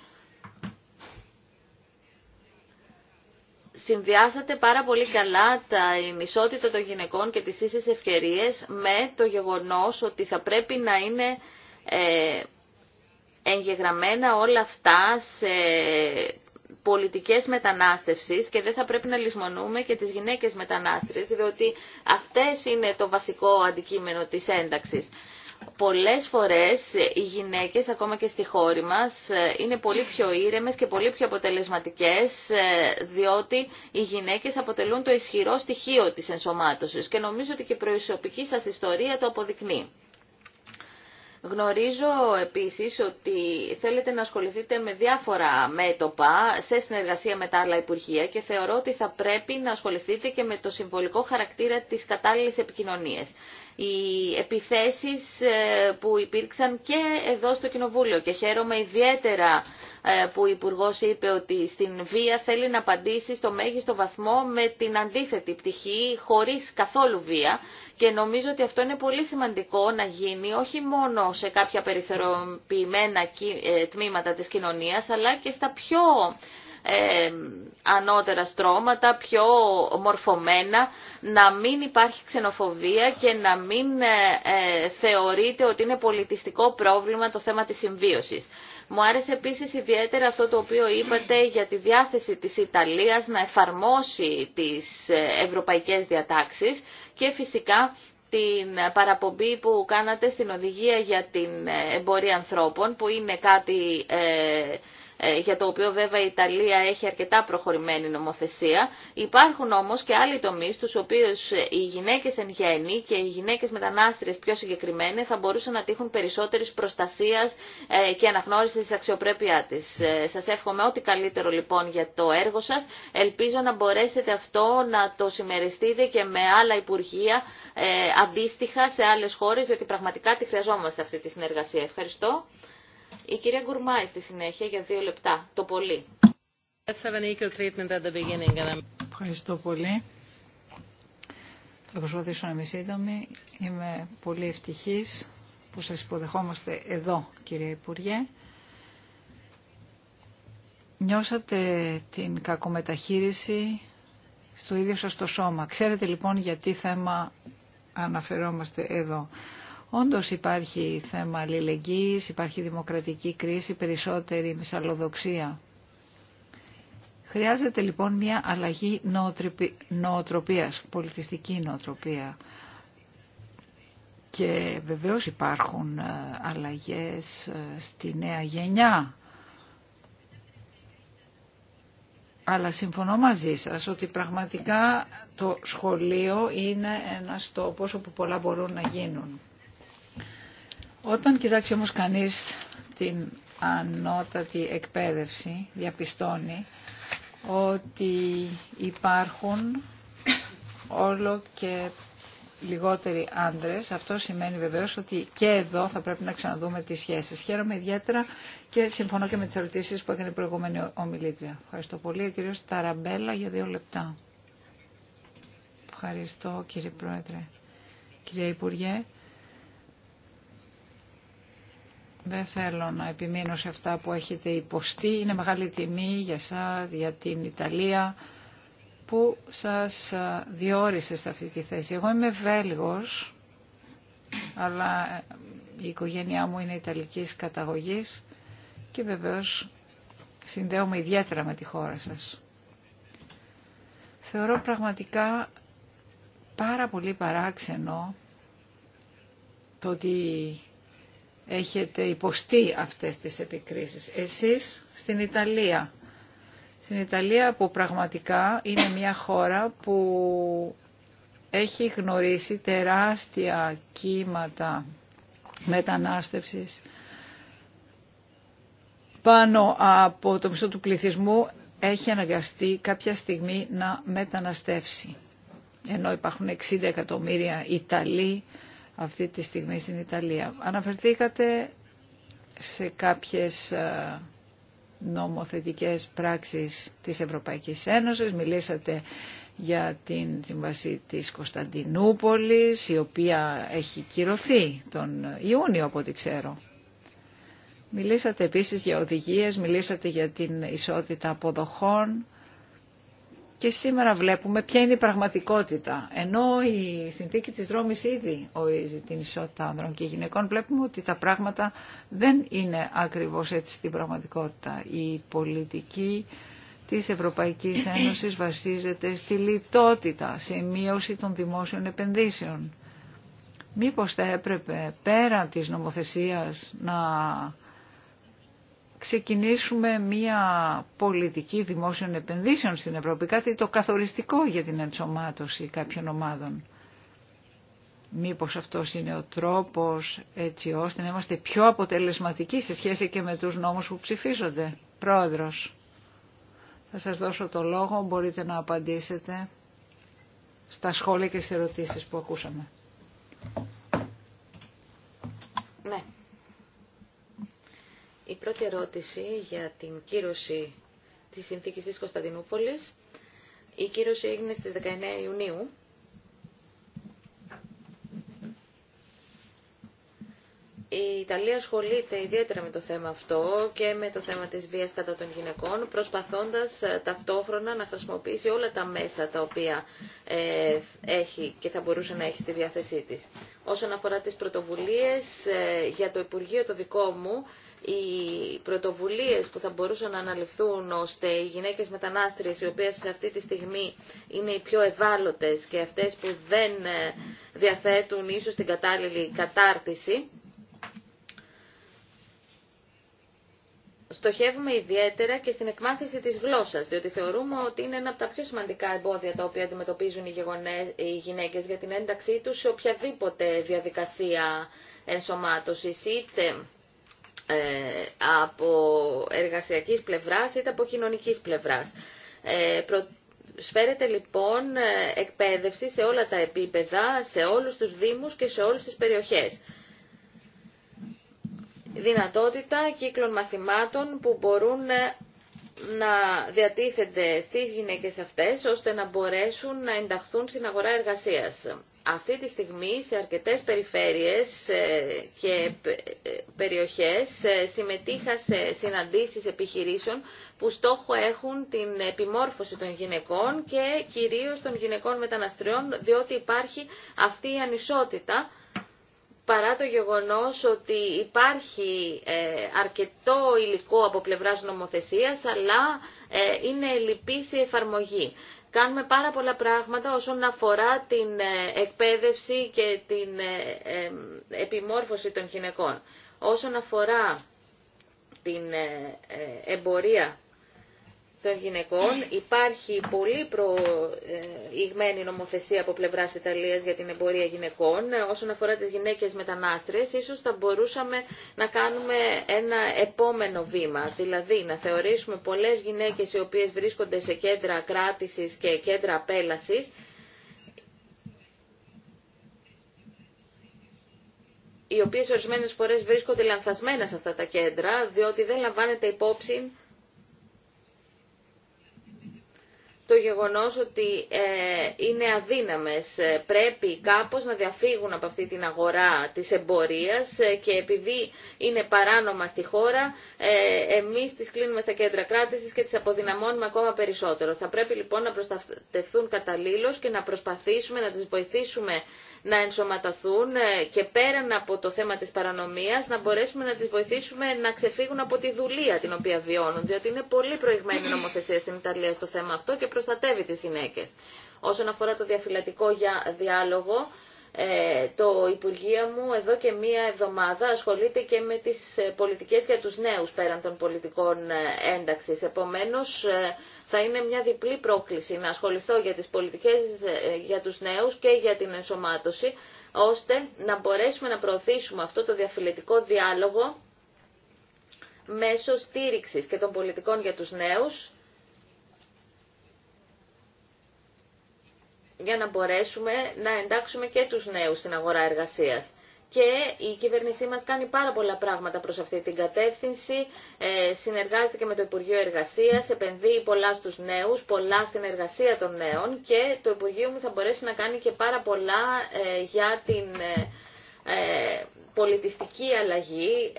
συνδυάσατε πάρα πολύ καλά τα ισότητα των γυναικών και τις ίσες ευκαιρίες με το γεγονός ότι θα πρέπει να είναι ε, εγγεγραμμένα όλα αυτά σε πολιτικές μετανάστευσης και δεν θα πρέπει να λησμονούμε και τις γυναίκες μετανάστρες, διότι αυτές είναι το βασικό αντικείμενο της ένταξης. Πολλές φορές οι γυναίκες, ακόμα και στη χώρα μας, είναι πολύ πιο ήρεμες και πολύ πιο αποτελεσματικές, διότι οι γυναίκες αποτελούν το ισχυρό στοιχείο της ενσωμάτωσης και νομίζω ότι και η προσωπική σας ιστορία το αποδεικνύει. Γνωρίζω επίσης ότι θέλετε να ασχοληθείτε με διάφορα μέτωπα σε συνεργασία με τα άλλα Υπουργεία και θεωρώ ότι θα πρέπει να ασχοληθείτε και με το συμβολικό χαρακτήρα της κατάλληλης επικοινωνίας. Οι επιθέσεις ε, που υπήρξαν και εδώ στο Κοινοβούλιο και χαίρομαι ιδιαίτερα ε, που ο Υπουργό είπε ότι στην βία θέλει να απαντήσει στο μέγιστο βαθμό με την αντίθετη πτυχή χωρίς καθόλου βία και νομίζω ότι αυτό είναι πολύ σημαντικό να γίνει όχι μόνο σε κάποια περιθωριοποιημένα ε, τμήματα της κοινωνίας αλλά και στα πιο ε, ανώτερα στρώματα, πιο μορφωμένα, να μην υπάρχει ξενοφοβία και να μην ε, ε, θεωρείται ότι είναι πολιτιστικό πρόβλημα το θέμα της συμβίωσης. Μου άρεσε επίσης ιδιαίτερα αυτό το οποίο είπατε για τη διάθεση της Ιταλίας να εφαρμόσει τις ευρωπαϊκές διατάξεις και φυσικά την παραπομπή που κάνατε στην οδηγία για την εμπορία ανθρώπων, που είναι κάτι ε, ε, για το οποίο βέβαια η Ιταλία έχει αρκετά προχωρημένη νομοθεσία. Υπάρχουν όμως και άλλοι τομείς, στους οποίους ε, οι γυναίκες εν γέννη και οι γυναίκες μετανάστριες πιο συγκεκριμένα θα μπορούσαν να τύχουν περισσότερης προστασίας ε, και αναγνώριση της αξιοπρέπειά της. Σας εύχομαι ό,τι καλύτερο λοιπόν για το έργο σας. Ελπίζω να μπορέσετε αυτό να το συμμεριστείτε και με άλλα υπουργεία αντίστοιχα σε άλλες χώρες, διότι πραγματικά τη χρειαζόμαστε αυτή τη συνεργασία. Ευχαριστώ. Η κυρία Γκουρμάη στη συνέχεια για δύο λεπτά, το πολύ. Ευχαριστώ πολύ. Θα προσπαθήσω να είμαι σύντομη. Είμαι πολύ ευτυχής που σας υποδεχόμαστε εδώ, κύριε Υπουργέ. Νιώσατε την κακομεταχείριση στο ίδιο σας το σώμα. Ξέρετε λοιπόν γιατί θέμα αναφερόμαστε εδώ. Όντως υπάρχει θέμα αλληλεγγύης, υπάρχει δημοκρατική κρίση, περισσότερη μυσαλλοδοξία. Χρειάζεται λοιπόν μια αλλαγή νοοτροπίας, πολιτιστική νοοτροπία. Και βεβαίως υπάρχουν ε, αλλαγές ε, στη νέα γενιά. Αλλά συμφωνώ μαζί σας ότι πραγματικά το σχολείο είναι ένας τόπος όπου πολλά μπορούν να γίνουν. Όταν κοιτάξει όμως κανείς την ανώτατη εκπαίδευση, διαπιστώνει ότι υπάρχουν όλο και λιγότεροι άντρες. Αυτό σημαίνει βεβαίως ότι και εδώ θα πρέπει να ξαναδούμε τις σχέσεις. Χαίρομαι ιδιαίτερα και συμφωνώ και με τις ερωτήσεις που έκανε η προηγούμενη ομιλήτρια. Ευχαριστώ πολύ. Ο κύριος Ταραμπέλα για δύο λεπτά. Ευχαριστώ κύριε Πρόεδρε. Κυρία Υπουργέ, Δεν θέλω να επιμείνω σε αυτά που έχετε υποστεί. Είναι μεγάλη τιμή για σας, για την Ιταλία που σας διόρισε σε αυτή τη θέση. Εγώ είμαι Βέλγος, αλλά ε, η οικογένειά μου είναι Ιταλικής καταγωγής και βεβαίως συνδέομαι ιδιαίτερα με τη χώρα σας. Θεωρώ πραγματικά πάρα πολύ παράξενο το ότι έχετε υποστεί αυτές τις επικρίσεις. Εσείς στην Ιταλία. Στην Ιταλία που πραγματικά είναι μια χώρα που έχει γνωρίσει τεράστια κύματα μετανάστευσης πάνω από το μισό του πληθυσμού έχει αναγκαστεί κάποια στιγμή να μεταναστεύσει. Ενώ υπάρχουν 60 εκατομμύρια Ιταλοί αυτή τη στιγμή στην Ιταλία. Αναφερθήκατε σε κάποιες ε, νομοθετικές πράξεις της Ευρωπαϊκής Ένωσης. Μιλήσατε για την συμβασή της Κωνσταντινούπολης, η οποία έχει κυρωθεί τον Ιούνιο από ό,τι ξέρω. Μιλήσατε επίσης για οδηγίες, μιλήσατε για την ισότητα αποδοχών. Και σήμερα βλέπουμε ποια είναι η πραγματικότητα. Ενώ η συνθήκη της δρόμης ήδη ορίζει την ισότητα άνδρων και γυναικών, βλέπουμε ότι τα πράγματα δεν είναι ακριβώς έτσι στην πραγματικότητα. Η πολιτική της Ευρωπαϊκής Ένωσης βασίζεται στη λιτότητα, σε μείωση των δημόσιων επενδύσεων. Μήπως θα έπρεπε πέρα της νομοθεσίας να ξεκινήσουμε μία πολιτική δημόσιων επενδύσεων στην Ευρώπη, κάτι το καθοριστικό για την ενσωμάτωση κάποιων ομάδων. Μήπως αυτός είναι ο τρόπος έτσι ώστε να είμαστε πιο αποτελεσματικοί σε σχέση και με τους νόμους που ψηφίζονται. Πρόεδρος, θα σας δώσω το λόγο, μπορείτε να απαντήσετε στα σχόλια και στις ερωτήσεις που ακούσαμε. Ναι. Η πρώτη ερώτηση για την κύρωση της συνθήκης της Κωνσταντινούπολης. Η κύρωση έγινε στις 19 Ιουνίου. Η Ιταλία ασχολείται ιδιαίτερα με το θέμα αυτό και με το θέμα της βίας κατά των γυναικών, προσπαθώντας ε, ταυτόχρονα να χρησιμοποιήσει όλα τα μέσα τα οποία ε, έχει και θα μπορούσε να έχει στη διάθεσή της. Όσον αφορά τις πρωτοβουλίες, ε, για το Υπουργείο το δικό μου, οι πρωτοβουλίες που θα μπορούσαν να αναλυφθούν ώστε οι γυναίκες μετανάστριες οι οποίες σε αυτή τη στιγμή είναι οι πιο ευάλωτες και αυτές που δεν ε, διαθέτουν ίσως την κατάλληλη κατάρτιση στοχεύουμε ιδιαίτερα και στην εκμάθηση της γλώσσας, διότι θεωρούμε ότι είναι ένα από τα πιο σημαντικά εμπόδια τα οποία αντιμετωπίζουν οι γυναίκες για την ένταξή τους σε οποιαδήποτε διαδικασία ενσωμάτωσης, είτε ε, από εργασιακής πλευράς είτε από κοινωνικής πλευράς. Ε, Σφέρεται λοιπόν ε, εκπαίδευση σε όλα τα επίπεδα, σε όλους τους δήμους και σε όλες τις περιοχές. Δυνατότητα κύκλων μαθημάτων που μπορούν να διατίθεται στις γυναίκες αυτές ώστε να μπορέσουν να ενταχθούν στην αγορά εργασίας. Αυτή τη στιγμή σε αρκετές περιφέρειες ε, και ε, περιοχές ε, συμμετείχα σε συναντήσεις επιχειρήσεων που στόχο έχουν την επιμόρφωση των γυναικών και κυρίως των γυναικών μεταναστριών διότι υπάρχει αυτή η ανισότητα παρά το γεγονός ότι υπάρχει ε, αρκετό υλικό από πλευράς νομοθεσίας, αλλά ε, είναι λυπής η εφαρμογή. Κάνουμε πάρα πολλά πράγματα όσον αφορά την ε, εκπαίδευση και την επιμόρφωση των γυναικών. Όσον αφορά την εμπορία των γυναικών. Υπάρχει πολύ προηγμένη νομοθεσία από πλευράς Ιταλία για την εμπορία γυναικών. Όσον αφορά τις γυναίκες μετανάστρες, ίσως θα μπορούσαμε να κάνουμε ένα επόμενο βήμα. Δηλαδή να θεωρήσουμε πολλές γυναίκες οι οποίες βρίσκονται σε κέντρα κράτηση και κέντρα απέλασης, οι οποίες ορισμένες φορές βρίσκονται λανθασμένα σε αυτά τα κέντρα, διότι δεν λαμβάνεται υπόψη το γεγονός ότι ε, είναι αδύναμες. Ε, πρέπει κάπως να διαφύγουν από αυτή την αγορά της εμπορίας ε, και επειδή είναι παράνομα στη χώρα, εμείς τις κλείνουμε στα κέντρα κράτησης και τις αποδυναμώνουμε ακόμα περισσότερο. Θα πρέπει λοιπόν να προστατευτούν καταλήλως και να προσπαθήσουμε να τις βοηθήσουμε να ενσωματωθούν ε, και πέραν από το θέμα της παρανομίας να μπορέσουμε να τις βοηθήσουμε να ξεφύγουν από τη δουλεία την οποία βιώνουν, διότι είναι πολύ προηγμένη νομοθεσία στην Ιταλία στο θέμα αυτό και προστατεύει τις γυναίκες. Όσον αφορά το διαφυλατικό διάλογο, ε, το Υπουργείο μου εδώ και μία εβδομάδα ασχολείται και με τις ε, πολιτικές για τους νέους πέραν των πολιτικών ε, ένταξης. Επομένως, θα είναι μια διπλή πρόκληση να ασχοληθώ για τις πολιτικές για τους νέους και για την ενσωμάτωση, ώστε να μπορέσουμε να προωθήσουμε αυτό το διαφυλετικό διάλογο μέσω στήριξης και των πολιτικών για τους νέους για να μπορέσουμε να εντάξουμε και τους νέους στην αγορά εργασίας. Και η κυβέρνησή μας κάνει πάρα πολλά πράγματα προς αυτή την κατεύθυνση, ε, συνεργάζεται και με το Υπουργείο Εργασίας, επενδύει πολλά στους νέους, πολλά στην εργασία των νέων και το Υπουργείο μου θα μπορέσει να κάνει και πάρα πολλά ε, για την ε, πολιτιστική αλλαγή,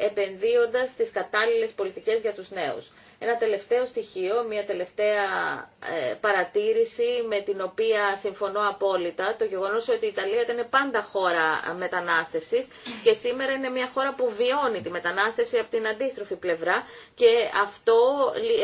επενδύοντας τις κατάλληλες πολιτικές για τους νέους. Ένα τελευταίο στοιχείο, μια τελευταία ε, παρατήρηση με την οποία συμφωνώ απόλυτα, το γεγονός ότι η Ιταλία ήταν πάντα χώρα μετανάστευσης και σήμερα είναι μια χώρα που βιώνει τη μετανάστευση από την αντίστροφη πλευρά και αυτό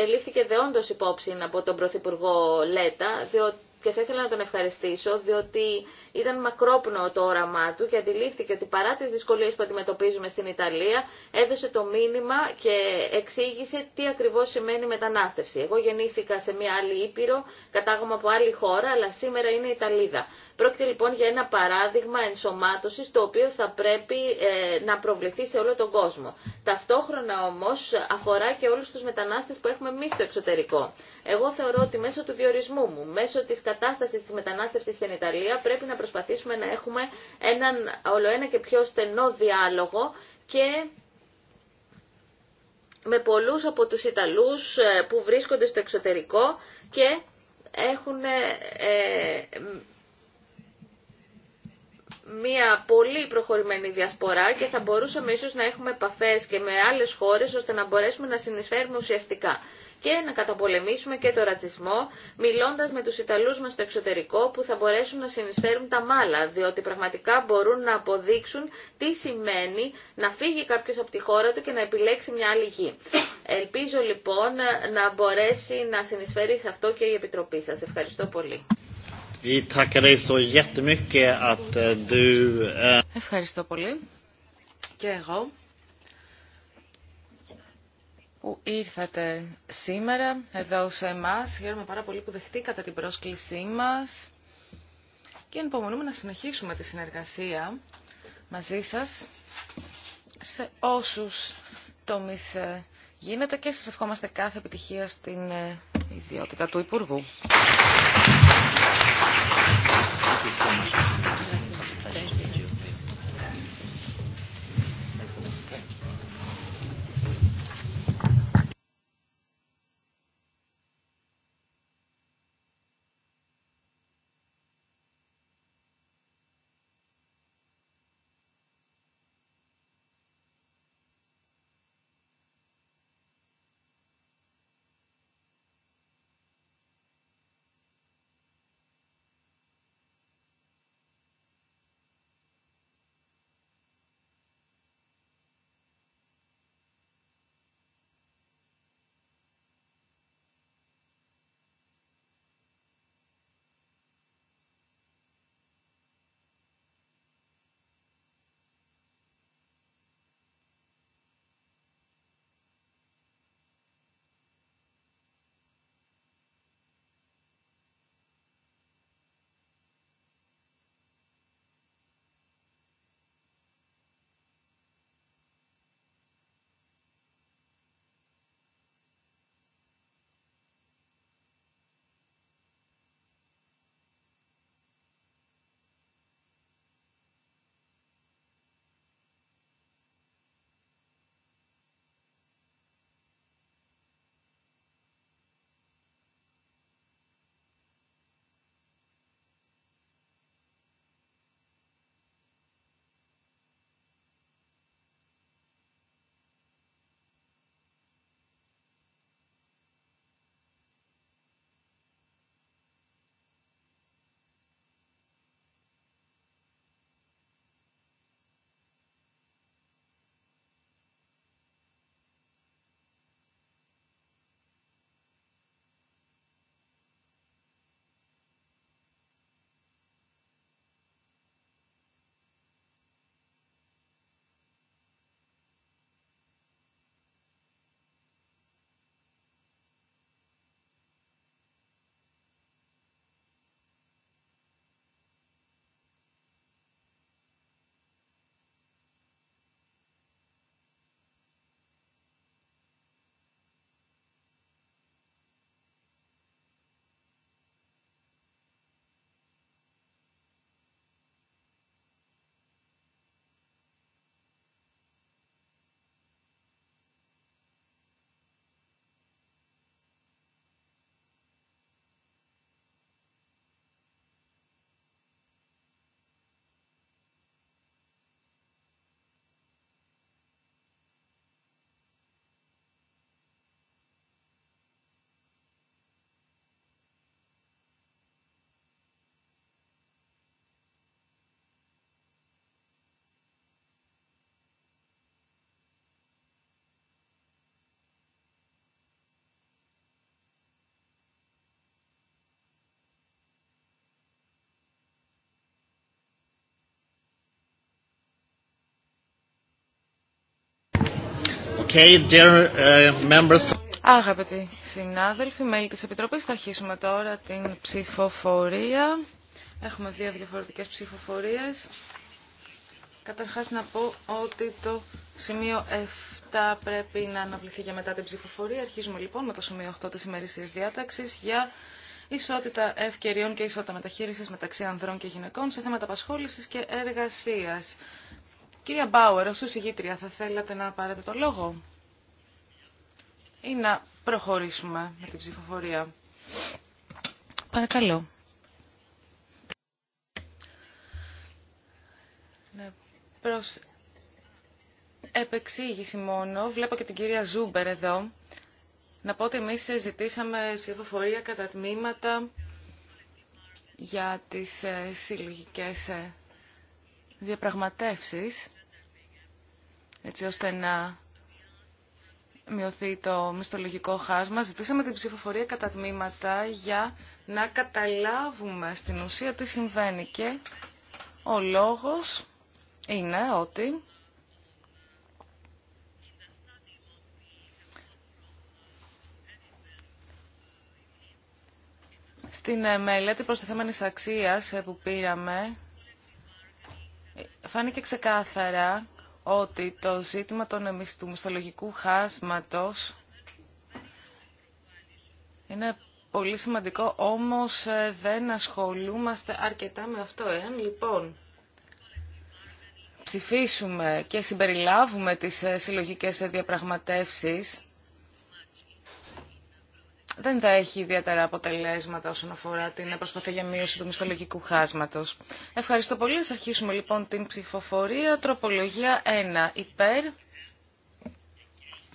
λήφθηκε δεόντως υπόψη από τον Πρωθυπουργό Λέτα, διότι και θα ήθελα να τον ευχαριστήσω διότι ήταν μακρόπνο το όραμά του και αντιλήφθηκε ότι παρά τις δυσκολίες που αντιμετωπίζουμε στην Ιταλία έδωσε το μήνυμα και εξήγησε τι ακριβώς σημαίνει μετανάστευση. Εγώ γεννήθηκα σε μια άλλη ήπειρο, κατάγομαι από άλλη χώρα αλλά σήμερα είναι Ιταλίδα. Πρόκειται λοιπόν για ένα παράδειγμα ενσωμάτωσης το οποίο θα πρέπει ε, να προβληθεί σε όλο τον κόσμο. Ταυτόχρονα όμως αφορά και όλους τους μετανάστες που έχουμε εμεί στο εξωτερικό. Εγώ θεωρώ ότι μέσω του διορισμού μου, μέσω της κατάστασης της μετανάστευσης στην Ιταλία πρέπει να προσπαθήσουμε να έχουμε έναν ολοένα και πιο στενό διάλογο και με πολλούς από τους Ιταλούς ε, που βρίσκονται στο εξωτερικό και έχουν ε, μια πολύ προχωρημένη διασπορά και θα μπορούσαμε ίσως να έχουμε επαφές και με άλλες χώρες ώστε να μπορέσουμε να συνεισφέρουμε ουσιαστικά και να καταπολεμήσουμε και το ρατσισμό, μιλώντας με τους Ιταλούς μας στο εξωτερικό που θα μπορέσουν να συνεισφέρουν τα μάλα, διότι πραγματικά μπορούν να αποδείξουν τι σημαίνει να φύγει κάποιος από τη χώρα του και να επιλέξει μια άλλη γη. Ελπίζω λοιπόν να μπορέσει να συνεισφέρει σε αυτό και η Επιτροπή σας. Ευχαριστώ πολύ. Eh, eh, Ευχαριστώ πολύ και εγώ που ήρθατε σήμερα εδώ σε εμά. Χαίρομαι πάρα πολύ που δεχτήκατε την πρόσκλησή μα και εμπομονούμε να συνεχίσουμε τη συνεργασία μαζί σα, σε όσους τομεί ε, γίνεται και σας ευχόμαστε κάθε επιτυχία στην ε, ιδιότητα του Υπουργού. Okay, dear, uh, members. Αγαπητοί συνάδελφοι, μέλη της Επιτροπής, θα αρχίσουμε τώρα την ψηφοφορία. Έχουμε δύο διαφορετικές ψηφοφορίες. Καταρχάς να πω ότι το σημείο 7 πρέπει να αναβληθεί για μετά την ψηφοφορία. Αρχίζουμε λοιπόν με το σημείο 8 της ημερησίας διάταξης για ισότητα ευκαιριών και ισότητα μεταχείρισης μεταξύ ανδρών και γυναικών σε θέματα απασχόλησης και εργασίας. Κυρία Μπάουερ, ως εισηγήτρια θα θέλατε να πάρετε το λόγο ή να προχωρήσουμε με την ψηφοφορία. Παρακαλώ. Ναι, προς επεξήγηση μόνο. Βλέπω και την κυρία Ζούμπερ εδώ. Να πω ότι εμείς ζητήσαμε ψηφοφορία κατά τμήματα για τις ε, συλλογικές ε, διαπραγματεύσεις έτσι ώστε να μειωθεί το μισθολογικό χάσμα. Ζητήσαμε την ψηφοφορία κατά τμήματα για να καταλάβουμε στην ουσία τι συμβαίνει και ο λόγος είναι ότι στην μελέτη προσθεθέμενης αξίας που πήραμε Φάνηκε ξεκάθαρα ότι το ζήτημα των, του μισθολογικού χάσματος είναι πολύ σημαντικό, όμως ε, δεν ασχολούμαστε αρκετά με αυτό. Εάν λοιπόν ψηφίσουμε και συμπεριλάβουμε τις ε, συλλογικές ε, διαπραγματεύσεις, δεν θα έχει ιδιαίτερα αποτελέσματα όσον αφορά την προσπαθή για μείωση του μισθολογικού χάσματος. Ευχαριστώ πολύ. Α αρχίσουμε λοιπόν την ψηφοφορία. Τροπολογία 1. Υπέρ.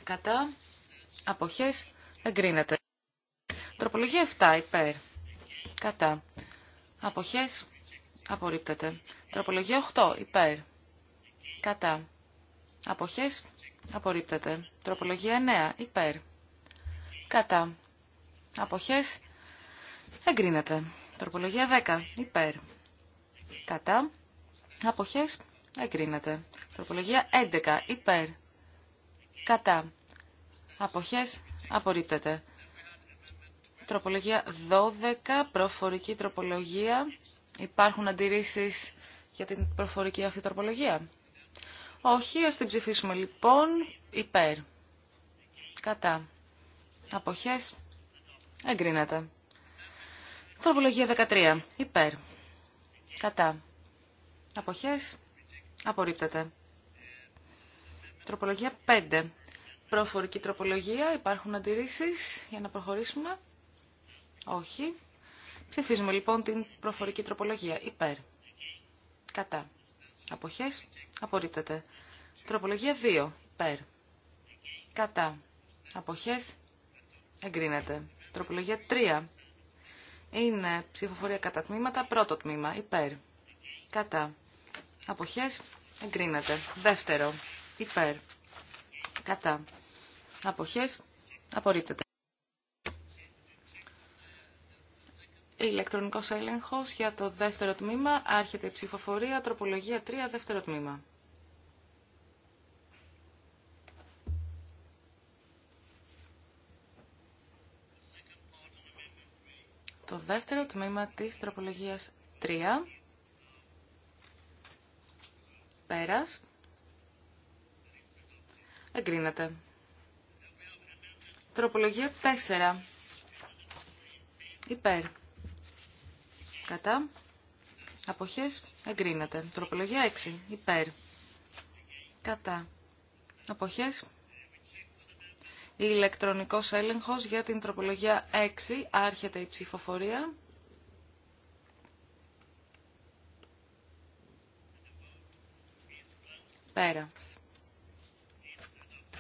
Κατά. Αποχές. Εγκρίνεται. Τροπολογία 7. Υπέρ. Κατά. Αποχές. Απορρίπτεται. Τροπολογία 8. Υπέρ. Κατά. Αποχές. Απορρίπτεται. Τροπολογία 9. Υπέρ. Κατά αποχές, εγκρίνεται. Τροπολογία 10, υπέρ, κατά, αποχές, εγκρίνεται. Τροπολογία 11, υπέρ, κατά, αποχές, απορρίπτεται. Τροπολογία 12, προφορική τροπολογία. Υπάρχουν αντιρρήσεις για την προφορική αυτή τροπολογία. Όχι, ας την ψηφίσουμε λοιπόν υπέρ. Κατά. Αποχές Εγκρίνεται. Τροπολογία 13. Υπέρ. Κατά. Αποχές. Απορρίπτεται. Τροπολογία 5. Προφορική τροπολογία. Υπάρχουν αντιρρήσεις για να προχωρήσουμε. Όχι. Ψηφίζουμε λοιπόν την προφορική τροπολογία. Υπέρ. Κατά. Αποχές. Απορρίπτεται. Τροπολογία 2. Υπέρ. Κατά. Αποχές. Εγκρίνεται. Τροπολογία 3. Είναι ψηφοφορία κατά τμήματα. Πρώτο τμήμα. Υπέρ. Κατά. Αποχές. Εγκρίνεται. Δεύτερο. Υπέρ. Κατά. Αποχές. Απορρίπτεται. Ηλεκτρονικός έλεγχος για το δεύτερο τμήμα. Άρχεται η ψηφοφορία. Τροπολογία 3. Δεύτερο τμήμα. το δεύτερο τμήμα της τροπολογίας 3. Πέρας. Εγκρίνεται. Τροπολογία 4. Υπέρ. Κατά. Αποχές. Εγκρίνεται. Τροπολογία 6. Υπέρ. Κατά. Αποχές ηλεκτρονικός έλεγχος για την τροπολογία 6. Άρχεται η ψηφοφορία. Πέρα.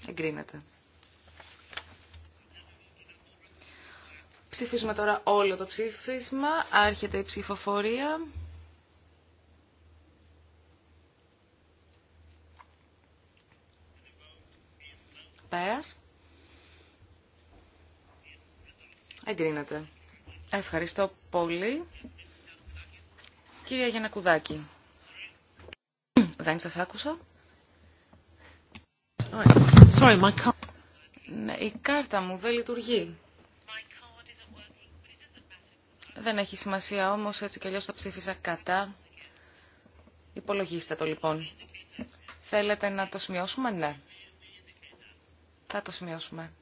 Εγκρίνεται. Ψηφίζουμε τώρα όλο το ψήφισμα. Άρχεται η ψηφοφορία. Πέρας. Εγκρίνεται. Ευχαριστώ πολύ. Κυρία Γιανακουδάκη. Δεν σας άκουσα. Sorry, my car... Ναι, η κάρτα μου δεν λειτουργεί. Δεν έχει σημασία όμως, έτσι κι αλλιώς θα ψήφισα κατά. Υπολογίστε το λοιπόν. Θέλετε να το σημειώσουμε, ναι. Θα το σημειώσουμε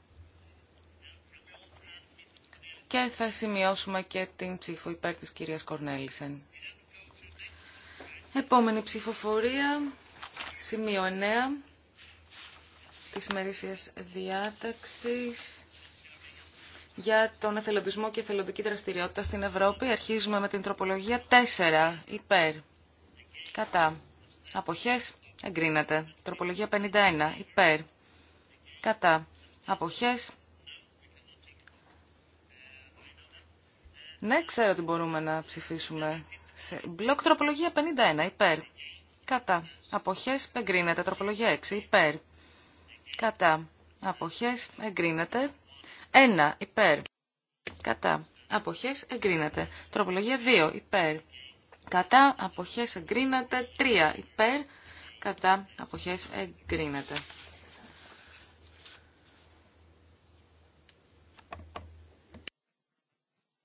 και θα σημειώσουμε και την ψήφο υπέρ της κυρίας Κορνέλισεν. Επόμενη ψηφοφορία, σημείο 9 της μερίσιας διάταξης για τον εθελοντισμό και εθελοντική δραστηριότητα στην Ευρώπη. Αρχίζουμε με την τροπολογία 4, υπέρ, κατά, αποχές, εγκρίνεται. Τροπολογία 51, υπέρ, κατά, αποχές, Ναι, ξέρω ότι μπορούμε να ψηφίσουμε. Σε... Μπλοκ τροπολογία 51, υπέρ. Κατά. Αποχές εγκρίνεται. Τροπολογία 6, υπέρ. Κατά. Αποχές εγκρίνεται. 1, υπέρ. Κατά. Αποχές εγκρίνεται. Τροπολογία 2, υπέρ. Κατά. Αποχές εγκρίνεται. 3, υπέρ. Κατά. Αποχές εγκρίνεται.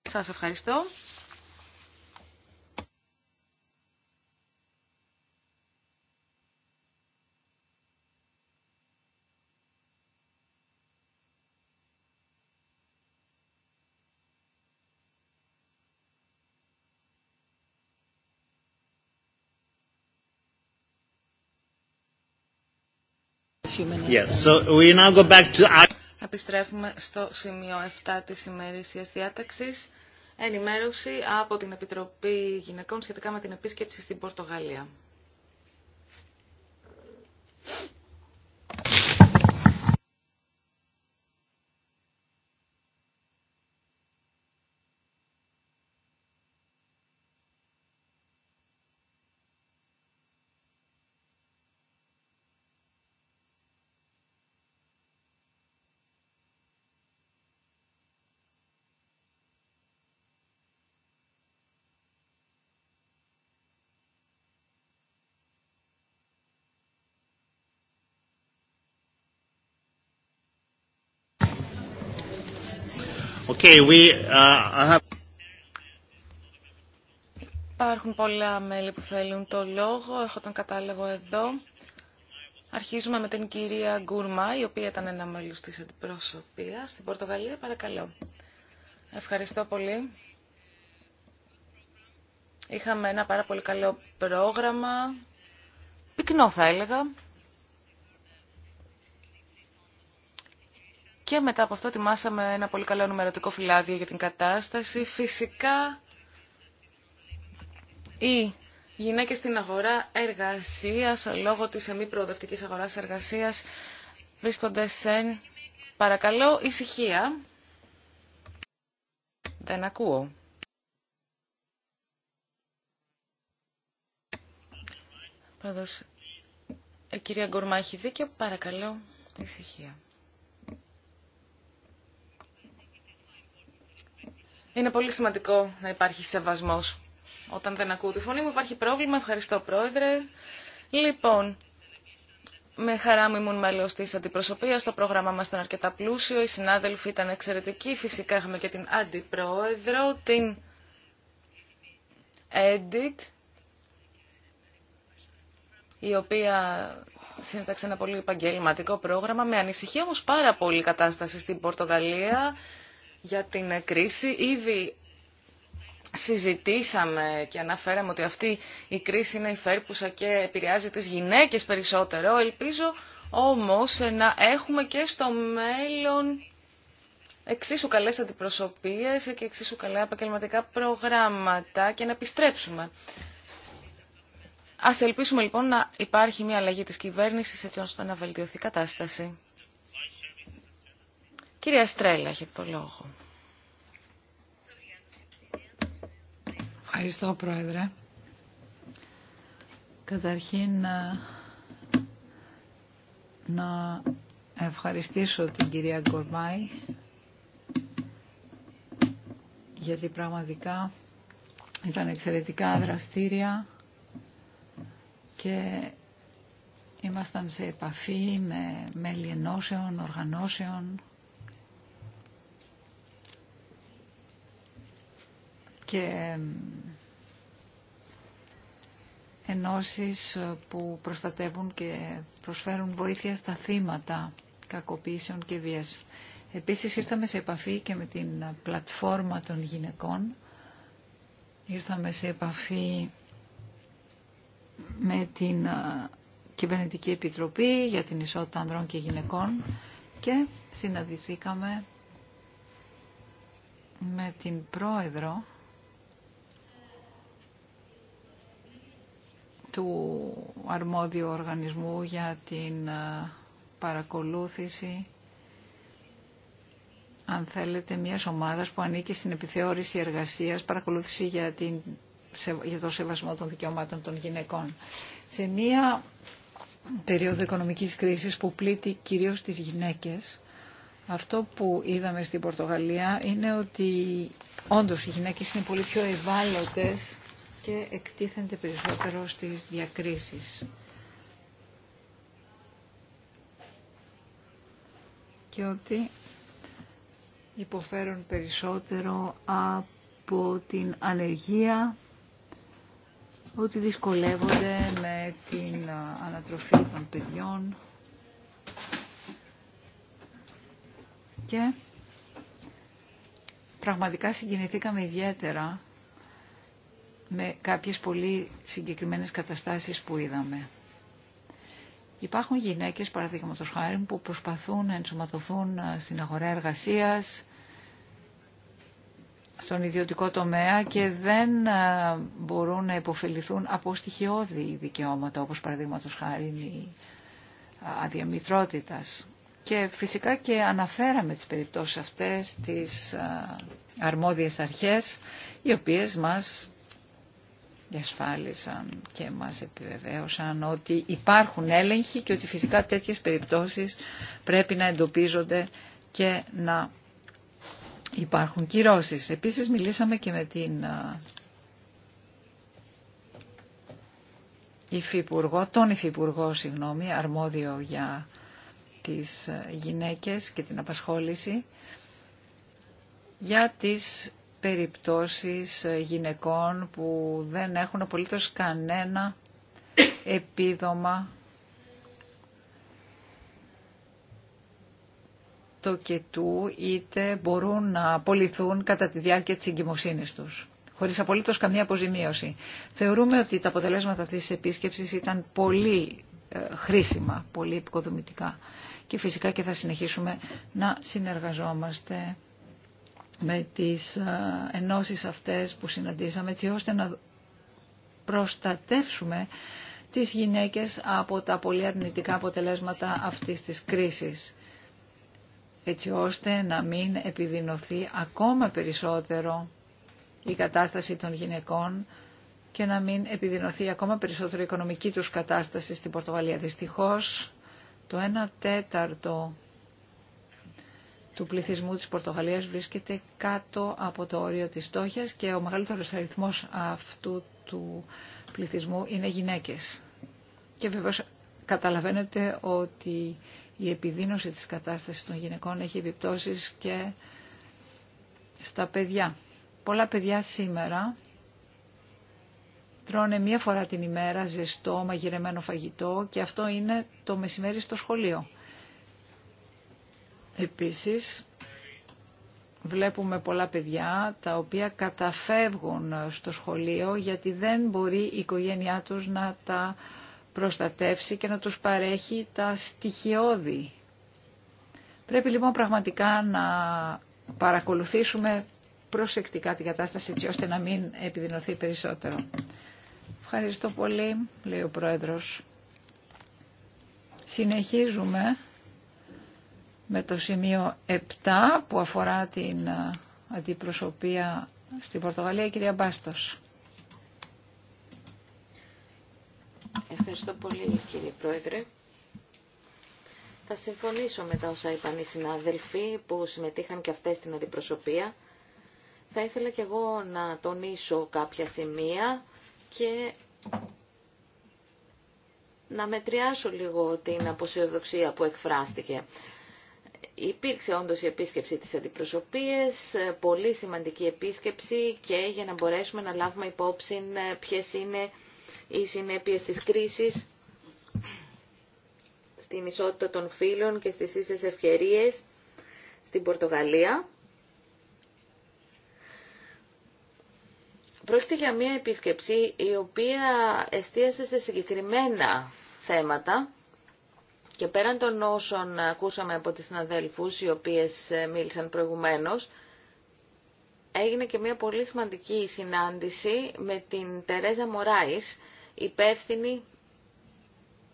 Σας ευχαριστώ. Επιστρέφουμε στο σημείο 7 της ημερήσιας διάταξης ενημέρωση από την Επιτροπή Γυναικών σχετικά με την επίσκεψη στην Πορτογαλία. Okay, uh, Υπάρχουν πολλά μέλη που θέλουν το λόγο. Έχω τον κατάλογο εδώ. Αρχίζουμε με την κυρία Γκούρμα, η οποία ήταν ένα μέλο τη αντιπροσωπεία στην Πορτογαλία. Παρακαλώ. Ευχαριστώ πολύ. Είχαμε ένα πάρα πολύ καλό πρόγραμμα. Πυκνό θα έλεγα. Και μετά από αυτό ετοιμάσαμε ένα πολύ καλό ενημερωτικό φυλάδιο για την κατάσταση. Φυσικά οι γυναίκες στην αγορά εργασίας, λόγω της εμή προοδευτικής αγοράς εργασίας, βρίσκονται σε... Παρακαλώ, ησυχία. Δεν ακούω. Πρόεδρος, ε, κυρία Γκορμά έχει δίκιο. Παρακαλώ, ησυχία. Είναι πολύ σημαντικό να υπάρχει σεβασμός. Όταν δεν ακούω τη φωνή μου υπάρχει πρόβλημα. Ευχαριστώ πρόεδρε. Λοιπόν, με χαρά μου ήμουν μέλο τη αντιπροσωπεία. Το πρόγραμμά μα ήταν αρκετά πλούσιο. Οι συνάδελφοι ήταν εξαιρετικοί. Φυσικά είχαμε και την αντιπρόεδρο, την Edit, η οποία σύνταξε ένα πολύ επαγγελματικό πρόγραμμα. Με ανησυχία, όμω πάρα πολύ η κατάσταση στην Πορτογαλία για την κρίση. Ήδη συζητήσαμε και αναφέραμε ότι αυτή η κρίση είναι υφέρπουσα και επηρεάζει τις γυναίκες περισσότερο. Ελπίζω όμως να έχουμε και στο μέλλον εξίσου καλές αντιπροσωπείες και εξίσου καλά επαγγελματικά προγράμματα και να επιστρέψουμε. Ας ελπίσουμε λοιπόν να υπάρχει μια αλλαγή της κυβέρνησης έτσι ώστε να βελτιωθεί η κατάσταση. Κυρία Στρέλα, έχετε το λόγο. Ευχαριστώ, Πρόεδρε. Καταρχήν, να ευχαριστήσω την κυρία Γκορμάη, γιατί πραγματικά ήταν εξαιρετικά δραστήρια και ήμασταν σε επαφή με μέλη ενώσεων, οργανώσεων, και ενώσεις ε, που προστατεύουν και προσφέρουν βοήθεια στα θύματα κακοποίησεων και βίας. Επίσης ήρθαμε σε επαφή και με την πλατφόρμα των γυναικών. Ήρθαμε σε επαφή με την ε, Κυβερνητική Επιτροπή για την Ισότητα Ανδρών και Γυναικών και συναντηθήκαμε με την πρόεδρο του αρμόδιου οργανισμού για την ε, παρακολούθηση αν θέλετε, μια ομάδα που ανήκει στην επιθεώρηση εργασίας, παρακολούθηση για, την, για το σεβασμό των δικαιωμάτων των γυναικών. Σε μια περίοδο οικονομικής κρίσης που πλήττει κυρίως τις γυναίκες, αυτό που είδαμε στην Πορτογαλία είναι ότι όντως οι γυναίκες είναι πολύ πιο ευάλωτες και εκτίθενται περισσότερο στις διακρίσεις. Και ότι υποφέρουν περισσότερο από την αλλεργία, ότι δυσκολεύονται με την ανατροφή των παιδιών και πραγματικά συγκινηθήκαμε ιδιαίτερα με κάποιες πολύ συγκεκριμένες καταστάσεις που είδαμε. Υπάρχουν γυναίκες, παραδείγματο χάρη, που προσπαθούν να ενσωματωθούν ε, στην αγορά εργασίας, στον ιδιωτικό τομέα και δεν ε, μπορούν να υποφεληθούν από στοιχειώδη δικαιώματα, όπως παραδείγματο χάρη η ε, αδιαμητρότητας. Και φυσικά και αναφέραμε τις περιπτώσεις αυτές, τις αρμόδιες αρχές, οι οποίες μας διασφάλισαν και μας επιβεβαίωσαν ότι υπάρχουν έλεγχοι και ότι φυσικά τέτοιες περιπτώσεις πρέπει να εντοπίζονται και να υπάρχουν κυρώσεις. Επίσης μιλήσαμε και με την υφυπουργό, τον υφυπουργό συγγνώμη, αρμόδιο για τις γυναίκες και την απασχόληση για τις περιπτώσεις ε, γυναικών που δεν έχουν απολύτως κανένα επίδομα το τοκετού είτε μπορούν να απολυθούν κατά τη διάρκεια της εγκυμοσύνης τους χωρίς απολύτως καμία αποζημίωση. Θεωρούμε ότι τα αποτελέσματα αυτής της επίσκεψης ήταν πολύ ε, χρήσιμα, πολύ επικοδομητικά και φυσικά και θα συνεχίσουμε να συνεργαζόμαστε με τις ε, ενώσεις αυτές που συναντήσαμε έτσι ώστε να προστατεύσουμε τις γυναίκες από τα πολύ αρνητικά αποτελέσματα αυτής της κρίσης έτσι ώστε να μην επιδεινωθεί ακόμα περισσότερο η κατάσταση των γυναικών και να μην επιδεινωθεί ακόμα περισσότερο η οικονομική τους κατάσταση στην Πορτογαλία. Δυστυχώς το 1 τέταρτο του πληθυσμού της Πορτογαλίας βρίσκεται κάτω από το όριο της φτώχειας και ο μεγαλύτερος αριθμός αυτού του πληθυσμού είναι γυναίκες. Και βεβαίως καταλαβαίνετε ότι η επιδείνωση της κατάστασης των γυναικών έχει επιπτώσεις και στα παιδιά. Πολλά παιδιά σήμερα τρώνε μία φορά την ημέρα ζεστό μαγειρεμένο φαγητό και αυτό είναι το μεσημέρι στο σχολείο. Επίσης, βλέπουμε πολλά παιδιά τα οποία καταφεύγουν στο σχολείο γιατί δεν μπορεί η οικογένειά τους να τα προστατεύσει και να τους παρέχει τα στοιχειώδη. Πρέπει λοιπόν πραγματικά να παρακολουθήσουμε προσεκτικά την κατάσταση έτσι ώστε να μην επιδεινωθεί περισσότερο. Ευχαριστώ πολύ, λέει ο Πρόεδρος. Συνεχίζουμε με το σημείο 7 που αφορά την αντιπροσωπεία στην Πορτογαλία, η κυρία Μπάστος. Ευχαριστώ πολύ κύριε Πρόεδρε. Θα συμφωνήσω με τα όσα είπαν οι συνάδελφοι που συμμετείχαν και αυτές στην αντιπροσωπεία. Θα ήθελα και εγώ να τονίσω κάποια σημεία και να μετριάσω λίγο την αποσιοδοξία που εκφράστηκε υπήρξε όντως η επίσκεψη της αντιπροσωπείας, ε, πολύ σημαντική επίσκεψη και για να μπορέσουμε να λάβουμε υπόψη ε, ποιες είναι οι συνέπειες της κρίσης στην ισότητα των φίλων και στις ίσες ευκαιρίες στην Πορτογαλία. Πρόκειται για μια επίσκεψη η οποία εστίασε σε συγκεκριμένα θέματα και πέραν των όσων ακούσαμε από τις συναδέλφους, οι οποίες ε, μίλησαν προηγουμένως, έγινε και μια πολύ σημαντική συνάντηση με την Τερέζα Μωράης, υπεύθυνη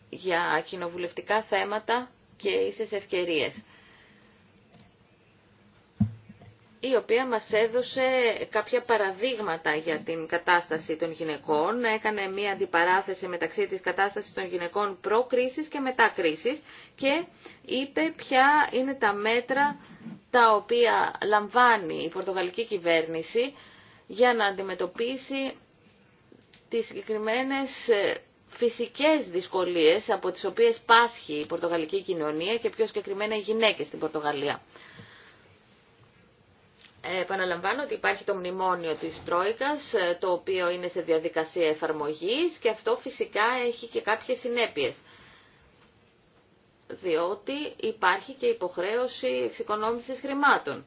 για κοινοβουλευτικά θέματα και ίσες ευκαιρίες. η οποία μας έδωσε κάποια παραδείγματα για την κατάσταση των γυναικών. Έκανε μία αντιπαράθεση μεταξύ της κατάστασης των γυναικών προ-κρίσης και μετά-κρίσης και είπε ποια είναι τα μέτρα τα οποία λαμβάνει η πορτογαλική κυβέρνηση για να αντιμετωπίσει τις συγκεκριμένες ε, φυσικές δυσκολίες από τις οποίες πάσχει η πορτογαλική κοινωνία και πιο συγκεκριμένα οι γυναίκες στην Πορτογαλία. Επαναλαμβάνω ότι υπάρχει το μνημόνιο της Τρόικας, ε, το οποίο είναι σε διαδικασία εφαρμογής και αυτό φυσικά έχει και κάποιες συνέπειες. Διότι υπάρχει και υποχρέωση εξοικονόμησης χρημάτων.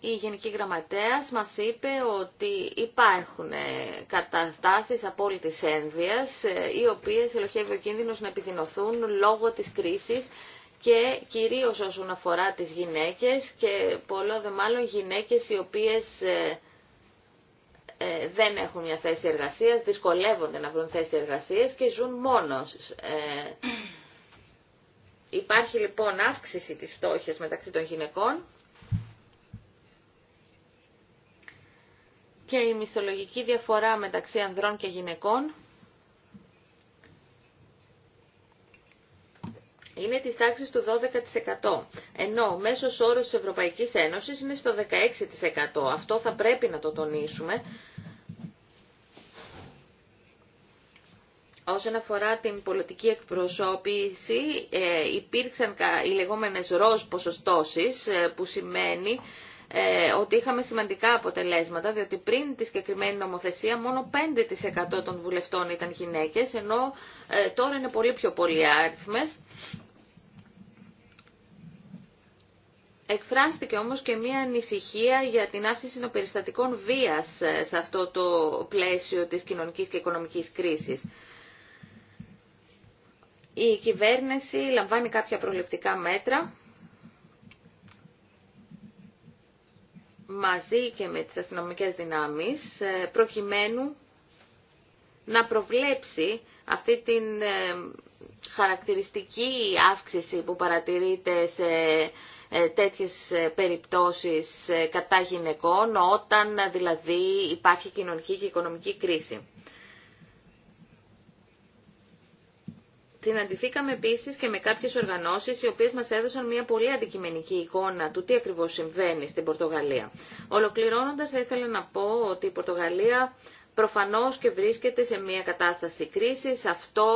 Η Γενική Γραμματέας μας είπε ότι υπάρχουν ε, καταστάσεις απόλυτης ένδυας, ε, οι οποίες ελοχεύει ο κίνδυνος να επιδεινωθούν λόγω της κρίσης και κυρίως όσον αφορά τις γυναίκες και πολλό δε μάλλον γυναίκες οι οποίες ε, ε, δεν έχουν μια θέση εργασίας, δυσκολεύονται να βρουν θέση εργασίας και ζουν μόνος. Ε, υπάρχει λοιπόν αύξηση της φτώχειας μεταξύ των γυναικών και η μισθολογική διαφορά μεταξύ ανδρών και γυναικών είναι της τάξης του 12%. Ενώ ο μέσος όρος της Ευρωπαϊκής Ένωσης είναι στο 16%. Αυτό θα πρέπει να το τονίσουμε. Όσον αφορά την πολιτική εκπροσώπηση, ε, υπήρξαν οι λεγόμενες ροζ ποσοστώσεις, ε, που σημαίνει ε, ότι είχαμε σημαντικά αποτελέσματα, διότι πριν τη συγκεκριμένη νομοθεσία μόνο 5% των βουλευτών ήταν γυναίκες, ενώ τώρα είναι πολύ πιο πολλοί άριθμες. Εκφράστηκε όμως και μία ανησυχία για την αύξηση των περιστατικών βίας ε, σε αυτό το πλαίσιο της κοινωνικής και οικονομικής κρίσης. Η κυβέρνηση λαμβάνει κάποια προληπτικά μέτρα μαζί και με τις αστυνομικές δυνάμεις ε, προκειμένου να προβλέψει αυτή την ε, χαρακτηριστική αύξηση που παρατηρείται σε ε, τέτοιες ε, περιπτώσεις ε, κατά γυναικών όταν δηλαδή υπάρχει κοινωνική και οικονομική κρίση. Συναντηθήκαμε επίση και με κάποιε οργανώσει οι οποίε μα έδωσαν μια πολύ αντικειμενική εικόνα του τι ακριβώ συμβαίνει στην Πορτογαλία. Ολοκληρώνοντα, θα ήθελα να πω ότι η Πορτογαλία προφανώ και βρίσκεται σε μια κατάσταση κρίση. Αυτό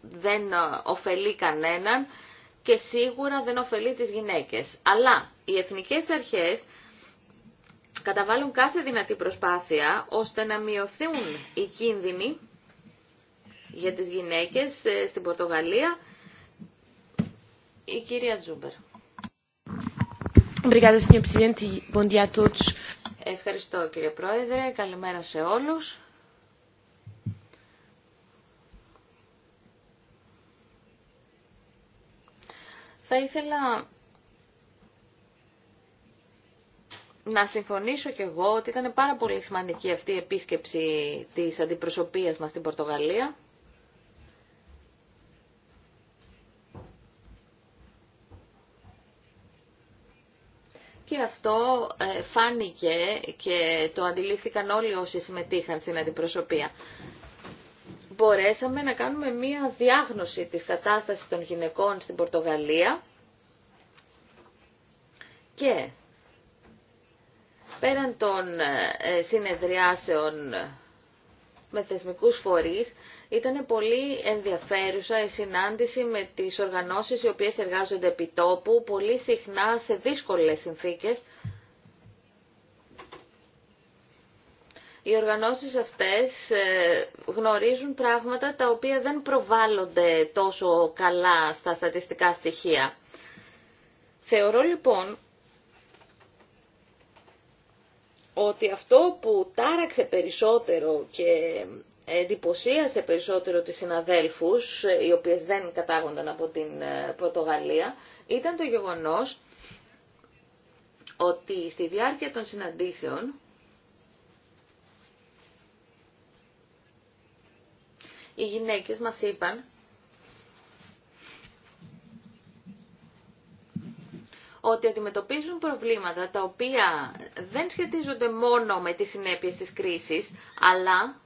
δεν ωφελεί κανέναν και σίγουρα δεν ωφελεί τις γυναίκες. Αλλά οι εθνικές αρχές καταβάλουν κάθε δυνατή προσπάθεια ώστε να μειωθούν οι κίνδυνοι για τις γυναίκες ε, στην Πορτογαλία. Η κυρία Τζούμπερ. Ευχαριστώ κύριε Πρόεδρε. Καλημέρα σε όλους. Θα ήθελα να συμφωνήσω κι εγώ ότι ήταν πάρα πολύ σημαντική αυτή η επίσκεψη της αντιπροσωπείας μας στην Πορτογαλία. Και αυτό ε, φάνηκε και το αντιλήφθηκαν όλοι όσοι συμμετείχαν στην αντιπροσωπεία μπορέσαμε να κάνουμε μία διάγνωση της κατάστασης των γυναικών στην Πορτογαλία και πέραν των ε, συνεδριάσεων με θεσμικούς φορείς, ήταν πολύ ενδιαφέρουσα η συνάντηση με τις οργανώσεις οι οποίες εργάζονται επί τόπου, πολύ συχνά σε δύσκολες συνθήκες, οι οργανώσεις αυτές ε, γνωρίζουν πράγματα τα οποία δεν προβάλλονται τόσο καλά στα στατιστικά στοιχεία. Θεωρώ λοιπόν ότι αυτό που τάραξε περισσότερο και εντυπωσίασε περισσότερο τις συναδέλφους, οι οποίες δεν κατάγονταν από την ε, Πορτογαλία, ήταν το γεγονός ότι στη διάρκεια των συναντήσεων οι γυναίκες μας είπαν ότι αντιμετωπίζουν προβλήματα τα οποία δεν σχετίζονται μόνο με τις συνέπειες της κρίσης, αλλά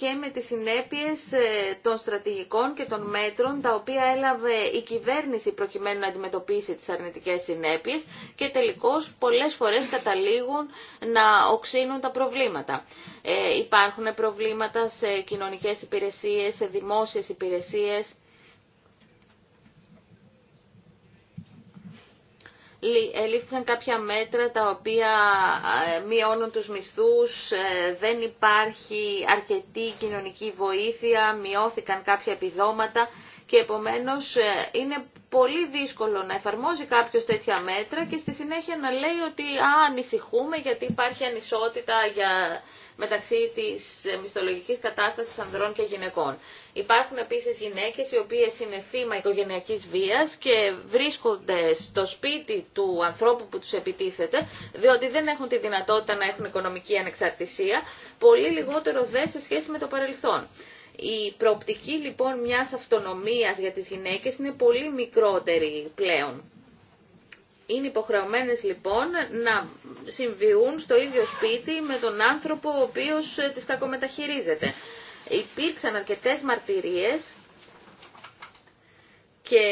και με τις συνέπειες ε, των στρατηγικών και των μέτρων τα οποία έλαβε η κυβέρνηση προκειμένου να αντιμετωπίσει τις αρνητικές συνέπειες και τελικώς πολλές φορές καταλήγουν να οξύνουν τα προβλήματα. Ε, υπάρχουν προβλήματα σε κοινωνικές υπηρεσίες, σε δημόσιες υπηρεσίες, ελήφθησαν κάποια μέτρα τα οποία ε, μειώνουν τους μισθούς, ε, δεν υπάρχει αρκετή κοινωνική βοήθεια, μειώθηκαν κάποια επιδόματα και επομένως ε, είναι πολύ δύσκολο να εφαρμόζει κάποιος τέτοια μέτρα και στη συνέχεια να λέει ότι α, ανησυχούμε γιατί υπάρχει ανισότητα για μεταξύ της μισθολογικής κατάστασης ανδρών και γυναικών. Υπάρχουν επίσης γυναίκες οι οποίες είναι θύμα οικογενειακής βίας και βρίσκονται στο σπίτι του ανθρώπου που τους επιτίθεται, διότι δεν έχουν τη δυνατότητα να έχουν οικονομική ανεξαρτησία, πολύ λιγότερο δε σε σχέση με το παρελθόν. Η προοπτική λοιπόν μιας αυτονομίας για τις γυναίκες είναι πολύ μικρότερη πλέον. Είναι υποχρεωμένες λοιπόν να συμβιούν στο ίδιο σπίτι με τον άνθρωπο ο οποίος ε, τις κακομεταχειρίζεται. Υπήρξαν αρκετές μαρτυρίες και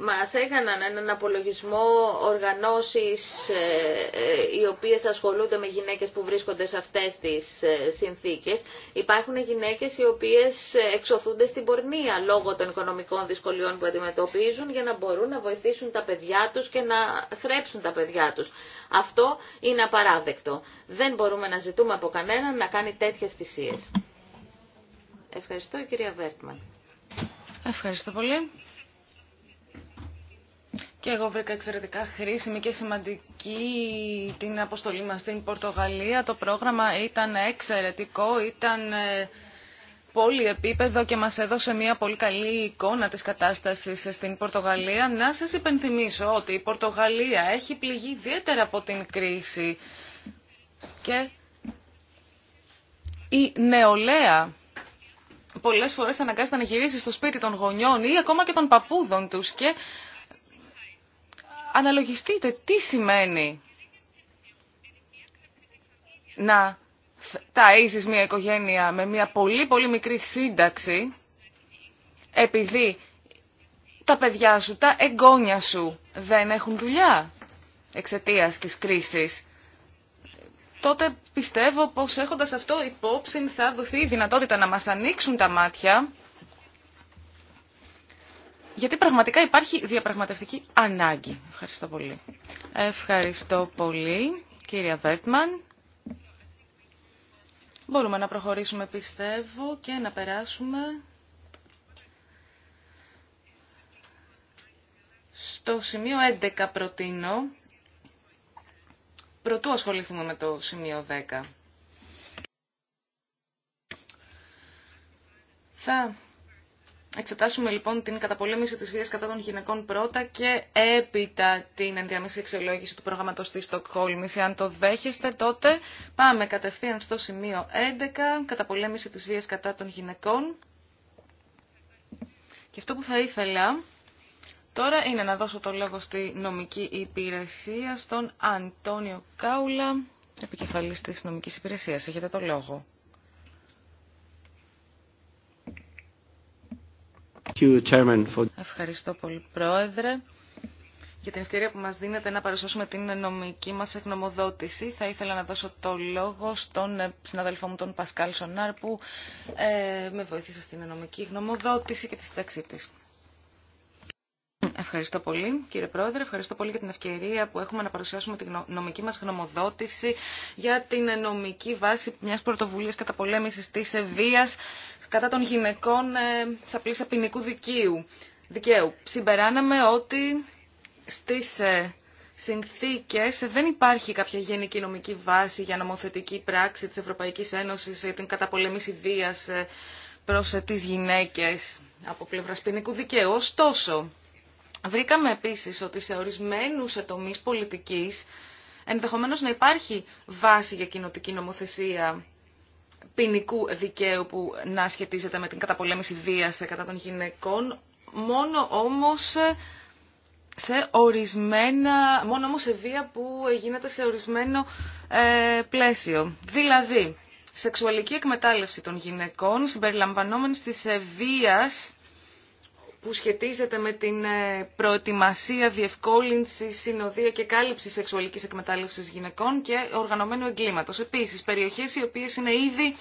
μας έκαναν έναν απολογισμό οργανώσεις ε, ε, οι οποίες ασχολούνται με γυναίκες που βρίσκονται σε αυτές τις ε, συνθήκες. Υπάρχουν γυναίκες οι οποίες εξωθούνται στην πορνεία λόγω των οικονομικών δυσκολιών που αντιμετωπίζουν για να μπορούν να βοηθήσουν τα παιδιά τους και να θρέψουν τα παιδιά τους. Αυτό είναι απαράδεκτο. Δεν μπορούμε να ζητούμε από κανέναν να κάνει τέτοιες θυσίες. Ευχαριστώ κυρία Βέρτμαν. Ευχαριστώ πολύ. Και εγώ βρήκα εξαιρετικά χρήσιμη και σημαντική την αποστολή μας στην Πορτογαλία. Το πρόγραμμα ήταν εξαιρετικό, ήταν ε, πολύ επίπεδο και μας έδωσε μια πολύ καλή εικόνα της κατάστασης στην Πορτογαλία. Να σας υπενθυμίσω ότι η Πορτογαλία έχει πληγεί ιδιαίτερα από την κρίση και η νεολαία πολλές φορές αναγκάζεται να γυρίσει στο σπίτι των γονιών ή ακόμα και των παππούδων τους και αναλογιστείτε τι σημαίνει να ταΐζεις μια οικογένεια με μια πολύ πολύ μικρή σύνταξη επειδή τα παιδιά σου, τα εγγόνια σου δεν έχουν δουλειά εξαιτίας της κρίσης. Τότε πιστεύω πως έχοντας αυτό υπόψη θα δοθεί η δυνατότητα να μας ανοίξουν τα μάτια γιατί πραγματικά υπάρχει διαπραγματευτική ανάγκη. Ευχαριστώ πολύ. Ευχαριστώ πολύ, κυρία Βέρτμαν. Μπορούμε να προχωρήσουμε, πιστεύω, και να περάσουμε στο σημείο 11 προτείνω, προτού ασχοληθούμε με το σημείο 10. Θα εξετάσουμε λοιπόν την καταπολέμηση της βίας κατά των γυναικών πρώτα και έπειτα την ενδιάμεση αξιολόγηση του προγραμματός της Στοκχόλμης. Αν το δέχεστε τότε πάμε κατευθείαν στο σημείο 11, καταπολέμηση της βίας κατά των γυναικών. Και αυτό που θα ήθελα τώρα είναι να δώσω το λόγο στη νομική υπηρεσία στον Αντώνιο Κάουλα, επικεφαλής της νομικής υπηρεσίας. Έχετε το λόγο. Ευχαριστώ πολύ, Πρόεδρε. Για την ευκαιρία που μας δίνετε να παρουσιάσουμε την νομική μας εκνομοδότηση, θα ήθελα να δώσω το λόγο στον ε, συναδελφό μου τον Πασκάλ Σονάρ που ε, με βοήθησε στην νομική γνωμοδότηση και τη συνταξή της. Ευχαριστώ πολύ κύριε Πρόεδρε, ευχαριστώ πολύ για την ευκαιρία που έχουμε να παρουσιάσουμε την νομική μας γνωμοδότηση για την νομική βάση μιας πρωτοβουλίας καταπολέμησης της βία κατά των γυναικών σε απλής ποινικού δικαίου. δικαίου. Συμπεράναμε ότι στις ε, συνθήκες δεν υπάρχει κάποια γενική νομική βάση για νομοθετική πράξη τη Ευρωπαϊκή Ένωση για την καταπολέμηση βίας ε, προς ε, τι γυναίκε από πλευρά ποινικού δικαίου. Ωστόσο, Βρήκαμε επίσης ότι σε ορισμένους τομείς πολιτικής ενδεχομένως να υπάρχει βάση για κοινοτική νομοθεσία ποινικού δικαίου που να σχετίζεται με την καταπολέμηση βίας κατά των γυναικών, μόνο όμως σε ορισμένα, μόνο όμως σε βία που γίνεται σε ορισμένο ε, πλαίσιο. Δηλαδή, σεξουαλική εκμετάλλευση των γυναικών συμπεριλαμβανόμενης της ε, βίας που σχετίζεται με την ε, προετοιμασία, διευκόλυνση, συνοδεία και κάλυψη σεξουαλικής εκμετάλλευσης γυναικών και οργανωμένου εγκλήματος. Επίσης, περιοχές οι οποίες είναι ήδη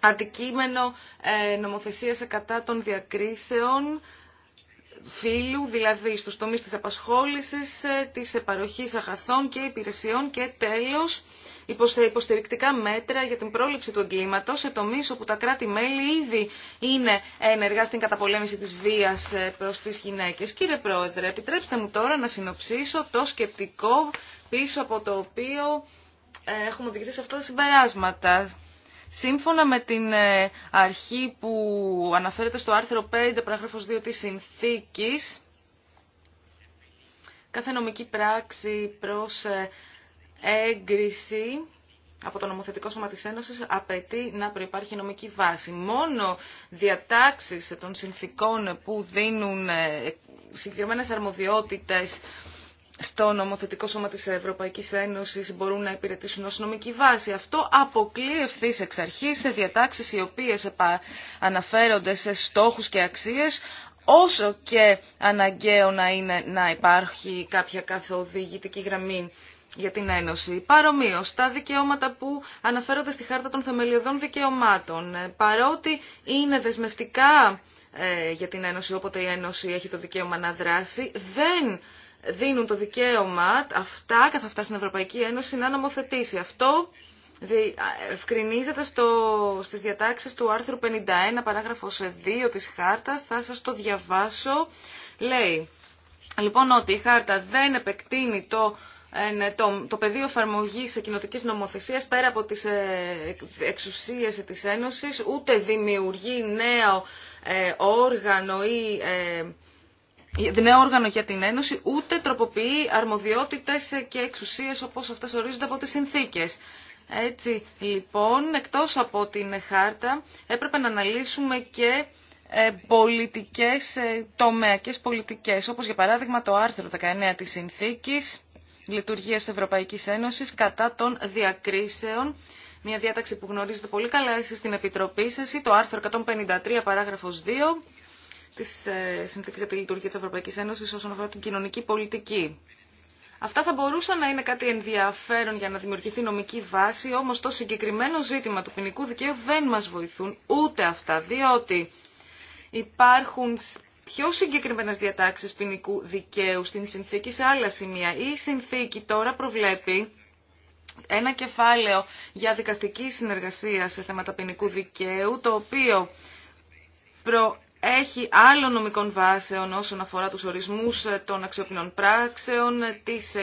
αντικείμενο ε, νομοθεσίας κατά των διακρίσεων φύλου, δηλαδή στους τομείς της απασχόλησης, ε, της επαροχής αγαθών και υπηρεσιών και τέλος υποστηρικτικά μέτρα για την πρόληψη του εγκλήματο. σε τομεί όπου τα κράτη-μέλη ήδη είναι ενεργά στην καταπολέμηση τη βίας ε, προς τις γυναίκες. Κύριε Πρόεδρε, επιτρέψτε μου τώρα να συνοψίσω το σκεπτικό πίσω από το οποίο ε, έχουμε οδηγηθεί σε αυτά τα συμπεράσματα. Σύμφωνα με την ε, αρχή που αναφέρεται στο άρθρο 5, παράγραφος 2 της συνθήκης, κάθε νομική πράξη προς έγκριση από το νομοθετικό σώμα της Ένωσης απαιτεί να υπάρχει νομική βάση. Μόνο διατάξεις των συνθήκων που δίνουν ε, συγκεκριμένες αρμοδιότητες στο νομοθετικό σώμα της Ευρωπαϊκής Ένωσης μπορούν να υπηρετήσουν ως νομική βάση. Αυτό αποκλεί ευθύ εξ αρχή σε διατάξεις οι οποίες αναφέρονται σε στόχους και αξίες όσο και αναγκαίο να είναι να υπάρχει κάποια καθοδηγητική γραμμή για την Ένωση. Παρομοίω, τα δικαιώματα που αναφέρονται στη Χάρτα των Θεμελιωδών Δικαιωμάτων, ε, παρότι είναι δεσμευτικά ε, για την Ένωση, όποτε η Ένωση έχει το δικαίωμα να δράσει, δεν δίνουν το δικαίωμα αυτά καθ' αυτά στην Ευρωπαϊκή Ένωση να νομοθετήσει. Αυτό ευκρινίζεται στο, στις διατάξεις του άρθρου 51, παράγραφος 2 της χάρτας, θα σας το διαβάσω, λέει... Λοιπόν, ότι η χάρτα δεν επεκτείνει το ε, το, το πεδίο εφαρμογή κοινοτική νομοθεσία πέρα από τι ε, εξουσίε τη Ένωση ούτε δημιουργεί νέο ε, όργανο ή νέο όργανο για την Ένωση, ούτε τροποποιεί αρμοδιότητες και εξουσίες όπως αυτές ορίζονται από τις συνθήκες. Έτσι λοιπόν, εκτός από την χάρτα, έπρεπε να αναλύσουμε και πολιτικές, τομεακές πολιτικές, όπως για παράδειγμα το άρθρο 19 της συνθήκης, Λειτουργία Ευρωπαϊκή Ένωση κατά των διακρίσεων. Μια διάταξη που γνωρίζετε πολύ καλά εσείς στην Επιτροπή σα. το άρθρο 153 παράγραφο 2 της ε, Συνθήκης για τη Λειτουργία της Ευρωπαϊκής Ένωσης όσον αφορά την κοινωνική πολιτική. Αυτά θα μπορούσαν να είναι κάτι ενδιαφέρον για να δημιουργηθεί νομική βάση, όμως το συγκεκριμένο ζήτημα του ποινικού δικαίου δεν μας βοηθούν ούτε αυτά, διότι υπάρχουν πιο συγκεκριμένε διατάξει ποινικού δικαίου στην συνθήκη σε άλλα σημεία. Η συνθήκη τώρα προβλέπει ένα κεφάλαιο για δικαστική συνεργασία σε θέματα ποινικού δικαίου, το οποίο έχει άλλων νομικών βάσεων όσον αφορά τους ορισμούς των αξιοπινών πράξεων, τις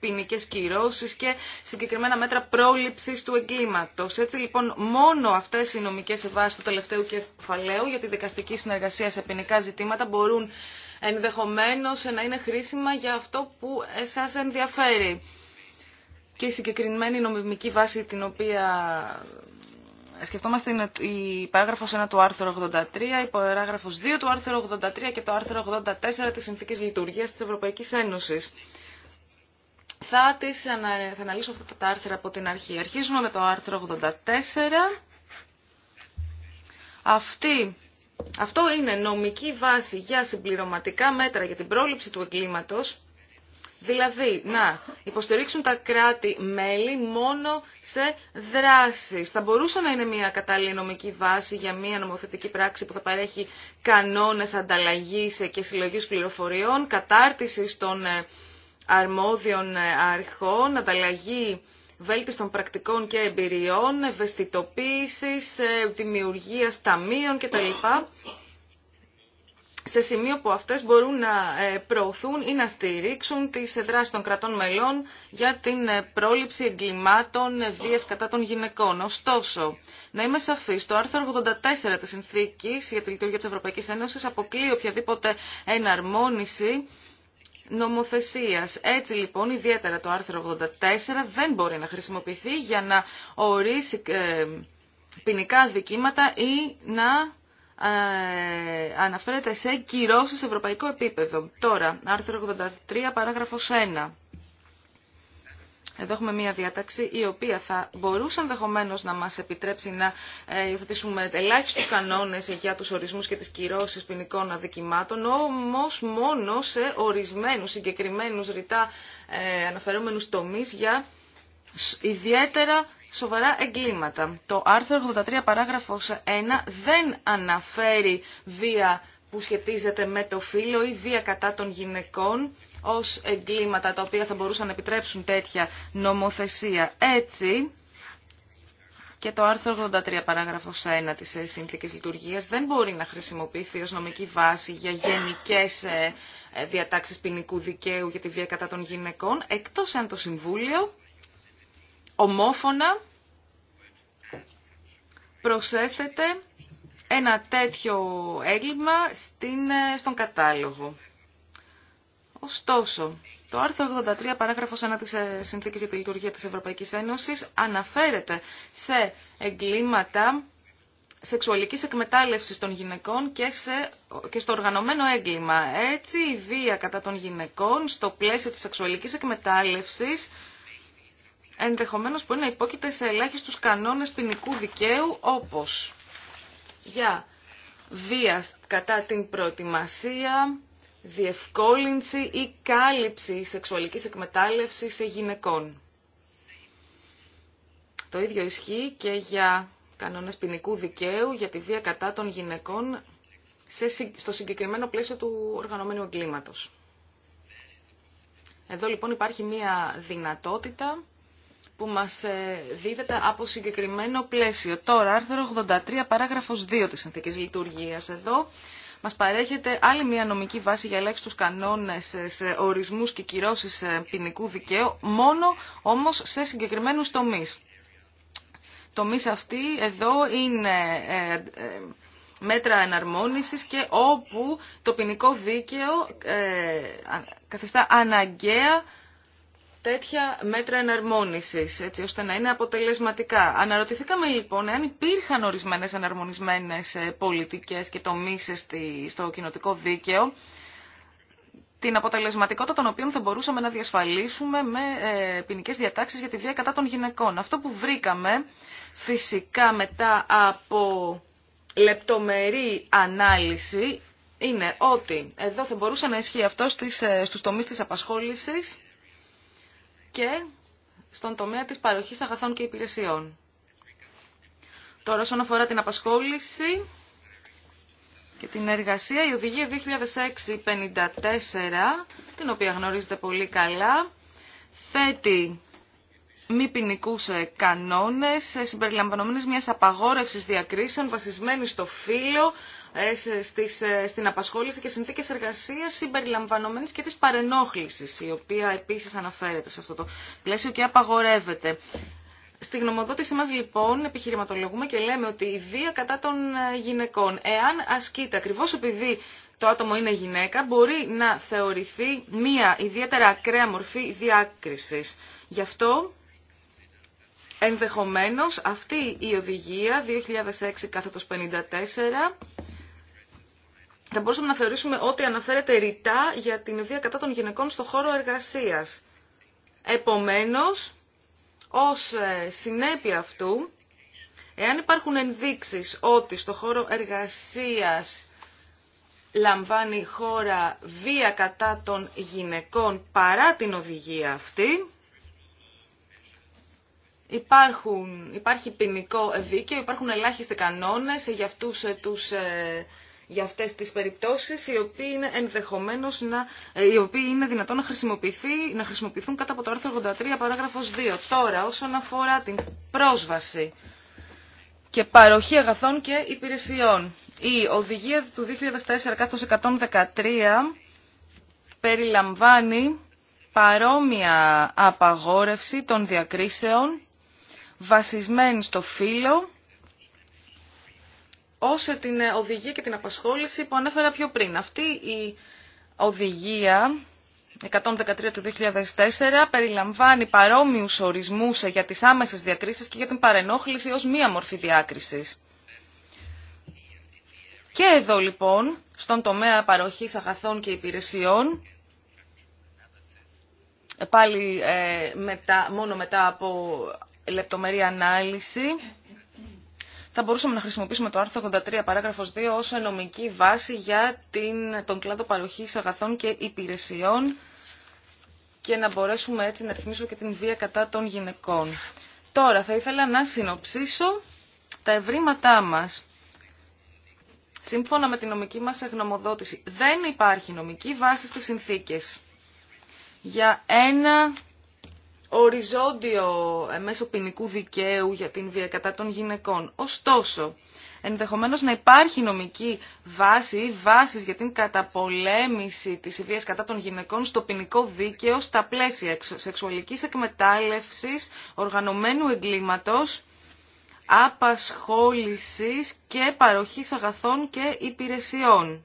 ποινικέ κυρώσει και συγκεκριμένα μέτρα πρόληψη του εγκλήματο. Έτσι λοιπόν, μόνο αυτέ οι νομικέ συμβάσει του τελευταίου κεφαλαίου για τη δικαστική συνεργασία σε ποινικά ζητήματα μπορούν ενδεχομένω να είναι χρήσιμα για αυτό που εσά ενδιαφέρει. Και η συγκεκριμένη νομική βάση την οποία σκεφτόμαστε είναι η παράγραφος 1 του άρθρου 83, η παράγραφο 2 του άρθρου 83 και το άρθρο 84 τη συνθήκη λειτουργία τη Ευρωπαϊκή Ένωση θα, τις θα αναλύσω αυτά τα άρθρα από την αρχή. Αρχίζουμε με το άρθρο 84. Αυτή... Αυτό είναι νομική βάση για συμπληρωματικά μέτρα για την πρόληψη του εγκλήματος, δηλαδή να υποστηρίξουν τα κράτη-μέλη μόνο σε δράσεις. Θα μπορούσε να είναι μια κατάλληλη νομική βάση για μια νομοθετική πράξη που θα παρέχει κανόνες ανταλλαγής και συλλογής πληροφοριών, κατάρτισης των ε, αρμόδιων αρχών, ανταλλαγή βέλτιστων πρακτικών και εμπειριών, ευαισθητοποίησης, ε, δημιουργίας ταμείων κτλ. Σε σημείο που αυτές μπορούν να ε, προωθούν ή να στηρίξουν τις δράσει των κρατών μελών για την ε, πρόληψη εγκλημάτων βίας κατά των γυναικών. Ωστόσο, να είμαι σαφή, το άρθρο 84 της Συνθήκης για τη Λειτουργία της Ευρωπαϊκής Ένωσης αποκλεί οποιαδήποτε εναρμόνιση νομοθεσίας. Έτσι λοιπόν ιδιαίτερα το άρθρο 84 δεν μπορεί να χρησιμοποιηθεί για να ορίσει ε, ποινικά δικήματα ή να ε, αναφέρεται σε κυρώσεις σε ευρωπαϊκό επίπεδο. Τώρα, άρθρο 83 παράγραφος 1. Εδώ έχουμε μία διάταξη η οποία θα μπορούσε ενδεχομένω να μας επιτρέψει να ε, υιοθετήσουμε ελάχιστου κανόνε για τους ορισμούς και τις κυρώσει ποινικών αδικημάτων, όμω μόνο σε ορισμένου, συγκεκριμένου, ρητά ε, αναφερόμενους για ιδιαίτερα σοβαρά εγκλήματα. Το άρθρο 83 παράγραφος 1 δεν αναφέρει βία που σχετίζεται με το φύλλο ή βία κατά των γυναικών ως εγκλήματα τα οποία θα μπορούσαν να επιτρέψουν τέτοια νομοθεσία. Έτσι, και το άρθρο 83 παράγραφος 1 της ε, Σύνθηκης Λειτουργίας δεν μπορεί να χρησιμοποιηθεί ως νομική βάση για γενικές ε, ε, διατάξεις ποινικού δικαίου για τη βία κατά των γυναικών, εκτός αν το Συμβούλιο ομόφωνα προσέθεται ένα τέτοιο έγκλημα στην, στον κατάλογο. Ωστόσο, το άρθρο 83 παράγραφος 1 της ε, Συνθήκης για τη Λειτουργία της Ευρωπαϊκής Ένωσης αναφέρεται σε εγκλήματα σεξουαλικής εκμετάλλευσης των γυναικών και, σε, και στο οργανωμένο έγκλημα. Έτσι, η βία κατά των γυναικών στο πλαίσιο της σεξουαλικής εκμετάλλευσης ενδεχομένως μπορεί να υπόκειται σε ελάχιστους κανόνες ποινικού δικαίου όπως για βία κατά την προετοιμασία, διευκόλυνση ή κάλυψη σεξουαλικής εκμετάλλευσης σε γυναικών. Το ίδιο ισχύει και για κανόνες ποινικού δικαίου για τη βία κατά των γυναικών στο συγκεκριμένο πλαίσιο του οργανωμένου εγκλήματος. Εδώ λοιπόν υπάρχει μία δυνατότητα που μας ε, δίδεται από συγκεκριμένο πλαίσιο. Τώρα, άρθρο 83, παράγραφος 2 της Συνθήκης Λειτουργίας. Εδώ Μα παρέχεται άλλη μια νομική βάση για τους κανόνες σε ορισμούς και κυρώσει ποινικού δικαίου, μόνο όμως σε συγκεκριμένους τομείς. Τομείς αυτοί εδώ είναι ε, ε, μέτρα εναρμόνισης και όπου το ποινικό δίκαιο ε, καθιστά αναγκαία τέτοια μέτρα εναρμόνισης, έτσι ώστε να είναι αποτελεσματικά. Αναρωτηθήκαμε λοιπόν αν υπήρχαν ορισμένες εναρμονισμένες ε, πολιτικές και τομίσεις στο κοινοτικό δίκαιο, την αποτελεσματικότητα των οποίων θα μπορούσαμε να διασφαλίσουμε με ε, ποινικέ διατάξεις για τη βία κατά των γυναικών. Αυτό που βρήκαμε φυσικά μετά από λεπτομερή ανάλυση είναι ότι εδώ θα μπορούσε να ισχύει αυτό στις, ε, στους τομείς της απασχόλησης, και στον τομέα της παροχής αγαθών και υπηρεσιών. Τώρα, όσον αφορά την απασχόληση και την εργασία, η Οδηγία 2006-54, την οποία γνωρίζετε πολύ καλά, θέτει μη ποινικού σε ε, συμπεριλαμβανομένε μιας απαγόρευσης διακρίσεων βασισμένη στο φύλλο, ε, στην απασχόληση και συνθήκες εργασίας συμπεριλαμβανομένης και της παρενόχλησης, η οποία επίσης αναφέρεται σε αυτό το πλαίσιο και απαγορεύεται. Στη γνωμοδότησή μας λοιπόν επιχειρηματολογούμε και λέμε ότι η βία κατά των ε, γυναικών, εάν ασκείται ακριβώς επειδή το άτομο είναι γυναίκα, μπορεί να θεωρηθεί μία ιδιαίτερα ακραία μορφή διάκρισης. Γι' αυτό ενδεχομένως αυτή η οδηγία 2006 54 θα μπορούσαμε να θεωρήσουμε ότι αναφέρεται ρητά για την βία κατά των γυναικών στον χώρο εργασίας. Επομένως, ως ε, συνέπεια αυτού, εάν υπάρχουν ενδείξεις ότι στο χώρο εργασίας λαμβάνει χώρα βία κατά των γυναικών παρά την οδηγία αυτή, υπάρχουν, υπάρχει ποινικό δίκαιο, υπάρχουν ελάχιστοι κανόνες για αυτούς ε, τους ε, για αυτές τις περιπτώσεις οι οποίοι είναι ενδεχομένως να, ε, οι οποίοι είναι δυνατόν να, να χρησιμοποιηθούν κατά από το άρθρο 83 παράγραφος 2. Τώρα όσον αφορά την πρόσβαση και παροχή αγαθών και υπηρεσιών. Η οδηγία του 2004 113 περιλαμβάνει παρόμοια απαγόρευση των διακρίσεων βασισμένη στο φύλλο ως την οδηγία και την απασχόληση που ανέφερα πιο πριν. Αυτή η οδηγία 113 του 2004 περιλαμβάνει παρόμοιους ορισμούς για τις άμεσες διακρίσεις και για την παρενόχληση ως μία μορφή διάκρισης. Και εδώ λοιπόν, στον τομέα παροχής αγαθών και υπηρεσιών, πάλι ε, μόνο μετά από λεπτομερή ανάλυση, θα μπορούσαμε να χρησιμοποιήσουμε το άρθρο 83 παράγραφος 2 ως νομική βάση για την, τον κλάδο παροχής αγαθών και υπηρεσιών και να μπορέσουμε έτσι να ρυθμίσουμε και την βία κατά των γυναικών. Τώρα θα ήθελα να συνοψίσω τα ευρήματά μας. Σύμφωνα με την νομική μας εγνωμοδότηση, δεν υπάρχει νομική βάση στις συνθήκες για ένα οριζόντιο ε, μέσω ποινικού δικαίου για την βία κατά των γυναικών. Ωστόσο, ενδεχομένως να υπάρχει νομική βάση ή βάσεις για την καταπολέμηση της βίας κατά των γυναικών στο ποινικό δίκαιο στα πλαίσια σεξουαλικής εκμετάλλευσης, οργανωμένου εγκλήματος, απασχόλησης και παροχής αγαθών και υπηρεσιών.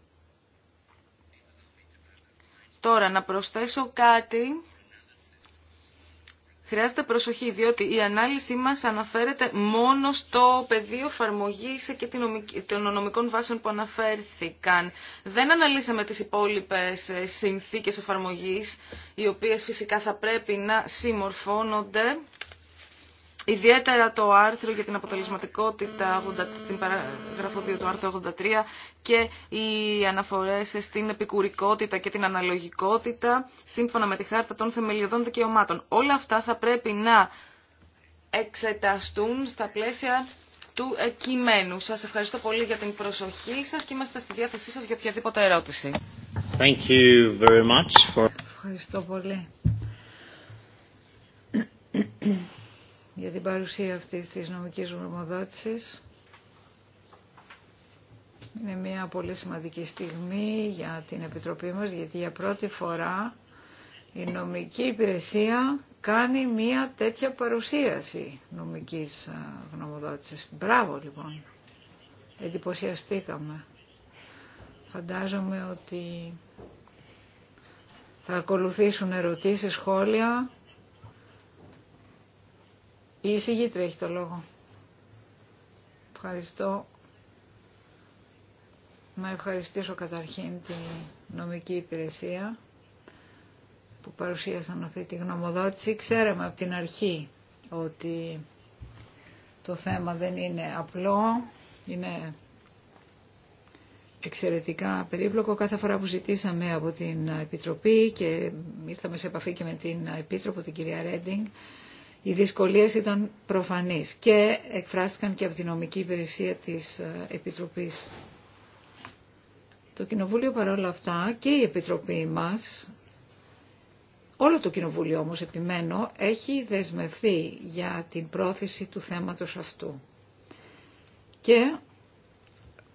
Τώρα να προσθέσω κάτι Χρειάζεται προσοχή, διότι η ανάλυση μας αναφέρεται μόνο στο πεδίο εφαρμογή και των νομικών βάσεων που αναφέρθηκαν. Δεν αναλύσαμε τις υπόλοιπες ε, συνθήκες εφαρμογής, οι οποίες φυσικά θα πρέπει να συμμορφώνονται Ιδιαίτερα το άρθρο για την αποτελεσματικότητα, την παράγραφο 2 του άρθρου 83 και οι αναφορές στην επικουρικότητα και την αναλογικότητα σύμφωνα με τη Χάρτα των Θεμελιωδών Δικαιωμάτων. Όλα αυτά θα πρέπει να εξεταστούν στα πλαίσια του κειμένου. Σας ευχαριστώ πολύ για την προσοχή σας και είμαστε στη διάθεσή σας για οποιαδήποτε ερώτηση. Thank you very much for... πολύ για την παρουσία αυτής της νομικής γνωμοδότησης. Είναι μια πολύ σημαντική στιγμή για την Επιτροπή μας, γιατί για πρώτη φορά η νομική υπηρεσία κάνει μια τέτοια παρουσίαση νομικής ε, γνωμοδότησης. Μπράβο λοιπόν. Εντυπωσιαστήκαμε. Φαντάζομαι ότι θα ακολουθήσουν ερωτήσεις, σχόλια. Η εισηγήτρια έχει το λόγο. Ευχαριστώ. Να ευχαριστήσω καταρχήν τη νομική υπηρεσία που παρουσίασαν αυτή τη γνωμοδότηση. Ξέραμε από την αρχή ότι το θέμα δεν είναι απλό, είναι εξαιρετικά περίπλοκο. Κάθε φορά που ζητήσαμε από την Επιτροπή και ήρθαμε σε επαφή και με την Επίτροπο, την κυρία Ρέντινγκ, οι δυσκολίες ήταν προφανείς και εκφράστηκαν και από την νομική υπηρεσία της ε, Επιτροπής. Το Κοινοβούλιο παρόλα αυτά και η Επιτροπή μας, όλο το Κοινοβούλιο όμως επιμένω, έχει δεσμευθεί για την πρόθεση του θέματος αυτού. Και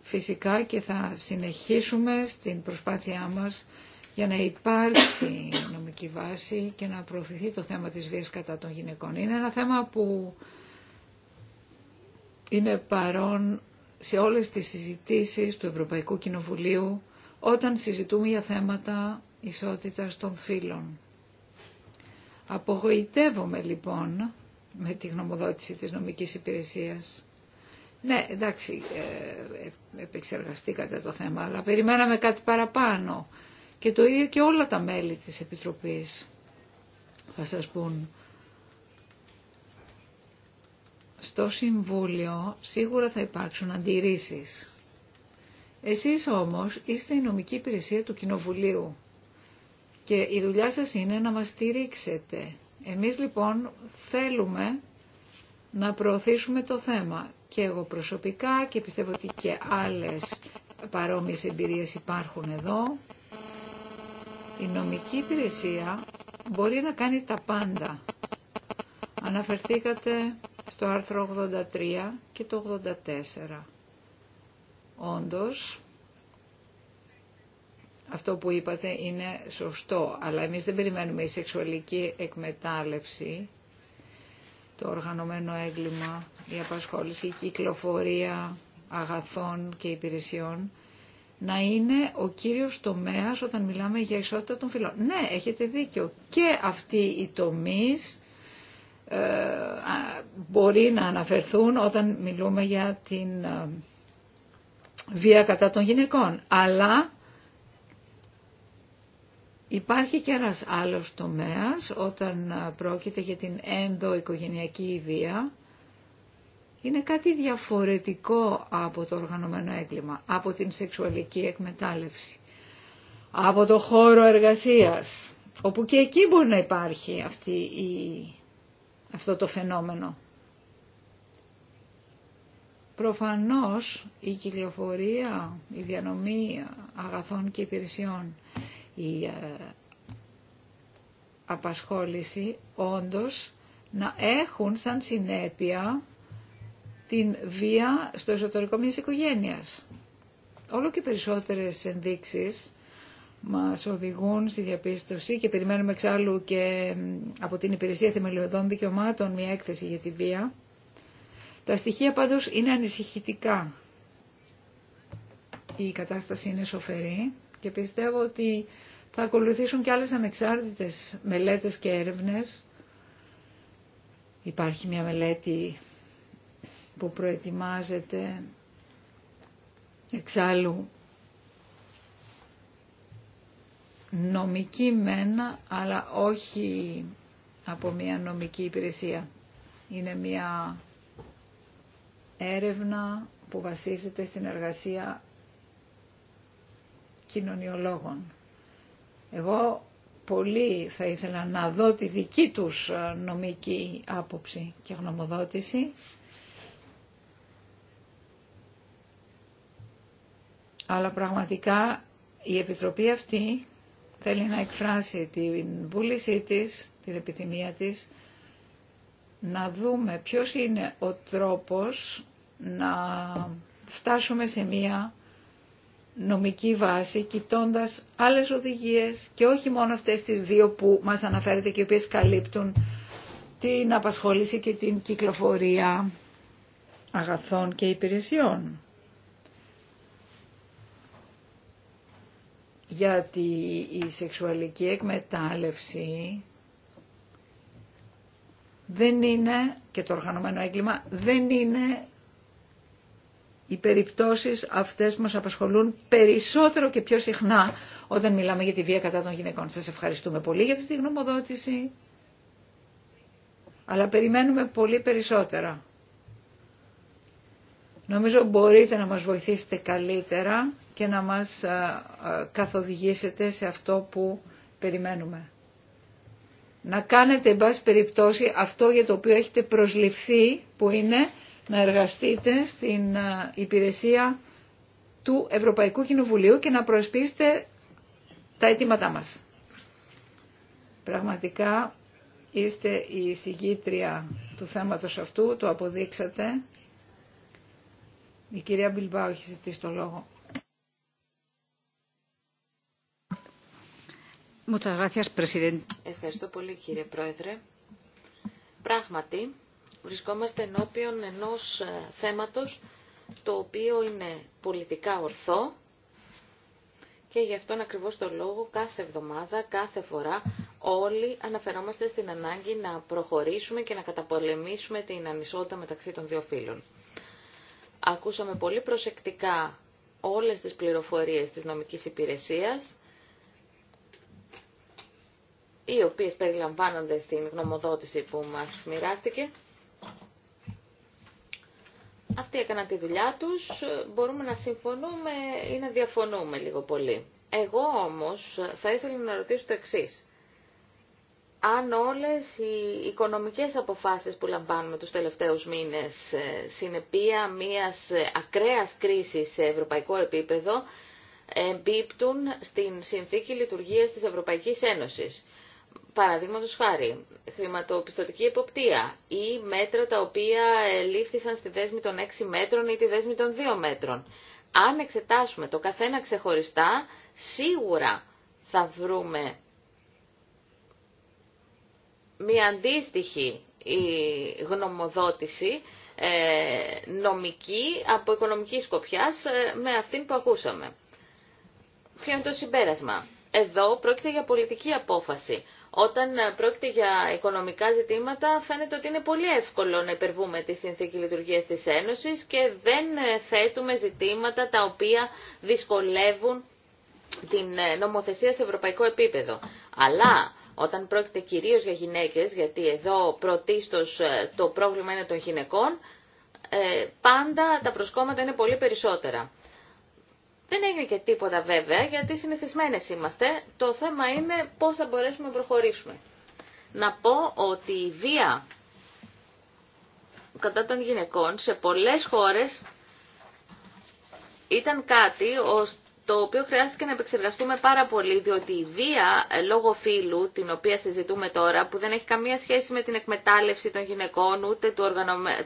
φυσικά και θα συνεχίσουμε στην προσπάθειά μας για να υπάρξει νομική βάση και να προωθηθεί το θέμα της βίας κατά των γυναικών. Είναι ένα θέμα που είναι παρόν σε όλες τις συζητήσεις του Ευρωπαϊκού Κοινοβουλίου όταν συζητούμε για θέματα ισότητας των φύλων. Απογοητεύομαι λοιπόν με τη γνωμοδότηση της νομικής υπηρεσίας. Ναι, εντάξει, ε, ε, επεξεργαστήκατε το θέμα, αλλά περιμέναμε κάτι παραπάνω. Και το ίδιο και όλα τα μέλη της Επιτροπής θα σας πούν. Στο Συμβούλιο σίγουρα θα υπάρξουν αντιρρήσεις. Εσείς όμως είστε η νομική υπηρεσία του Κοινοβουλίου και η δουλειά σας είναι να μας στηρίξετε. Εμείς λοιπόν θέλουμε να προωθήσουμε το θέμα και εγώ προσωπικά και πιστεύω ότι και άλλες παρόμοιες εμπειρίες υπάρχουν εδώ. Η νομική υπηρεσία μπορεί να κάνει τα πάντα. Αναφερθήκατε στο άρθρο 83 και το 84. Όντως, αυτό που είπατε είναι σωστό, αλλά εμείς δεν περιμένουμε η σεξουαλική εκμετάλλευση, το οργανωμένο έγκλημα, η απασχόληση, η κυκλοφορία αγαθών και υπηρεσιών να είναι ο κύριος τομέας όταν μιλάμε για ισότητα των φυλών. Ναι, έχετε δίκιο. Και αυτοί οι τομείς ε, μπορεί να αναφερθούν όταν μιλούμε για την ε, βία κατά των γυναικών. Αλλά υπάρχει και ένας άλλος τομέας όταν ε, πρόκειται για την ενδοοικογενειακή βία είναι κάτι διαφορετικό από το οργανωμένο έγκλημα, από την σεξουαλική εκμετάλλευση, από το χώρο εργασίας, όπου και εκεί μπορεί να υπάρχει αυτή η, αυτό το φαινόμενο. Προφανώς η κυκλοφορία, η διανομή αγαθών και υπηρεσιών, η ε, απασχόληση όντως να έχουν σαν συνέπεια την βία στο εσωτερικό μιας οικογένειας. Όλο και περισσότερες ενδείξεις μας οδηγούν στη διαπίστωση και περιμένουμε εξάλλου και από την Υπηρεσία Θεμελιωδών Δικαιωμάτων μια έκθεση για τη βία. Τα στοιχεία πάντως είναι ανησυχητικά. Η κατάσταση είναι σοφερή και πιστεύω ότι θα ακολουθήσουν και άλλες ανεξάρτητες μελέτες και έρευνες. Υπάρχει μια μελέτη που προετοιμάζεται εξάλλου νομική μένα, αλλά όχι από μια νομική υπηρεσία. Είναι μια έρευνα που βασίζεται στην εργασία κοινωνιολόγων. Εγώ πολύ θα ήθελα να δω τη δική τους νομική άποψη και γνωμοδότηση αλλά πραγματικά η Επιτροπή αυτή θέλει να εκφράσει την βούλησή της, την επιθυμία της, να δούμε ποιος είναι ο τρόπος να φτάσουμε σε μία νομική βάση, κοιτώντας άλλες οδηγίες και όχι μόνο αυτές τις δύο που μας αναφέρεται και οι οποίες καλύπτουν την απασχόληση και την κυκλοφορία αγαθών και υπηρεσιών. γιατί η σεξουαλική εκμετάλλευση δεν είναι, και το οργανωμένο έγκλημα, δεν είναι οι περιπτώσεις αυτές που μας απασχολούν περισσότερο και πιο συχνά όταν μιλάμε για τη βία κατά των γυναικών. Σας ευχαριστούμε πολύ για αυτή τη γνωμοδότηση, αλλά περιμένουμε πολύ περισσότερα. Νομίζω μπορείτε να μας βοηθήσετε καλύτερα και να μας ε, ε, καθοδηγήσετε σε αυτό που περιμένουμε. Να κάνετε, εν πάση περιπτώσει, αυτό για το οποίο έχετε προσληφθεί, που είναι να εργαστείτε στην ε, υπηρεσία του Ευρωπαϊκού Κοινοβουλίου και να προσπίσετε τα αιτήματά μας. Πραγματικά είστε η συγκήτρια του θέματος αυτού, το αποδείξατε η κυρία Μπιλμπάου έχει ζητήσει το λόγο. Ευχαριστώ πολύ κύριε Πρόεδρε. Πράγματι, βρισκόμαστε ενώπιον ενός ε, θέματος το οποίο είναι πολιτικά ορθό και γι' αυτόν ακριβώς το λόγο κάθε εβδομάδα, κάθε φορά όλοι αναφερόμαστε στην ανάγκη να προχωρήσουμε και να καταπολεμήσουμε την ανισότητα μεταξύ των δύο φύλων. Ακούσαμε πολύ προσεκτικά όλες τις πληροφορίες της νομικής υπηρεσίας, οι οποίες περιλαμβάνονται στην γνωμοδότηση που μας μοιράστηκε. Αυτοί έκαναν τη δουλειά τους, μπορούμε να συμφωνούμε ή να διαφωνούμε λίγο πολύ. Εγώ όμως θα ήθελα να ρωτήσω το εξής αν όλες οι οικονομικές αποφάσεις που λαμβάνουμε τους τελευταίους μήνες ε, συνεπία μιας ε, ακραίας κρίσης σε ευρωπαϊκό επίπεδο εμπίπτουν στην συνθήκη λειτουργίας της Ευρωπαϊκής Ένωσης. Παραδείγματο χάρη, χρηματοπιστωτική εποπτεία ή μέτρα τα οποία ε, λήφθησαν στη δέσμη των 6 μέτρων ή τη δέσμη των 2 μέτρων. Αν εξετάσουμε το καθένα ξεχωριστά, σίγουρα θα βρούμε μια αντίστοιχη η γνωμοδότηση ε, νομική από οικονομική σκοπιάς ε, με αυτήν που ακούσαμε. Ποιο είναι το συμπέρασμα. Εδώ πρόκειται για πολιτική απόφαση. Όταν ε, πρόκειται για οικονομικά ζητήματα φαίνεται ότι είναι πολύ εύκολο να υπερβούμε τη συνθήκη λειτουργίας της Ένωσης και δεν θέτουμε ζητήματα τα οποία δυσκολεύουν την νομοθεσία σε ευρωπαϊκό επίπεδο. Αλλά όταν πρόκειται κυρίως για γυναίκες, γιατί εδώ πρωτίστως ε, το πρόβλημα είναι των γυναικών, ε, πάντα τα προσκόμματα είναι πολύ περισσότερα. Δεν έγινε και τίποτα βέβαια, γιατί συνηθισμένες είμαστε. Το θέμα είναι πώς θα μπορέσουμε να προχωρήσουμε. Να πω ότι η βία κατά των γυναικών σε πολλές χώρες ήταν κάτι το οποίο χρειάστηκε να επεξεργαστούμε πάρα πολύ, διότι η βία ε, λόγω φύλου, την οποία συζητούμε τώρα, που δεν έχει καμία σχέση με την εκμετάλλευση των γυναικών, ούτε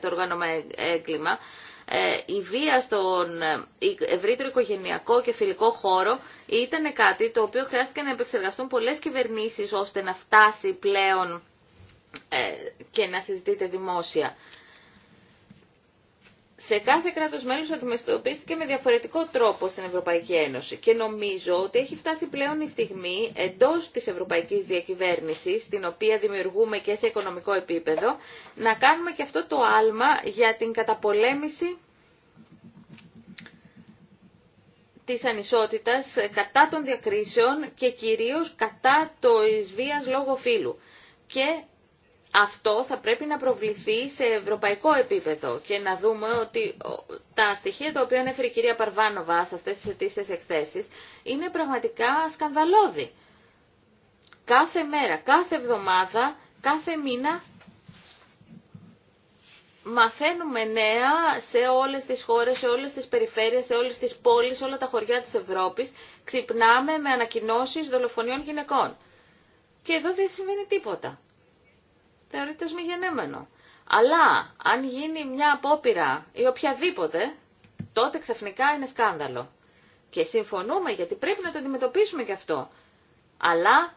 το οργανωμένο έγκλημα, ε, η βία στον ε, ευρύτερο οικογενειακό και φιλικό χώρο ήταν κάτι το οποίο χρειάστηκε να επεξεργαστούν πολλές κυβερνήσεις ώστε να φτάσει πλέον και να συζητείται δημόσια σε κάθε κράτος μέλος αντιμετωπίστηκε με διαφορετικό τρόπο στην Ευρωπαϊκή Ένωση και νομίζω ότι έχει φτάσει πλέον η στιγμή εντό τη Ευρωπαϊκή διακυβέρνηση, την οποία δημιουργούμε και σε οικονομικό επίπεδο, να κάνουμε και αυτό το άλμα για την καταπολέμηση της ανισότητας κατά των διακρίσεων και κυρίως κατά το εισβίας λόγω φύλου. Και αυτό θα πρέπει να προβληθεί σε ευρωπαϊκό επίπεδο και να δούμε ότι τα στοιχεία τα οποία ανέφερε η κυρία Παρβάνοβα σε αυτές τις αιτήσεις εκθέσεις είναι πραγματικά σκανδαλώδη. Κάθε μέρα, κάθε εβδομάδα, κάθε μήνα μαθαίνουμε νέα σε όλες τις χώρες, σε όλες τις περιφέρειες, σε όλες τις πόλεις, σε όλα τα χωριά της Ευρώπης. Ξυπνάμε με ανακοινώσεις δολοφονιών γυναικών. Και εδώ δεν συμβαίνει τίποτα θεωρείται ως μη Αλλά αν γίνει μια απόπειρα ή οποιαδήποτε, τότε ξαφνικά είναι σκάνδαλο. Και συμφωνούμε γιατί πρέπει να το αντιμετωπίσουμε και αυτό. Αλλά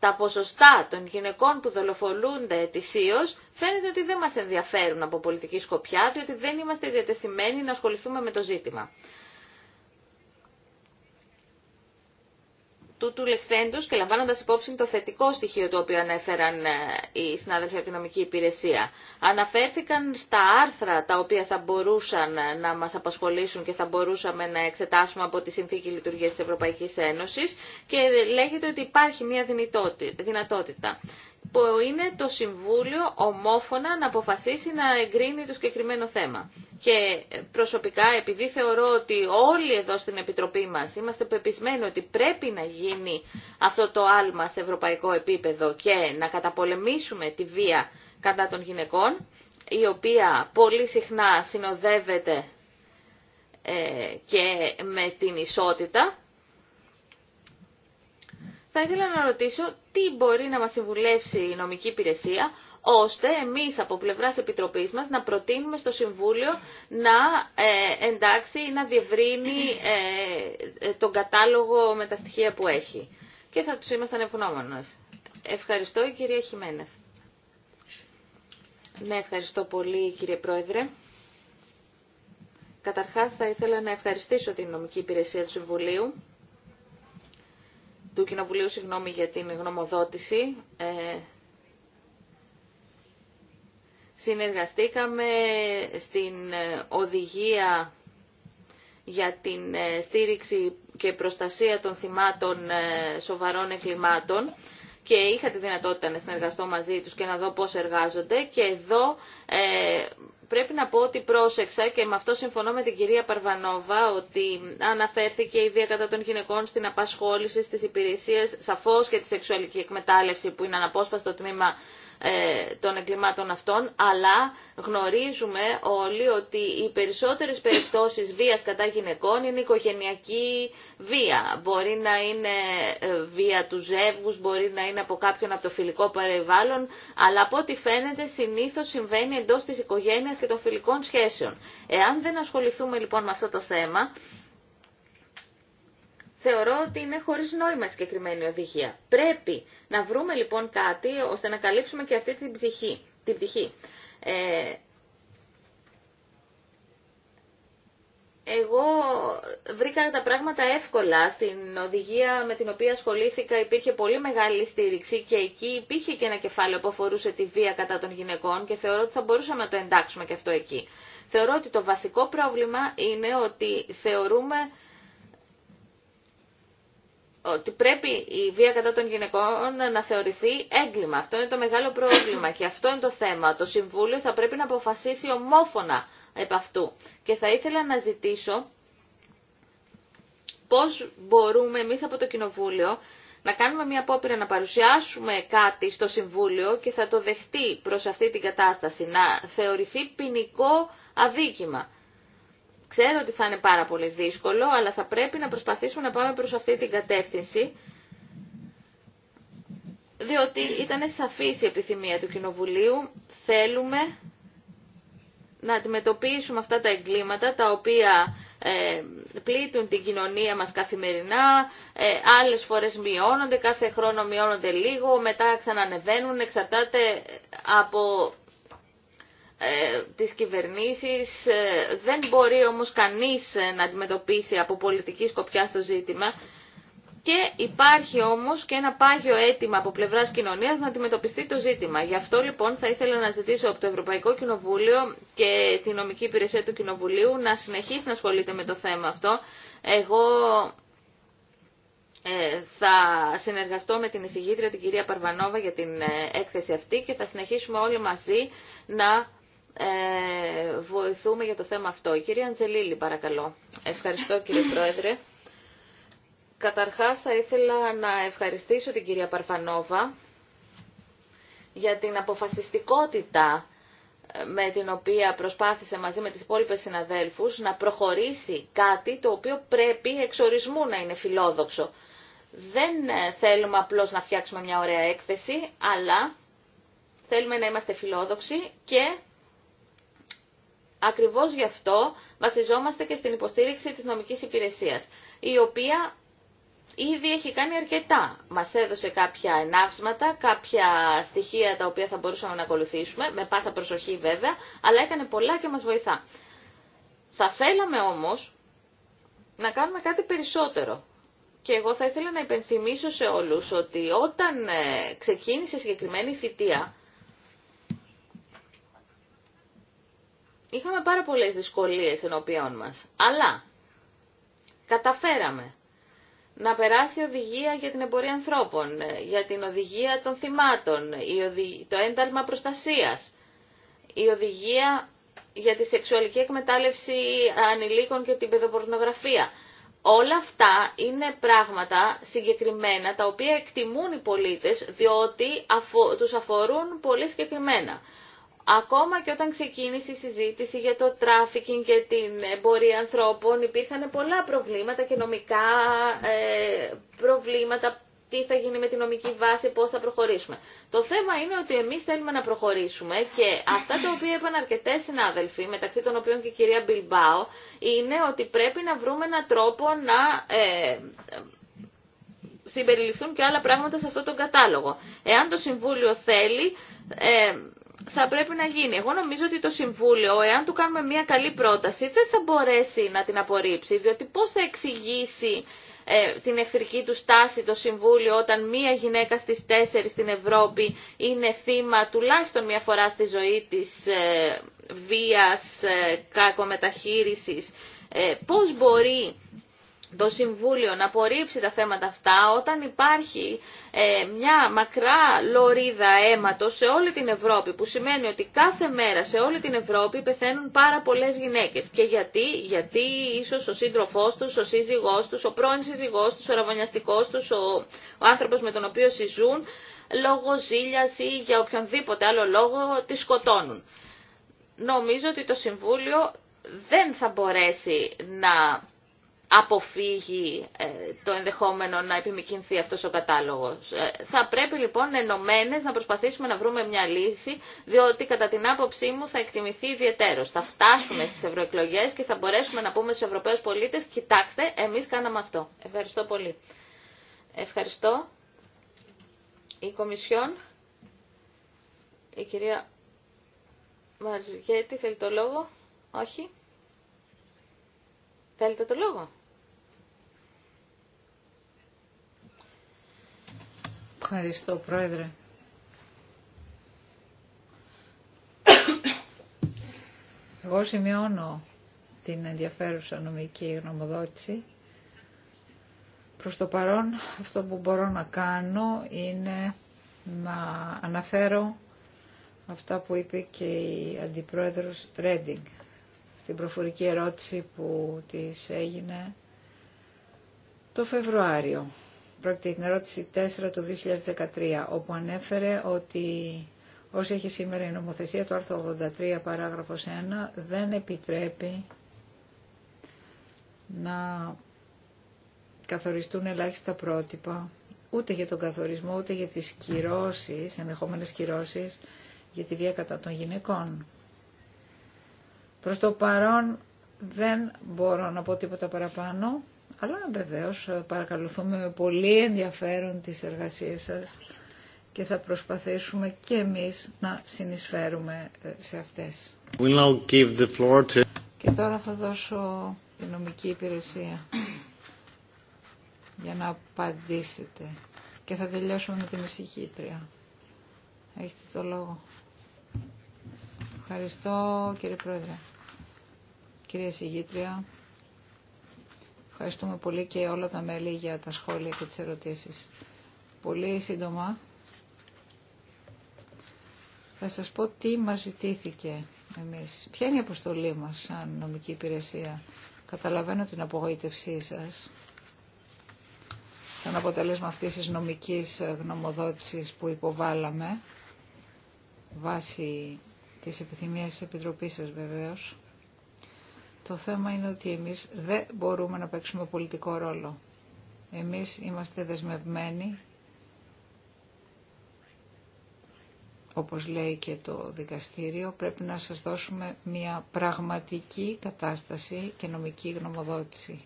τα ποσοστά των γυναικών που δολοφολούνται ετησίω φαίνεται ότι δεν μας ενδιαφέρουν από πολιτική σκοπιά, διότι δεν είμαστε διατεθειμένοι να ασχοληθούμε με το ζήτημα. τούτου λεχθέντος και λαμβάνοντας υπόψη το θετικό στοιχείο το οποίο ανέφεραν ε, οι συνάδελφοι από την νομική υπηρεσία. Αναφέρθηκαν στα άρθρα τα οποία θα μπορούσαν ε, να μας απασχολήσουν και θα μπορούσαμε να εξετάσουμε από τη Συνθήκη Λειτουργίας της Ευρωπαϊκής Ένωσης και λέγεται ότι υπάρχει μια δυνατότητα που είναι το Συμβούλιο ομόφωνα να αποφασίσει να εγκρίνει το συγκεκριμένο θέμα. Και προσωπικά, επειδή θεωρώ ότι όλοι εδώ στην Επιτροπή μας είμαστε πεπισμένοι ότι πρέπει να γίνει αυτό το άλμα σε ευρωπαϊκό επίπεδο και να καταπολεμήσουμε τη βία κατά των γυναικών, η οποία πολύ συχνά συνοδεύεται ε, και με την ισότητα, θα ήθελα να ρωτήσω τι μπορεί να μας συμβουλεύσει η νομική υπηρεσία ώστε εμείς από πλευράς Επιτροπής μας να προτείνουμε στο Συμβούλιο να ε, εντάξει ή να διευρύνει ε, ε, τον κατάλογο με τα στοιχεία που έχει. Και θα τους ήμασταν ευγνώμονες. Ευχαριστώ η κυρία Χιμένεθ. Ναι, ευχαριστώ πολύ κύριε Πρόεδρε. Καταρχάς θα ήθελα να ευχαριστήσω την νομική υπηρεσία του Συμβουλίου του Κοινοβουλίου συγγνώμη, για την γνωμοδότηση. Ε, συνεργαστήκαμε στην ε, οδηγία για την ε, στήριξη και προστασία των θυμάτων σοβαρών εγκλημάτων και είχα τη δυνατότητα να συνεργαστώ μαζί τους και να δω πώς εργάζονται και εδώ πρέπει να πω ότι πρόσεξα και με αυτό συμφωνώ με την κυρία Παρβανόβα ότι αναφέρθηκε η βία κατά των γυναικών στην απασχόληση, στις υπηρεσίες, σαφώς και τη σεξουαλική εκμετάλλευση που είναι αναπόσπαστο τμήμα ε, των εγκλημάτων αυτών, αλλά γνωρίζουμε όλοι ότι οι περισσότερες περιπτώσεις βίας κατά γυναικών είναι οικογενειακή βία. Μπορεί να είναι ε, βία του ζεύγους, μπορεί να είναι από κάποιον από το φιλικό περιβάλλον, αλλά από ό,τι φαίνεται συνήθως συμβαίνει εντός της οικογένειας και των φιλικών σχέσεων. Εάν δεν ασχοληθούμε λοιπόν με αυτό το θέμα, θεωρώ ότι είναι χωρίς νόημα συγκεκριμένη οδηγία. Πρέπει να βρούμε λοιπόν κάτι ώστε να καλύψουμε και αυτή την, ψυχή, την πτυχή. Ε, εγώ βρήκα τα πράγματα εύκολα στην οδηγία με την οποία ασχολήθηκα υπήρχε πολύ μεγάλη στήριξη και εκεί υπήρχε και ένα κεφάλαιο που αφορούσε τη βία κατά των γυναικών και θεωρώ ότι θα μπορούσαμε να το εντάξουμε και αυτό εκεί. Θεωρώ ότι το βασικό πρόβλημα είναι ότι θεωρούμε ότι πρέπει η βία κατά των γυναικών να θεωρηθεί έγκλημα. Αυτό είναι το μεγάλο πρόβλημα και αυτό είναι το θέμα. Το Συμβούλιο θα πρέπει να αποφασίσει ομόφωνα επ' αυτού. Και θα ήθελα να ζητήσω πώς μπορούμε εμείς από το Κοινοβούλιο να κάνουμε μια απόπειρα να παρουσιάσουμε κάτι στο Συμβούλιο και θα το δεχτεί προς αυτή την κατάσταση, να θεωρηθεί ποινικό αδίκημα. Ξέρω ότι θα είναι πάρα πολύ δύσκολο, αλλά θα πρέπει να προσπαθήσουμε να πάμε προς αυτή την κατεύθυνση, διότι ήταν σαφής η επιθυμία του Κοινοβουλίου. Θέλουμε να αντιμετωπίσουμε αυτά τα εγκλήματα τα οποία ε, πλήττουν την κοινωνία μας καθημερινά, ε, άλλες φορές μειώνονται, κάθε χρόνο μειώνονται λίγο, μετά ξανανεβαίνουν, εξαρτάται από ε, τις κυβερνήσεις. Ε, δεν μπορεί όμως κανείς ε, να αντιμετωπίσει από πολιτική σκοπιά στο ζήτημα. Και υπάρχει όμως και ένα πάγιο αίτημα από πλευράς κοινωνίας να αντιμετωπιστεί το ζήτημα. Γι' αυτό λοιπόν θα ήθελα να ζητήσω από το Ευρωπαϊκό Κοινοβούλιο και την νομική υπηρεσία του Κοινοβουλίου να συνεχίσει να ασχολείται με το θέμα αυτό. Εγώ θα συνεργαστώ με την εισηγήτρια την κυρία Παρβανόβα για την έκθεση αυτή και θα συνεχίσουμε όλοι μαζί να ε, βοηθούμε για το θέμα αυτό. Η κυρία Αντζελίλη, παρακαλώ. Ευχαριστώ κύριε Πρόεδρε. Καταρχάς θα ήθελα να ευχαριστήσω την κυρία Παρφανόβα για την αποφασιστικότητα ε, με την οποία προσπάθησε μαζί με τις υπόλοιπε συναδέλφους να προχωρήσει κάτι το οποίο πρέπει εξορισμού να είναι φιλόδοξο. Δεν ε, θέλουμε απλώς να φτιάξουμε μια ωραία έκθεση, αλλά θέλουμε να είμαστε φιλόδοξοι και Ακριβώς γι' αυτό βασιζόμαστε και στην υποστήριξη της νομικής υπηρεσίας, η οποία ήδη έχει κάνει αρκετά. Μας έδωσε κάποια ενάψματα, κάποια στοιχεία τα οποία θα μπορούσαμε να ακολουθήσουμε, με πάσα προσοχή βέβαια, αλλά έκανε πολλά και μας βοηθά. Θα θέλαμε όμως να κάνουμε κάτι περισσότερο. Και εγώ θα ήθελα να υπενθυμίσω σε όλους ότι όταν ε, ξεκίνησε η συγκεκριμένη θητεία, είχαμε πάρα πολλές δυσκολίες ενώπιόν μας. Αλλά καταφέραμε να περάσει οδηγία για την εμπορία ανθρώπων, για την οδηγία των θυμάτων, το ένταλμα προστασίας, η οδηγία για τη σεξουαλική εκμετάλλευση ανηλίκων και την παιδοπορνογραφία. Όλα αυτά είναι πράγματα συγκεκριμένα τα οποία εκτιμούν οι πολίτες διότι αφο, τους αφορούν πολύ συγκεκριμένα. Ακόμα και όταν ξεκίνησε η συζήτηση για το τράφικινγκ και την εμπορία ανθρώπων υπήρχαν πολλά προβλήματα και νομικά ε, προβλήματα τι θα γίνει με τη νομική βάση, πώ θα προχωρήσουμε. Το θέμα είναι ότι εμείς θέλουμε να προχωρήσουμε και αυτά τα οποία είπαν αρκετέ συνάδελφοι, μεταξύ των οποίων και η κυρία Μπιλμπάο, είναι ότι πρέπει να βρούμε έναν τρόπο να ε, συμπεριληφθούν και άλλα πράγματα σε αυτό τον κατάλογο. Εάν το Συμβούλιο θέλει, ε, θα πρέπει να γίνει. Εγώ νομίζω ότι το Συμβούλιο, εάν του κάνουμε μια καλή πρόταση, δεν θα μπορέσει να την απορρίψει, διότι πώς θα εξηγήσει ε, την εχθρική του στάση το Συμβούλιο όταν μία γυναίκα στις τέσσερις στην Ευρώπη είναι θύμα τουλάχιστον μία φορά στη ζωή της ε, βίας, ε, κακομεταχείρισης. Ε, πώς μπορεί το Συμβούλιο να απορρίψει τα θέματα αυτά όταν υπάρχει ε, μια μακρά λωρίδα αίματος σε όλη την Ευρώπη που σημαίνει ότι κάθε μέρα σε όλη την Ευρώπη πεθαίνουν πάρα πολλές γυναίκες. Και γιατί, γιατί ίσως ο σύντροφός τους, ο σύζυγός τους, ο πρώην σύζυγός τους, ο ραβωνιαστικός τους, ο, ο άνθρωπος με τον οποίο συζούν λόγω ζήλιας ή για οποιονδήποτε άλλο λόγο τη σκοτώνουν. Νομίζω ότι το Συμβούλιο δεν θα μπορέσει να αποφύγει ε, το ενδεχόμενο να επιμηκυνθεί αυτός ο κατάλογος. Ε, θα πρέπει λοιπόν ενωμένε να προσπαθήσουμε να βρούμε μια λύση, διότι κατά την άποψή μου θα εκτιμηθεί ιδιαιτέρως. Θα φτάσουμε στις ευρωεκλογέ και θα μπορέσουμε να πούμε στους Ευρωπαίους πολίτες, κοιτάξτε, εμείς κάναμε αυτό. Ευχαριστώ πολύ. Ευχαριστώ. Η Κομισιόν, η κυρία Μαρζικέτη, θέλει το λόγο. Όχι. Θέλετε το λόγο. Ευχαριστώ, Πρόεδρε. Εγώ σημειώνω την ενδιαφέρουσα νομική γνωμοδότηση. Προς το παρόν αυτό που μπορώ να κάνω είναι να αναφέρω αυτά που είπε και η Αντιπρόεδρος Τρέντινγκ στην προφορική ερώτηση που της έγινε το Φεβρουάριο. Πρόκειται για την ερώτηση 4 του 2013, όπου ανέφερε ότι όσο έχει σήμερα η νομοθεσία του άρθρου 83 παράγραφος 1 δεν επιτρέπει να καθοριστούν ελάχιστα πρότυπα ούτε για τον καθορισμό ούτε για τις κυρώσεις, ενδεχόμενες κυρώσεις για τη βία κατά των γυναικών. Προς το παρόν δεν μπορώ να πω τίποτα παραπάνω. Αλλά βεβαίως ε, παρακαλουθούμε με πολύ ενδιαφέρον τις εργασίες σας και θα προσπαθήσουμε και εμείς να συνεισφέρουμε ε, σε αυτές. Και τώρα θα δώσω τη νομική υπηρεσία για να απαντήσετε και θα τελειώσουμε με την ησυχήτρια. Έχετε το λόγο. Ευχαριστώ κύριε Πρόεδρε. Κυρία Συγήτρια, Ευχαριστούμε πολύ και όλα τα μέλη για τα σχόλια και τις ερωτήσεις. Πολύ σύντομα θα σας πω τι μας ζητήθηκε εμείς. Ποια είναι η αποστολή μας σαν νομική υπηρεσία. Καταλαβαίνω την απογοήτευσή σας σαν αποτέλεσμα αυτής της νομικής γνωμοδότησης που υποβάλαμε βάσει της επιθυμίας της Επιτροπής σας βεβαίως. Το θέμα είναι ότι εμείς δεν μπορούμε να παίξουμε πολιτικό ρόλο. Εμείς είμαστε δεσμευμένοι, όπως λέει και το δικαστήριο, πρέπει να σας δώσουμε μια πραγματική κατάσταση και νομική γνωμοδότηση.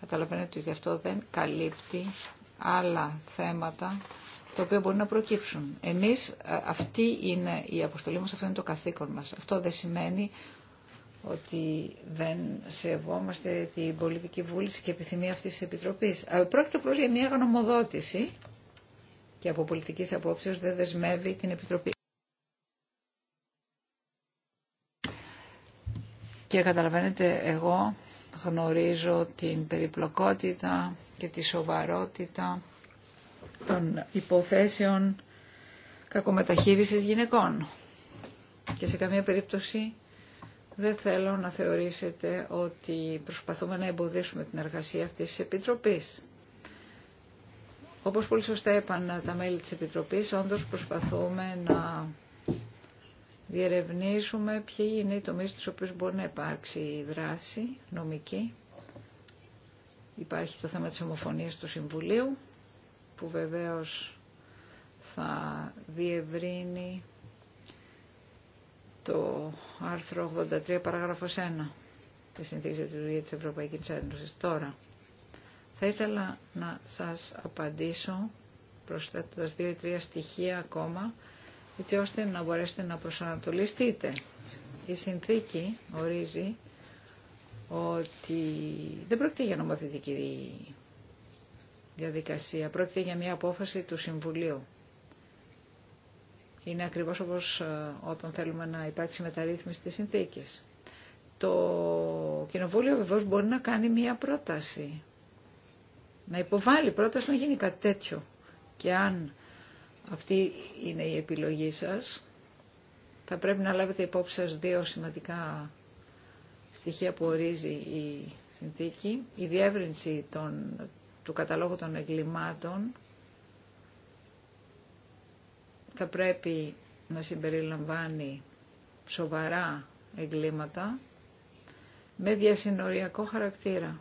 Καταλαβαίνετε ότι αυτό δεν καλύπτει άλλα θέματα τα οποία μπορεί να προκύψουν. Εμείς ε, αυτή είναι η αποστολή μας, αυτό είναι το καθήκον μας. Αυτό δεν σημαίνει ότι δεν σεβόμαστε την πολιτική βούληση και επιθυμία αυτής της Επιτροπής. Πρόκειται απλώς για μια γνωμοδότηση και από πολιτικής απόψεως δεν δεσμεύει την Επιτροπή. Και καταλαβαίνετε, εγώ γνωρίζω την περιπλοκότητα και τη σοβαρότητα των υποθέσεων κακομεταχείρισης γυναικών. Και σε καμία περίπτωση δεν θέλω να θεωρήσετε ότι προσπαθούμε να εμποδίσουμε την εργασία αυτής της Επιτροπής. Όπως πολύ σωστά είπαν τα μέλη της Επιτροπής, όντως προσπαθούμε να διερευνήσουμε ποιοι είναι οι τομείς στους οποίους μπορεί να υπάρξει δράση νομική. Υπάρχει το θέμα της ομοφωνίας του Συμβουλίου, που βεβαίως θα διευρύνει το άρθρο 83 παράγραφος 1 της Συνθήκης λειτουργία της Ευρωπαϊκής Ένωσης. Τώρα, θα ήθελα να σας απαντήσω προσθέτοντας δύο ή τρία στοιχεία ακόμα, έτσι ώστε να μπορέσετε να προσανατολιστείτε. Η συνθήκη ορίζει ότι δεν πρόκειται για νομοθετική διαδικασία, πρόκειται για μια απόφαση του Συμβουλίου. Είναι ακριβώς όπως ε, όταν θέλουμε να υπάρξει μεταρρύθμιση της συνθήκης. Το Κοινοβούλιο βεβαίως μπορεί να κάνει μία πρόταση. Να υποβάλει πρόταση να γίνει κάτι τέτοιο. Και αν αυτή είναι η επιλογή σας, θα πρέπει να λάβετε υπόψη σας δύο σημαντικά στοιχεία που ορίζει η συνθήκη. Η διεύρυνση των, του καταλόγου των εγκλημάτων θα πρέπει να συμπεριλαμβάνει σοβαρά εγκλήματα με διασυνοριακό χαρακτήρα.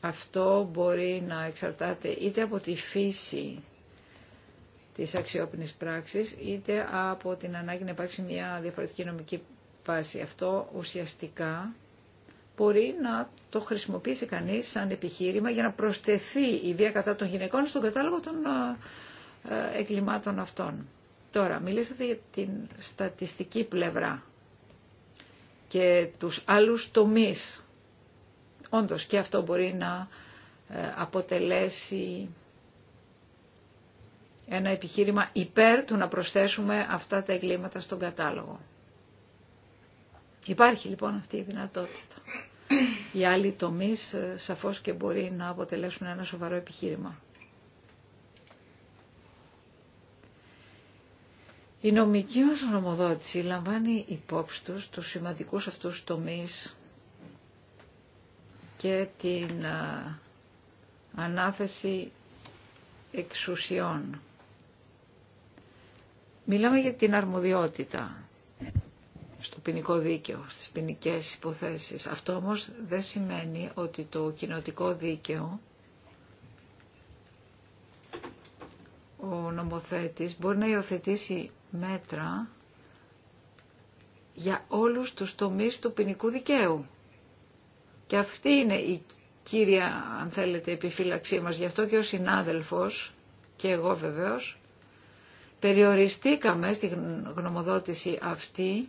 Αυτό μπορεί να εξαρτάται είτε από τη φύση της αξιόπινης πράξης, είτε από την ανάγκη να υπάρξει μια διαφορετική νομική βάση. Αυτό ουσιαστικά μπορεί να το χρησιμοποιήσει κανείς σαν επιχείρημα για να προσθεθεί η βία κατά των γυναικών στον κατάλογο των εγκλημάτων αυτών. Τώρα, μιλήσατε για την στατιστική πλευρά και τους άλλους τομείς. Όντως και αυτό μπορεί να ε, αποτελέσει ένα επιχείρημα υπέρ του να προσθέσουμε αυτά τα εγκλήματα στον κατάλογο. Υπάρχει λοιπόν αυτή η δυνατότητα. Οι άλλοι τομεί ε, σαφώς και μπορεί να αποτελέσουν ένα σοβαρό επιχείρημα. Η νομική μας νομοδότηση λαμβάνει υπόψη τους τους σημαντικούς αυτούς τομείς και την ε, ανάθεση εξουσιών. Μιλάμε για την αρμοδιότητα στο ποινικό δίκαιο, στις ποινικέ υποθέσεις. Αυτό όμως δεν σημαίνει ότι το κοινοτικό δίκαιο ο νομοθέτης μπορεί να υιοθετήσει μέτρα για όλους τους τομείς του ποινικού δικαίου. Και αυτή είναι η κύρια, αν θέλετε, επιφύλαξή μας. Γι' αυτό και ο συνάδελφος, και εγώ βεβαίως, περιοριστήκαμε στη γνωμοδότηση αυτή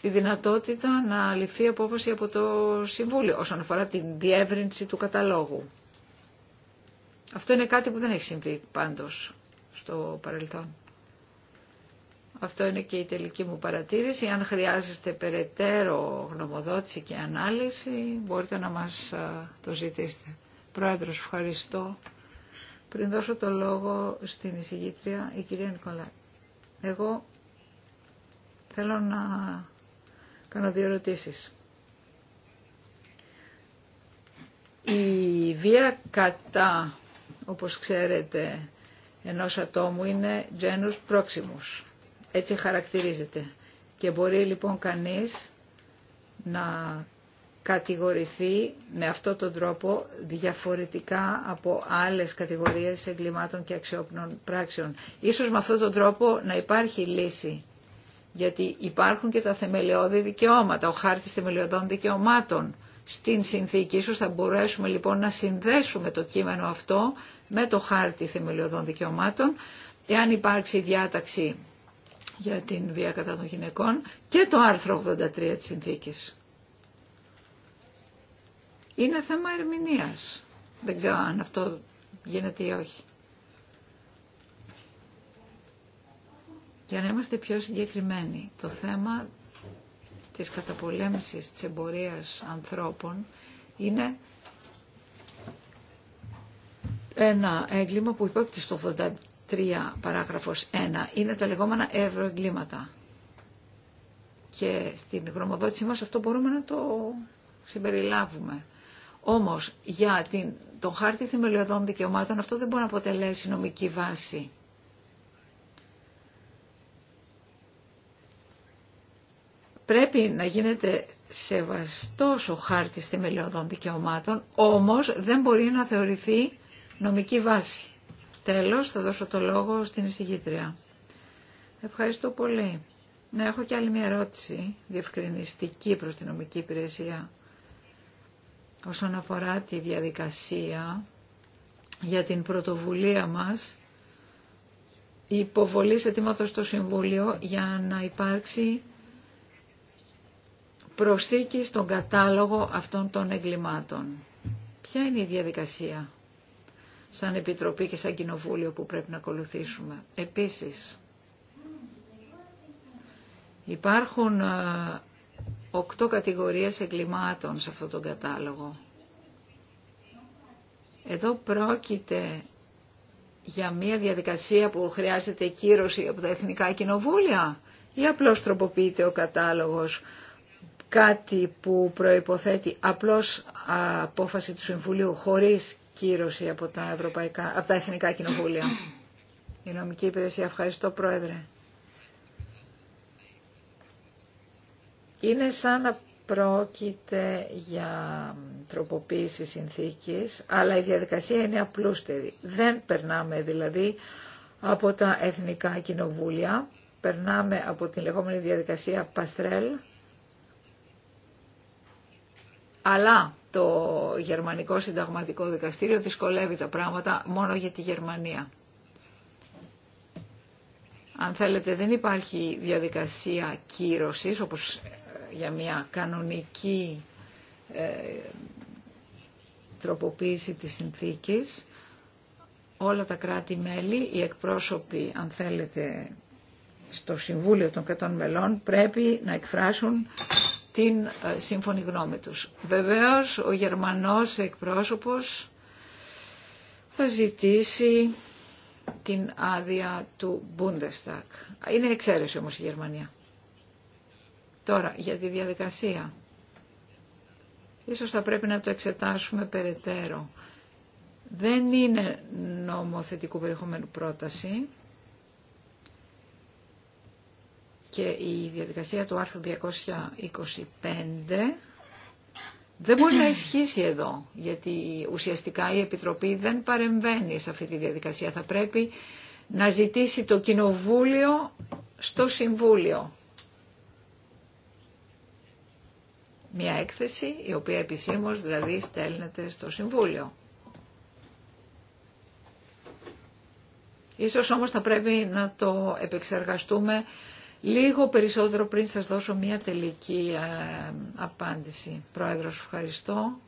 τη δυνατότητα να ληφθεί απόφαση από το Συμβούλιο όσον αφορά την διεύρυνση του καταλόγου. Αυτό είναι κάτι που δεν έχει συμβεί πάντως στο παρελθόν. Αυτό είναι και η τελική μου παρατήρηση. Αν χρειάζεστε περαιτέρω γνωμοδότηση και ανάλυση, μπορείτε να μας το ζητήσετε. Πρόεδρος, ευχαριστώ. Πριν δώσω το λόγο στην εισηγήτρια, η κυρία Νικολά. Εγώ θέλω να κάνω δύο Η βία κατά, όπως ξέρετε, ενός ατόμου είναι genus proximus. Έτσι χαρακτηρίζεται. Και μπορεί λοιπόν κανείς να κατηγορηθεί με αυτόν τον τρόπο διαφορετικά από άλλες κατηγορίες εγκλημάτων και αξιόπνων πράξεων. Ίσως με αυτόν τον τρόπο να υπάρχει λύση γιατί υπάρχουν και τα θεμελιώδη δικαιώματα, ο χάρτης θεμελιωδών δικαιωμάτων στην συνθήκη. Ίσως θα μπορέσουμε λοιπόν να συνδέσουμε το κείμενο αυτό με το χάρτη θεμελιωδών δικαιωμάτων, εάν υπάρξει διάταξη για την βία κατά των γυναικών και το άρθρο 83 της συνθήκης. Είναι θέμα ερμηνείας. Δεν ξέρω αν αυτό γίνεται ή όχι. Για να είμαστε πιο συγκεκριμένοι, το θέμα της καταπολέμησης της εμπορίας ανθρώπων είναι ένα έγκλημα που υπόκειται στο 83 παράγραφος 1. Είναι τα λεγόμενα ευρωεγκλήματα. Και στην γνωμοδότησή μας αυτό μπορούμε να το συμπεριλάβουμε. Όμως για την, τον χάρτη θεμελιωδών δικαιωμάτων αυτό δεν μπορεί να αποτελέσει νομική βάση. πρέπει να γίνεται σεβαστός ο χάρτης θεμελιωδών δικαιωμάτων, όμως δεν μπορεί να θεωρηθεί νομική βάση. Τέλος, θα δώσω το λόγο στην εισηγήτρια. Ευχαριστώ πολύ. Να έχω και άλλη μια ερώτηση διευκρινιστική προς την νομική υπηρεσία όσον αφορά τη διαδικασία για την πρωτοβουλία μας υποβολή αιτήματο στο Συμβούλιο για να υπάρξει προσθήκη στον κατάλογο αυτών των εγκλημάτων. Ποια είναι η διαδικασία σαν Επιτροπή και σαν Κοινοβούλιο που πρέπει να ακολουθήσουμε. Επίσης, υπάρχουν ε, οκτώ κατηγορίες εγκλημάτων σε αυτόν τον κατάλογο. Εδώ πρόκειται για μια διαδικασία που χρειάζεται κύρωση από τα Εθνικά Κοινοβούλια ή απλώς τροποποιείται ο κατάλογος κάτι που προϋποθέτει απλώς απόφαση του Συμβουλίου χωρίς κύρωση από τα, ευρωπαϊκά, από Εθνικά Κοινοβούλια. Η νομική υπηρεσία. Ευχαριστώ Πρόεδρε. Είναι σαν να πρόκειται για τροποποίηση συνθήκης, αλλά η διαδικασία είναι απλούστερη. Δεν περνάμε δηλαδή από τα Εθνικά Κοινοβούλια, περνάμε από την λεγόμενη διαδικασία Παστρέλ, αλλά το Γερμανικό Συνταγματικό Δικαστήριο δυσκολεύει τα πράγματα μόνο για τη Γερμανία. Αν θέλετε δεν υπάρχει διαδικασία κύρωσης όπως ε, για μια κανονική ε, τροποποίηση της συνθήκης. Όλα τα κράτη-μέλη, οι εκπρόσωποι αν θέλετε στο Συμβούλιο των Κατών Μελών πρέπει να εκφράσουν την ε, σύμφωνη γνώμη τους. Βεβαίως ο Γερμανός εκπρόσωπος θα ζητήσει την άδεια του Bundestag. Είναι εξαίρεση όμως η Γερμανία. Τώρα για τη διαδικασία. Ίσως θα πρέπει να το εξετάσουμε περαιτέρω. Δεν είναι νομοθετικού περιεχομένου πρόταση. και η διαδικασία του άρθρου 225 δεν μπορεί να ισχύσει εδώ, γιατί ουσιαστικά η Επιτροπή δεν παρεμβαίνει σε αυτή τη διαδικασία. Θα πρέπει να ζητήσει το Κοινοβούλιο στο Συμβούλιο. Μια έκθεση η οποία επισήμως δηλαδή στέλνεται στο Συμβούλιο. Ίσως όμως θα πρέπει να το επεξεργαστούμε λίγο περισσότερο πριν σας δώσω μια τελική ε, απάντηση. Πρόεδρος, ευχαριστώ.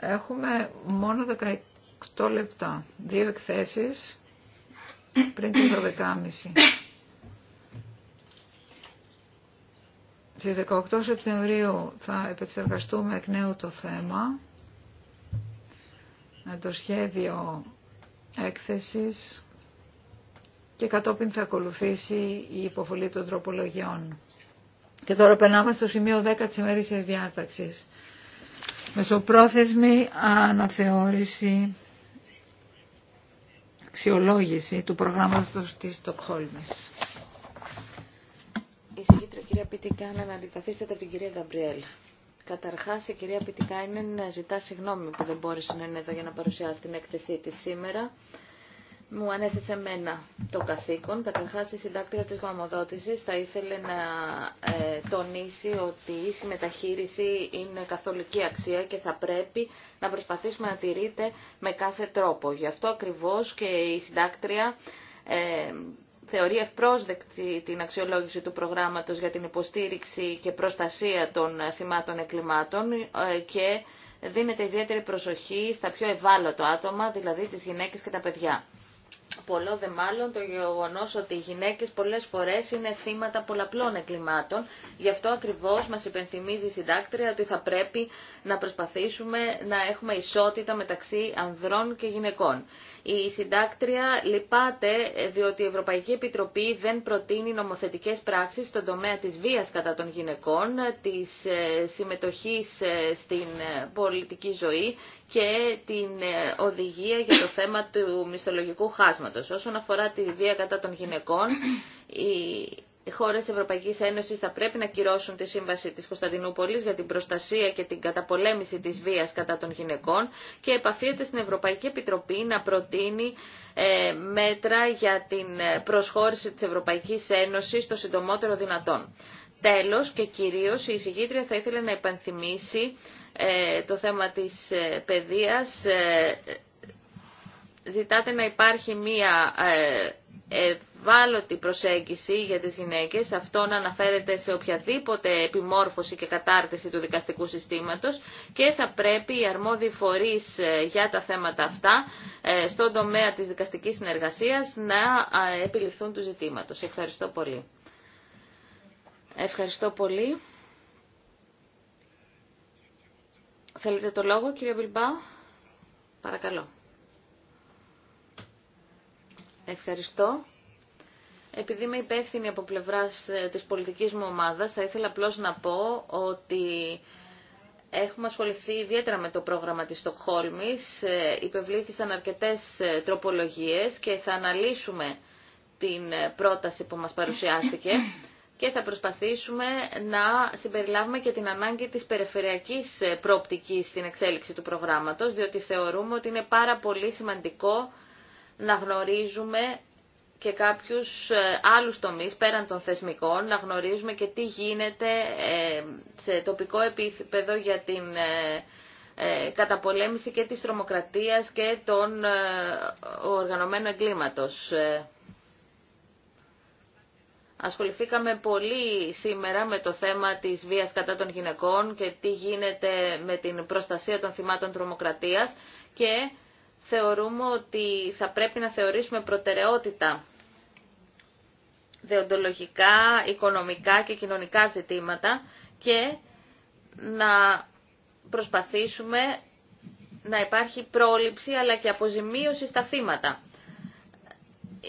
Έχουμε μόνο 18 λεπτά. Δύο εκθέσεις πριν την 12.30. Στις 18 Σεπτεμβρίου θα επεξεργαστούμε εκ νέου το θέμα. Το σχέδιο έκθεσης και κατόπιν θα ακολουθήσει η υποβολή των τροπολογιών. Και τώρα περνάμε στο σημείο 10 της ημερήσιας διάταξης. Μεσοπρόθεσμη αναθεώρηση αξιολόγηση του προγράμματος της Στοκχόλμης. Η συγκήτρια κυρία να αντικαθίσταται από την κυρία Γκαμπριέλα. Καταρχά, η κυρία Πιτικάινεν να ζητά συγγνώμη που δεν μπόρεσε να είναι εδώ για να παρουσιάσει την έκθεσή της σήμερα. Μου ανέθεσε μένα το καθήκον. Καταρχάς η συντάκτρια της γραμμοδότηση θα ήθελε να ε, τονίσει ότι η συμμεταχείριση είναι καθολική αξία και θα πρέπει να προσπαθήσουμε να τηρείται με κάθε τρόπο. Γι' αυτό ακριβώ και η συντάκτρια ε, θεωρεί ευπρόσδεκτη την αξιολόγηση του προγράμματος για την υποστήριξη και προστασία των θυμάτων εγκλημάτων ε, και δίνεται ιδιαίτερη προσοχή στα πιο ευάλωτα άτομα, δηλαδή τις γυναίκες και τα παιδιά. Πολλό δε μάλλον το γεγονό ότι οι γυναίκε πολλέ φορέ είναι θύματα πολλαπλών εγκλημάτων. Γι' αυτό ακριβώ μα υπενθυμίζει η συντάκτρια ότι θα πρέπει να προσπαθήσουμε να έχουμε ισότητα μεταξύ ανδρών και γυναικών. Η συντάκτρια λυπάται διότι η Ευρωπαϊκή Επιτροπή δεν προτείνει νομοθετικές πράξεις στον τομέα της βίας κατά των γυναικών, της ε, συμμετοχής ε, στην ε, πολιτική ζωή και την οδηγία για το θέμα του μισθολογικού χάσματος. Όσον αφορά τη βία κατά των γυναικών, οι χώρες Ευρωπαϊκής Ένωση θα πρέπει να κυρώσουν τη Σύμβαση τη Κωνσταντινούπολη για την προστασία και την καταπολέμηση της βίας κατά των γυναικών και επαφείται στην Ευρωπαϊκή Επιτροπή να προτείνει ε, μέτρα για την προσχώρηση της Ευρωπαϊκής Ένωση το συντομότερο δυνατόν. Τέλος και κυρίως η εισηγήτρια θα ήθελε να υπενθυμίσει ε, το θέμα τη ε, ε, Ζητάτε να υπάρχει μία ευάλωτη προσέγγιση για τις γυναίκες, αυτό να αναφέρεται σε οποιαδήποτε επιμόρφωση και κατάρτιση του δικαστικού συστήματος και θα πρέπει οι αρμόδιοι φορείς ε, για τα θέματα αυτά ε, στον τομέα της δικαστικής συνεργασίας να ε, επιληφθούν του ζητήματος. Ευχαριστώ πολύ. Ευχαριστώ πολύ. Θέλετε το λόγο, κύριε Μπιλμπάου. Παρακαλώ. Ευχαριστώ. Επειδή είμαι υπεύθυνη από πλευράς ε, της πολιτικής μου ομάδας, θα ήθελα απλώ να πω ότι έχουμε ασχοληθεί ιδιαίτερα με το πρόγραμμα της Στοκχόλμης. Ε, υπευλήθησαν αρκετές ε, τροπολογίες και θα αναλύσουμε την πρόταση που μας παρουσιάστηκε και θα προσπαθήσουμε να συμπεριλάβουμε και την ανάγκη της περιφερειακής προοπτικής στην εξέλιξη του προγράμματος, διότι θεωρούμε ότι είναι πάρα πολύ σημαντικό να γνωρίζουμε και κάποιους ε, άλλους τομείς πέραν των θεσμικών, να γνωρίζουμε και τι γίνεται ε, σε τοπικό επίπεδο για την ε, καταπολέμηση και της τρομοκρατίας και των οργανωμένων εγκλήματος. Ασχοληθήκαμε πολύ σήμερα με το θέμα της βίας κατά των γυναικών και τι γίνεται με την προστασία των θυμάτων τρομοκρατίας και θεωρούμε ότι θα πρέπει να θεωρήσουμε προτεραιότητα δεοντολογικά, οικονομικά και κοινωνικά ζητήματα και να προσπαθήσουμε να υπάρχει πρόληψη αλλά και αποζημίωση στα θύματα.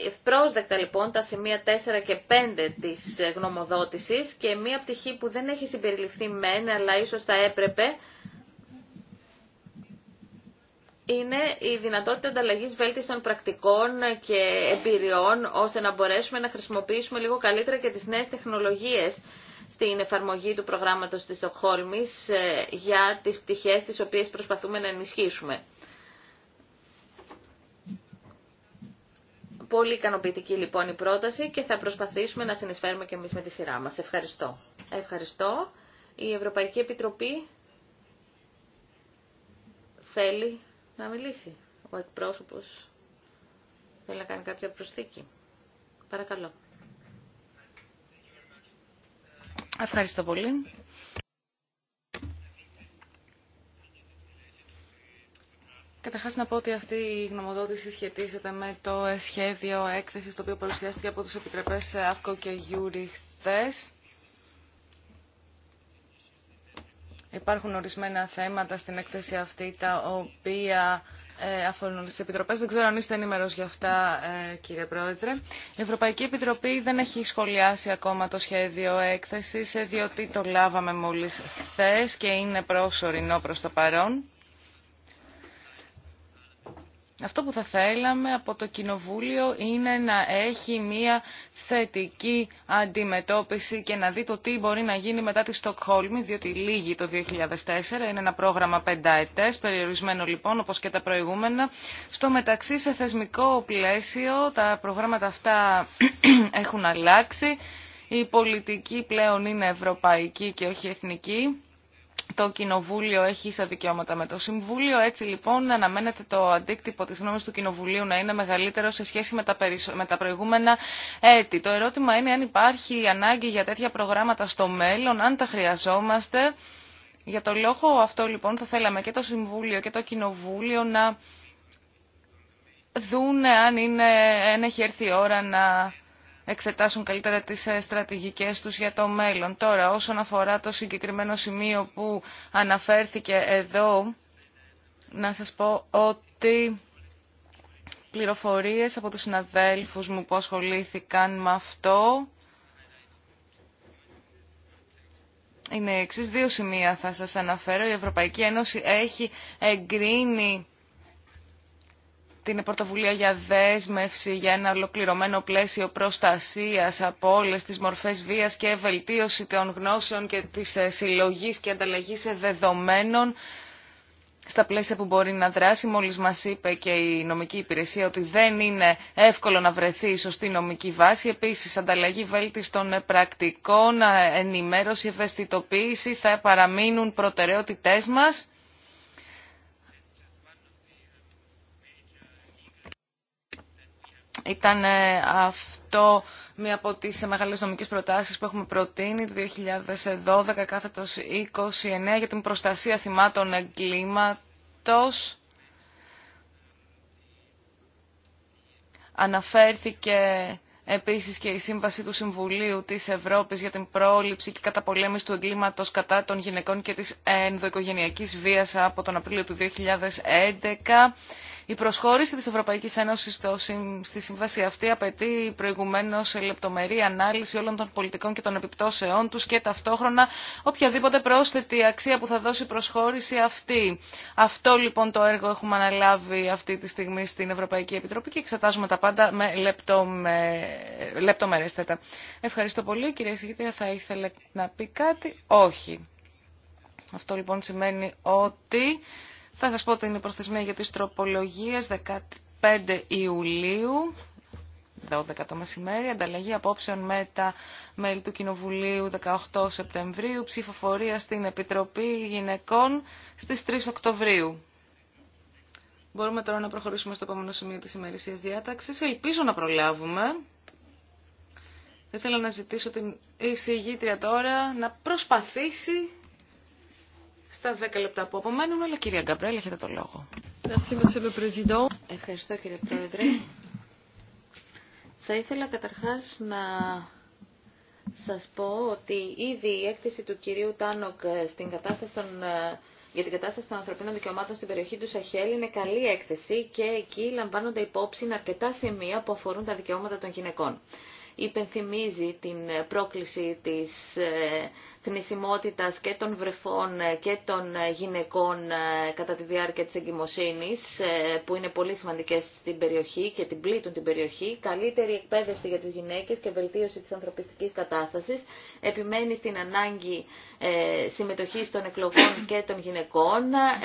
Ευπρόσδεκτα λοιπόν τα σημεία 4 και 5 της γνωμοδότησης και μία πτυχή που δεν έχει συμπεριληφθεί μεν αλλά ίσως θα έπρεπε είναι η δυνατότητα ανταλλαγή βέλτιστων πρακτικών και εμπειριών, ώστε να μπορέσουμε να χρησιμοποιήσουμε λίγο καλύτερα και τις νέες τεχνολογίες στην εφαρμογή του προγράμματος της Στοκχόλμης ε, για τις πτυχές τις οποίες προσπαθούμε να ενισχύσουμε. Πολύ ικανοποιητική λοιπόν η πρόταση και θα προσπαθήσουμε να συνεισφέρουμε και εμείς με τη σειρά μας. Ευχαριστώ. Ευχαριστώ. Η Ευρωπαϊκή Επιτροπή θέλει να μιλήσει. Ο εκπρόσωπος θέλει να κάνει κάποια προσθήκη. Παρακαλώ. Ευχαριστώ πολύ. Καταρχά να πω ότι αυτή η γνωμοδότηση σχετίζεται με το σχέδιο έκθεση το οποίο παρουσιάστηκε από του επιτρεπέ ΑΦΚΟ και Γιούρι χθες. Υπάρχουν ορισμένα θέματα στην έκθεση αυτή τα οποία ε, αφορούν τις επιτροπές. Δεν ξέρω αν είστε ενήμερο για αυτά, ε, κύριε Πρόεδρε. Η Ευρωπαϊκή Επιτροπή δεν έχει σχολιάσει ακόμα το σχέδιο έκθεση, ε, διότι το λάβαμε μόλι χθε και είναι προσωρινό προς το παρόν. Αυτό που θα θέλαμε από το Κοινοβούλιο είναι να έχει μία θετική αντιμετώπιση και να δει το τι μπορεί να γίνει μετά τη Στοκχόλμη, διότι λύγει το 2004, είναι ένα πρόγραμμα πενταετές, περιορισμένο λοιπόν όπως και τα προηγούμενα. Στο μεταξύ σε θεσμικό πλαίσιο τα προγράμματα αυτά *clears throat* έχουν αλλάξει, η πολιτική πλέον είναι ευρωπαϊκή και όχι εθνική το Κοινοβούλιο έχει ίσα δικαιώματα με το Συμβούλιο. Έτσι λοιπόν αναμένεται το αντίκτυπο της γνώμης του Κοινοβουλίου να είναι μεγαλύτερο σε σχέση με τα, προηγούμενα έτη. Το ερώτημα είναι αν υπάρχει ανάγκη για τέτοια προγράμματα στο μέλλον, αν τα χρειαζόμαστε. Για το λόγο αυτό λοιπόν θα θέλαμε και το Συμβούλιο και το Κοινοβούλιο να δούνε αν είναι, αν έχει έρθει η ώρα να εξετάσουν καλύτερα τις ε, στρατηγικές τους για το μέλλον. Τώρα, όσον αφορά το συγκεκριμένο σημείο που αναφέρθηκε εδώ, να σας πω ότι πληροφορίες από τους συναδέλφους μου που ασχολήθηκαν με αυτό είναι εξής. Δύο σημεία θα σας αναφέρω. Η Ευρωπαϊκή Ένωση έχει εγκρίνει την πρωτοβουλία για δέσμευση, για ένα ολοκληρωμένο πλαίσιο προστασίας από όλες τις μορφές βίας και βελτίωση των γνώσεων και της ε, συλλογής και ανταλλαγής δεδομένων στα πλαίσια που μπορεί να δράσει. Μόλις μας είπε και η νομική υπηρεσία ότι δεν είναι εύκολο να βρεθεί η σωστή νομική βάση. Επίσης, ανταλλαγή βέλτιστων πρακτικών, ε, ενημέρωση, ευαισθητοποίηση θα παραμείνουν προτεραιότητές μας Ήταν ε, αυτό μία από τις μεγάλες νομικές προτάσεις που έχουμε προτείνει το 2012 κάθετος 29 για την προστασία θυμάτων εγκλήματος. Αναφέρθηκε επίσης και η Σύμβαση του Συμβουλίου της Ευρώπης για την πρόληψη και καταπολέμηση του εγκλήματος κατά των γυναικών και της ενδοοικογενειακής βίας από τον Απρίλιο του 2011 η προσχώρηση της Ευρωπαϊκής Ένωσης στη σύμβαση αυτή απαιτεί προηγουμένως λεπτομερή ανάλυση όλων των πολιτικών και των επιπτώσεών τους και ταυτόχρονα οποιαδήποτε πρόσθετη αξία που θα δώσει η προσχώρηση αυτή. Αυτό λοιπόν το έργο έχουμε αναλάβει αυτή τη στιγμή στην Ευρωπαϊκή Επιτροπή και εξετάζουμε τα πάντα με λεπτομε... Ευχαριστώ πολύ. Κυρία Συγητή, θα ήθελε να πει κάτι. Όχι. Αυτό λοιπόν σημαίνει ότι θα σας πω ότι η προθεσμία για τις τροπολογίες 15 Ιουλίου. 12 το μεσημέρι, ανταλλαγή απόψεων με τα μέλη του Κοινοβουλίου 18 Σεπτεμβρίου, ψηφοφορία στην Επιτροπή Γυναικών στις 3 Οκτωβρίου. Μπορούμε τώρα να προχωρήσουμε στο επόμενο σημείο της ημερησίας διάταξης. Ελπίζω να προλάβουμε. Θα να ζητήσω την εισηγήτρια τώρα να προσπαθήσει στα 10 λεπτά που απομένουν, αλλά κυρία Γκαμπρέλ, έχετε το λόγο. Ευχαριστώ κύριε Πρόεδρε. Θα ήθελα καταρχάς να σας πω ότι ήδη η έκθεση του κυρίου Τάνοκ ε, στην κατάσταση των, ε, για την κατάσταση των ανθρωπίνων δικαιωμάτων στην περιοχή του Σαχέλ είναι καλή έκθεση και εκεί λαμβάνονται υπόψη αρκετά σημεία που αφορούν τα δικαιώματα των γυναικών υπενθυμίζει την πρόκληση της ε, θνησιμότητας και των βρεφών ε, και των ε, γυναικών κατά τη διάρκεια της εγκυμοσύνης που είναι πολύ σημαντικές στην περιοχή και την πλήττουν την περιοχή, καλύτερη εκπαίδευση για τις γυναίκες και βελτίωση της ανθρωπιστικής κατάστασης, επιμένει στην ανάγκη συμμετοχής των εκλογών και των γυναικών,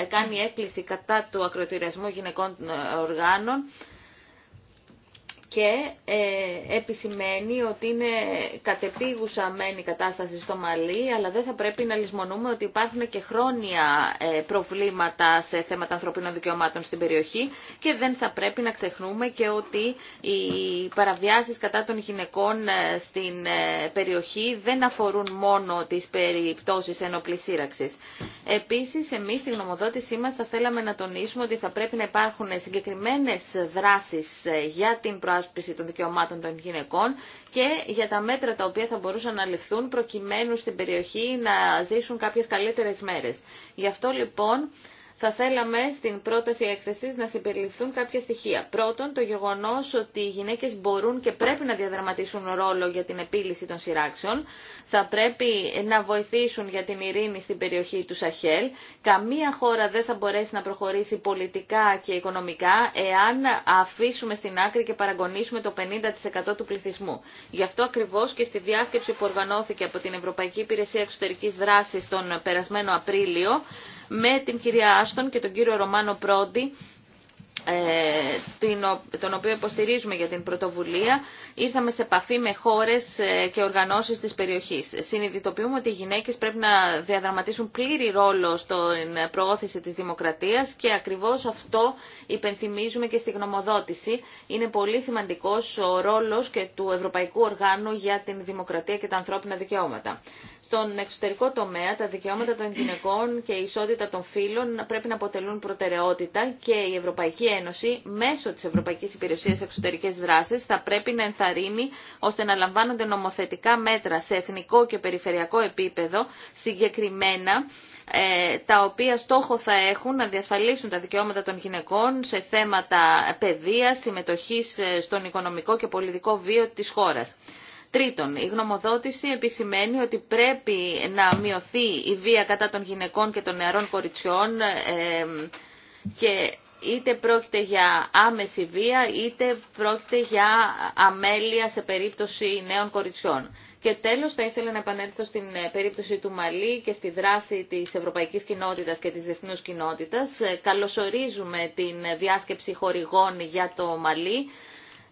κάνει έκκληση κατά του ακροτηριασμού γυναικών οργάνων, και ε, επισημαίνει ότι είναι κατεπίγουσα μεν η κατάσταση στο Μαλί, αλλά δεν θα πρέπει να λησμονούμε ότι υπάρχουν και χρόνια ε, προβλήματα σε θέματα ανθρωπίνων δικαιωμάτων στην περιοχή και δεν θα πρέπει να ξεχνούμε και ότι οι παραβιάσεις κατά των γυναικών ε, στην ε, περιοχή δεν αφορούν μόνο τις περιπτώσεις ενόπλης σύραξης. Επίσης, εμείς στη γνωμοδότησή μας θα θέλαμε να τονίσουμε ότι θα πρέπει να υπάρχουν συγκεκριμένες δράσεις για την υπεράσπιση των δικαιωμάτων των γυναικών και για τα μέτρα τα οποία θα μπορούσαν να ληφθούν προκειμένου στην περιοχή να ζήσουν κάποιες καλύτερες μέρες. Γι' αυτό λοιπόν θα θέλαμε στην πρόταση έκθεση να συμπεριληφθούν κάποια στοιχεία. Πρώτον, το γεγονό ότι οι γυναίκε μπορούν και πρέπει να διαδραματίσουν ρόλο για την επίλυση των σειράξεων, θα πρέπει να βοηθήσουν για την ειρήνη στην περιοχή του Σαχέλ. Καμία χώρα δεν θα μπορέσει να προχωρήσει πολιτικά και οικονομικά εάν αφήσουμε στην άκρη και παραγωνίσουμε το 50% του πληθυσμού. Γι' αυτό ακριβώ και στη διάσκεψη που οργανώθηκε από την Ευρωπαϊκή Υπηρεσία Εξωτερική δράση τον περασμένο Απρίλιο, με την κυρία Άστον και τον κύριο Ρωμάνο Πρόντι ε, τον οποίο υποστηρίζουμε για την πρωτοβουλία, ήρθαμε σε επαφή με χώρες ε, και οργανώσεις της περιοχής. Συνειδητοποιούμε ότι οι γυναίκες πρέπει να διαδραματίσουν πλήρη ρόλο στην προώθηση της δημοκρατίας και ακριβώς αυτό υπενθυμίζουμε και στη γνωμοδότηση. Είναι πολύ σημαντικός ο ρόλος και του Ευρωπαϊκού Οργάνου για την Δημοκρατία και τα Ανθρώπινα Δικαιώματα. Στον εξωτερικό τομέα τα δικαιώματα των γυναικών και η ισότητα των φύλων πρέπει να αποτελούν προτεραιότητα και η Ευρωπαϊκή Ένωση μέσω της Ευρωπαϊκής Υπηρεσίας Εξωτερικές Δράσεις θα πρέπει να ενθαρρύνει ώστε να λαμβάνονται νομοθετικά μέτρα σε εθνικό και περιφερειακό επίπεδο συγκεκριμένα ε, τα οποία στόχο θα έχουν να διασφαλίσουν τα δικαιώματα των γυναικών σε θέματα παιδείας, συμμετοχής ε, στον οικονομικό και πολιτικό βίο της χώρας. Τρίτον, η γνωμοδότηση επισημαίνει ότι πρέπει να μειωθεί η βία κατά των γυναικών και των νεαρών κοριτσιών και είτε πρόκειται για άμεση βία είτε πρόκειται για αμέλεια σε περίπτωση νέων κοριτσιών. Και τέλος θα ήθελα να επανέλθω στην ε, περίπτωση του Μαλή και στη δράση της Ευρωπαϊκής Κοινότητας και της Διεθνούς Κοινότητας. Ε, καλωσορίζουμε την ε, διάσκεψη χορηγών για το Μαλή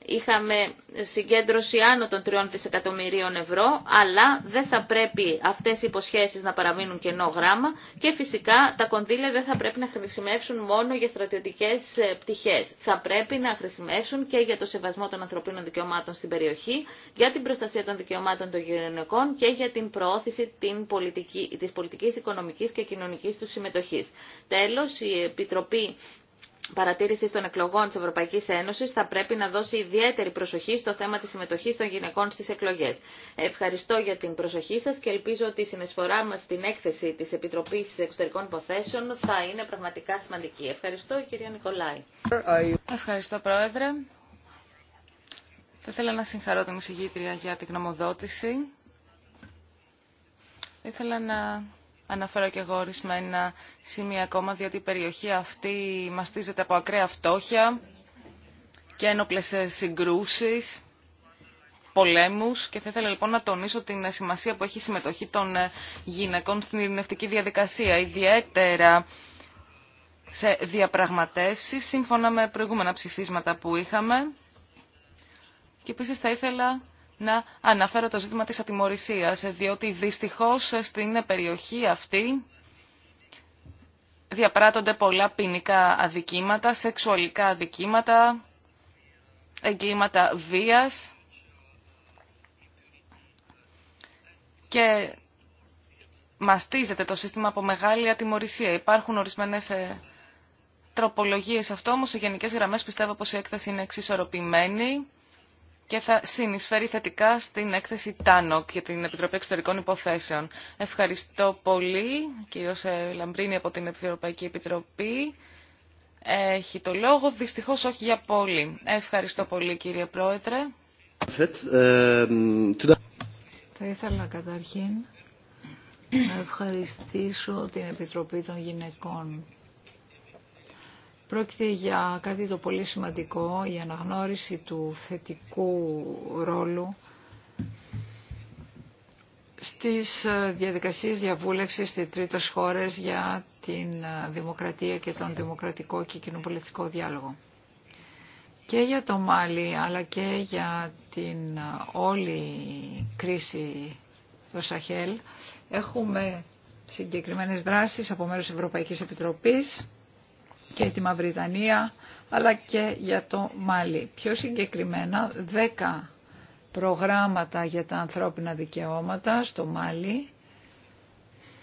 είχαμε συγκέντρωση άνω των 3 δισεκατομμυρίων ευρώ, αλλά δεν θα πρέπει αυτές οι υποσχέσεις να παραμείνουν κενό γράμμα και φυσικά τα κονδύλια δεν θα πρέπει να χρησιμεύσουν μόνο για στρατιωτικές ε, πτυχές. Θα πρέπει να χρησιμεύσουν και για το σεβασμό των ανθρωπίνων δικαιωμάτων στην περιοχή, για την προστασία των δικαιωμάτων των γυναικών και για την προώθηση την πολιτική, της πολιτικής, οικονομικής και κοινωνικής του συμμετοχής. Τέλος, η Επιτροπή Παρατήρηση των εκλογών της Ευρωπαϊκής Ένωσης θα πρέπει να δώσει ιδιαίτερη προσοχή στο θέμα της συμμετοχής των γυναικών στις εκλογές. Ευχαριστώ για την προσοχή σας και ελπίζω ότι η συνεισφορά μας στην έκθεση της Επιτροπής Εξωτερικών Υποθέσεων θα είναι πραγματικά σημαντική. Ευχαριστώ κυρία Νικολάη. Ευχαριστώ Πρόεδρε. Θα ήθελα να συγχαρώ την εισηγήτρια για την γνωμοδότηση. ήθελα να αναφέρω και εγώ ορισμένα σημεία ακόμα, διότι η περιοχή αυτή μαστίζεται από ακραία φτώχεια και ένοπλε ε, συγκρούσεις, πολέμους και θα ήθελα λοιπόν να τονίσω την σημασία που έχει η συμμετοχή των ε, γυναικών στην ειρηνευτική διαδικασία, ιδιαίτερα σε διαπραγματεύσεις, σύμφωνα με προηγούμενα ψηφίσματα που είχαμε. Και επίσης θα ήθελα να αναφέρω το ζήτημα της ατιμορρησίας, διότι δυστυχώς στην περιοχή αυτή διαπράττονται πολλά ποινικά αδικήματα, σεξουαλικά αδικήματα, εγκλήματα βίας και μαστίζεται το σύστημα από μεγάλη ατιμορρησία. Υπάρχουν ορισμένες ε, τροπολογίες αυτό, όμως σε γενικές γραμμές πιστεύω πως η έκθεση είναι εξισορροπημένη και θα συνεισφέρει θετικά στην έκθεση ΤΑΝΟΚ για την Επιτροπή Εξωτερικών Υποθέσεων. Ευχαριστώ πολύ, κύριο ε, Λαμπρίνη από την Ευρωπαϊκή Επιτροπή. Έχει το λόγο, δυστυχώς όχι για πολύ. Ευχαριστώ πολύ κύριε Πρόεδρε. Θα ήθελα καταρχήν να ευχαριστήσω την Επιτροπή των Γυναικών Πρόκειται για κάτι το πολύ σημαντικό, η αναγνώριση του θετικού ρόλου στις ε, διαδικασίες διαβούλευσης στις τρίτες χώρες για την ε, δημοκρατία και τον δημοκρατικό και κοινοπολιτικό διάλογο. Και για το Μάλι αλλά και για την ε, όλη κρίση στο Σαχέλ έχουμε συγκεκριμένες δράσεις από μέρους Ευρωπαϊκής Επιτροπής και τη Μαυριτανία αλλά και για το Μάλι. Πιο συγκεκριμένα 10 προγράμματα για τα ανθρώπινα δικαιώματα στο Μάλι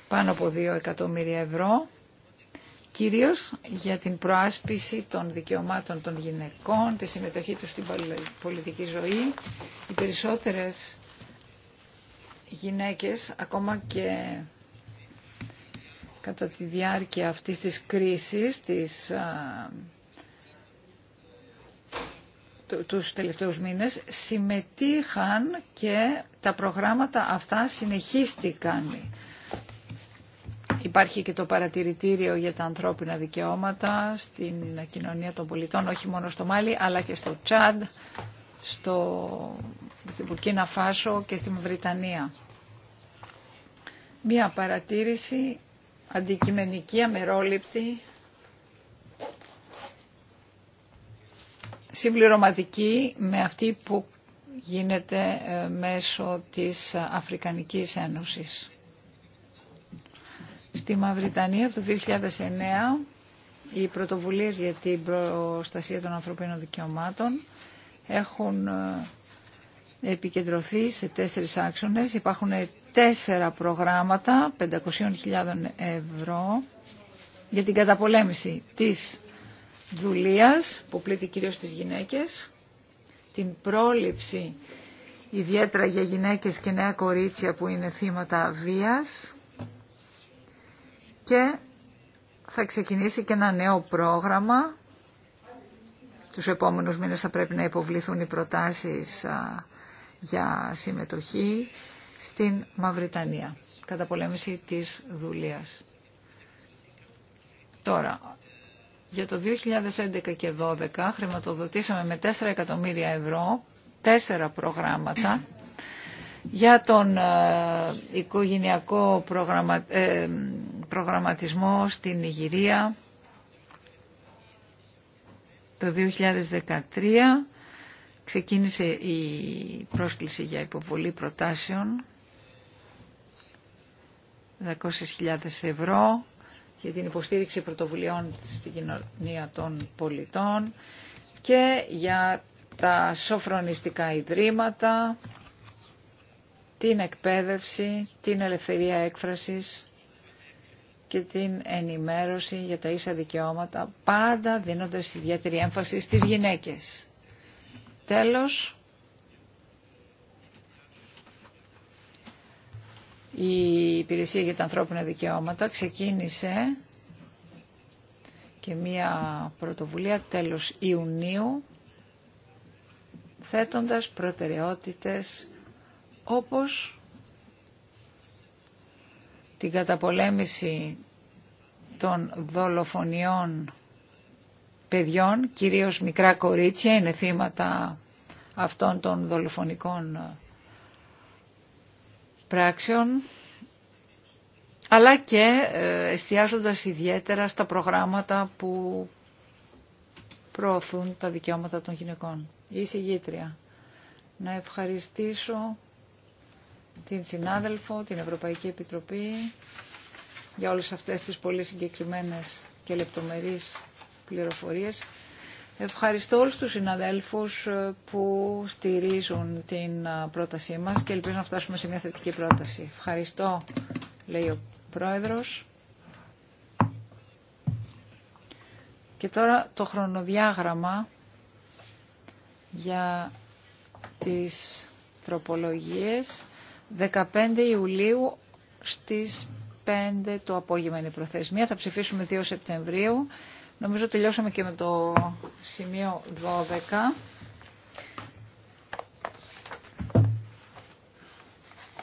πάνω από 2 εκατομμύρια ευρώ κυρίως για την προάσπιση των δικαιωμάτων των γυναικών, τη συμμετοχή τους στην πολιτική ζωή. Οι περισσότερες γυναίκες, ακόμα και κατά τη διάρκεια αυτής της κρίσης, της, τους τελευταίους μήνες συμμετείχαν και τα προγράμματα αυτά συνεχίστηκαν. Υπάρχει και το παρατηρητήριο για τα ανθρώπινα δικαιώματα στην κοινωνία των πολιτών, όχι μόνο στο Μάλι, αλλά και στο Τσάντ, στο, στην Πουρκίνα Φάσο και στην Βρυτανία. Μία παρατήρηση αντικειμενική, αμερόληπτη, συμπληρωματική με αυτή που γίνεται ε, μέσω της Αφρικανικής Ένωσης. Στη Μαυριτανία από το 2009 οι πρωτοβουλίες για την προστασία των ανθρωπίνων δικαιωμάτων έχουν ε, επικεντρωθεί σε τέσσερις άξονες. Υπάρχουν τέσσερα προγράμματα 500.000 ευρώ για την καταπολέμηση της δουλείας που πλήττει κυρίως τις γυναίκες, την πρόληψη ιδιαίτερα για γυναίκες και νέα κορίτσια που είναι θύματα βίας και θα ξεκινήσει και ένα νέο πρόγραμμα. Τους επόμενους μήνες θα πρέπει να υποβληθούν οι προτάσεις για συμμετοχή στην Μαυριτανία. πολέμηση της δουλείας. Τώρα, για το 2011 και 2012 χρηματοδοτήσαμε με 4 εκατομμύρια ευρώ τέσσερα προγράμματα για τον ε, οικογενειακό προγραμμα... Ε, προγραμματισμό στην Ιγυρία το 2013 ξεκίνησε η πρόσκληση για υποβολή προτάσεων 200.000 ευρώ για την υποστήριξη πρωτοβουλειών στην κοινωνία των πολιτών και για τα σοφρονιστικά ιδρύματα, την εκπαίδευση, την ελευθερία έκφρασης και την ενημέρωση για τα ίσα δικαιώματα, πάντα δίνοντας ιδιαίτερη έμφαση στις γυναίκες. Τέλος, Η Υπηρεσία για τα Ανθρώπινα Δικαιώματα ξεκίνησε και μία πρωτοβουλία τέλος Ιουνίου θέτοντας προτεραιότητες όπως την καταπολέμηση των δολοφονιών παιδιών, κυρίως μικρά κορίτσια είναι θύματα αυτών των δολοφονικών πράξεων αλλά και ε, εστιάζοντας ιδιαίτερα στα προγράμματα που προωθούν τα δικαιώματα των γυναικών. Η Να ευχαριστήσω την συνάδελφο, την Ευρωπαϊκή Επιτροπή για όλες αυτές τις πολύ συγκεκριμένες και λεπτομερείς πληροφορίες. Ευχαριστώ όλους τους συναδέλφους ε, που στηρίζουν την ε, πρότασή μας και ελπίζω να φτάσουμε σε μια θετική πρόταση. Ευχαριστώ, λέει ο Πρόεδρος. Και τώρα το χρονοδιάγραμμα για τις τροπολογίες 15 Ιουλίου στις 5 το απόγευμα είναι η προθεσμία. Θα ψηφίσουμε 2 Σεπτεμβρίου Νομίζω τελειώσαμε και με το σημείο 12.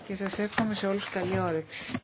Και σας εύχομαι σε όλους καλή όρεξη.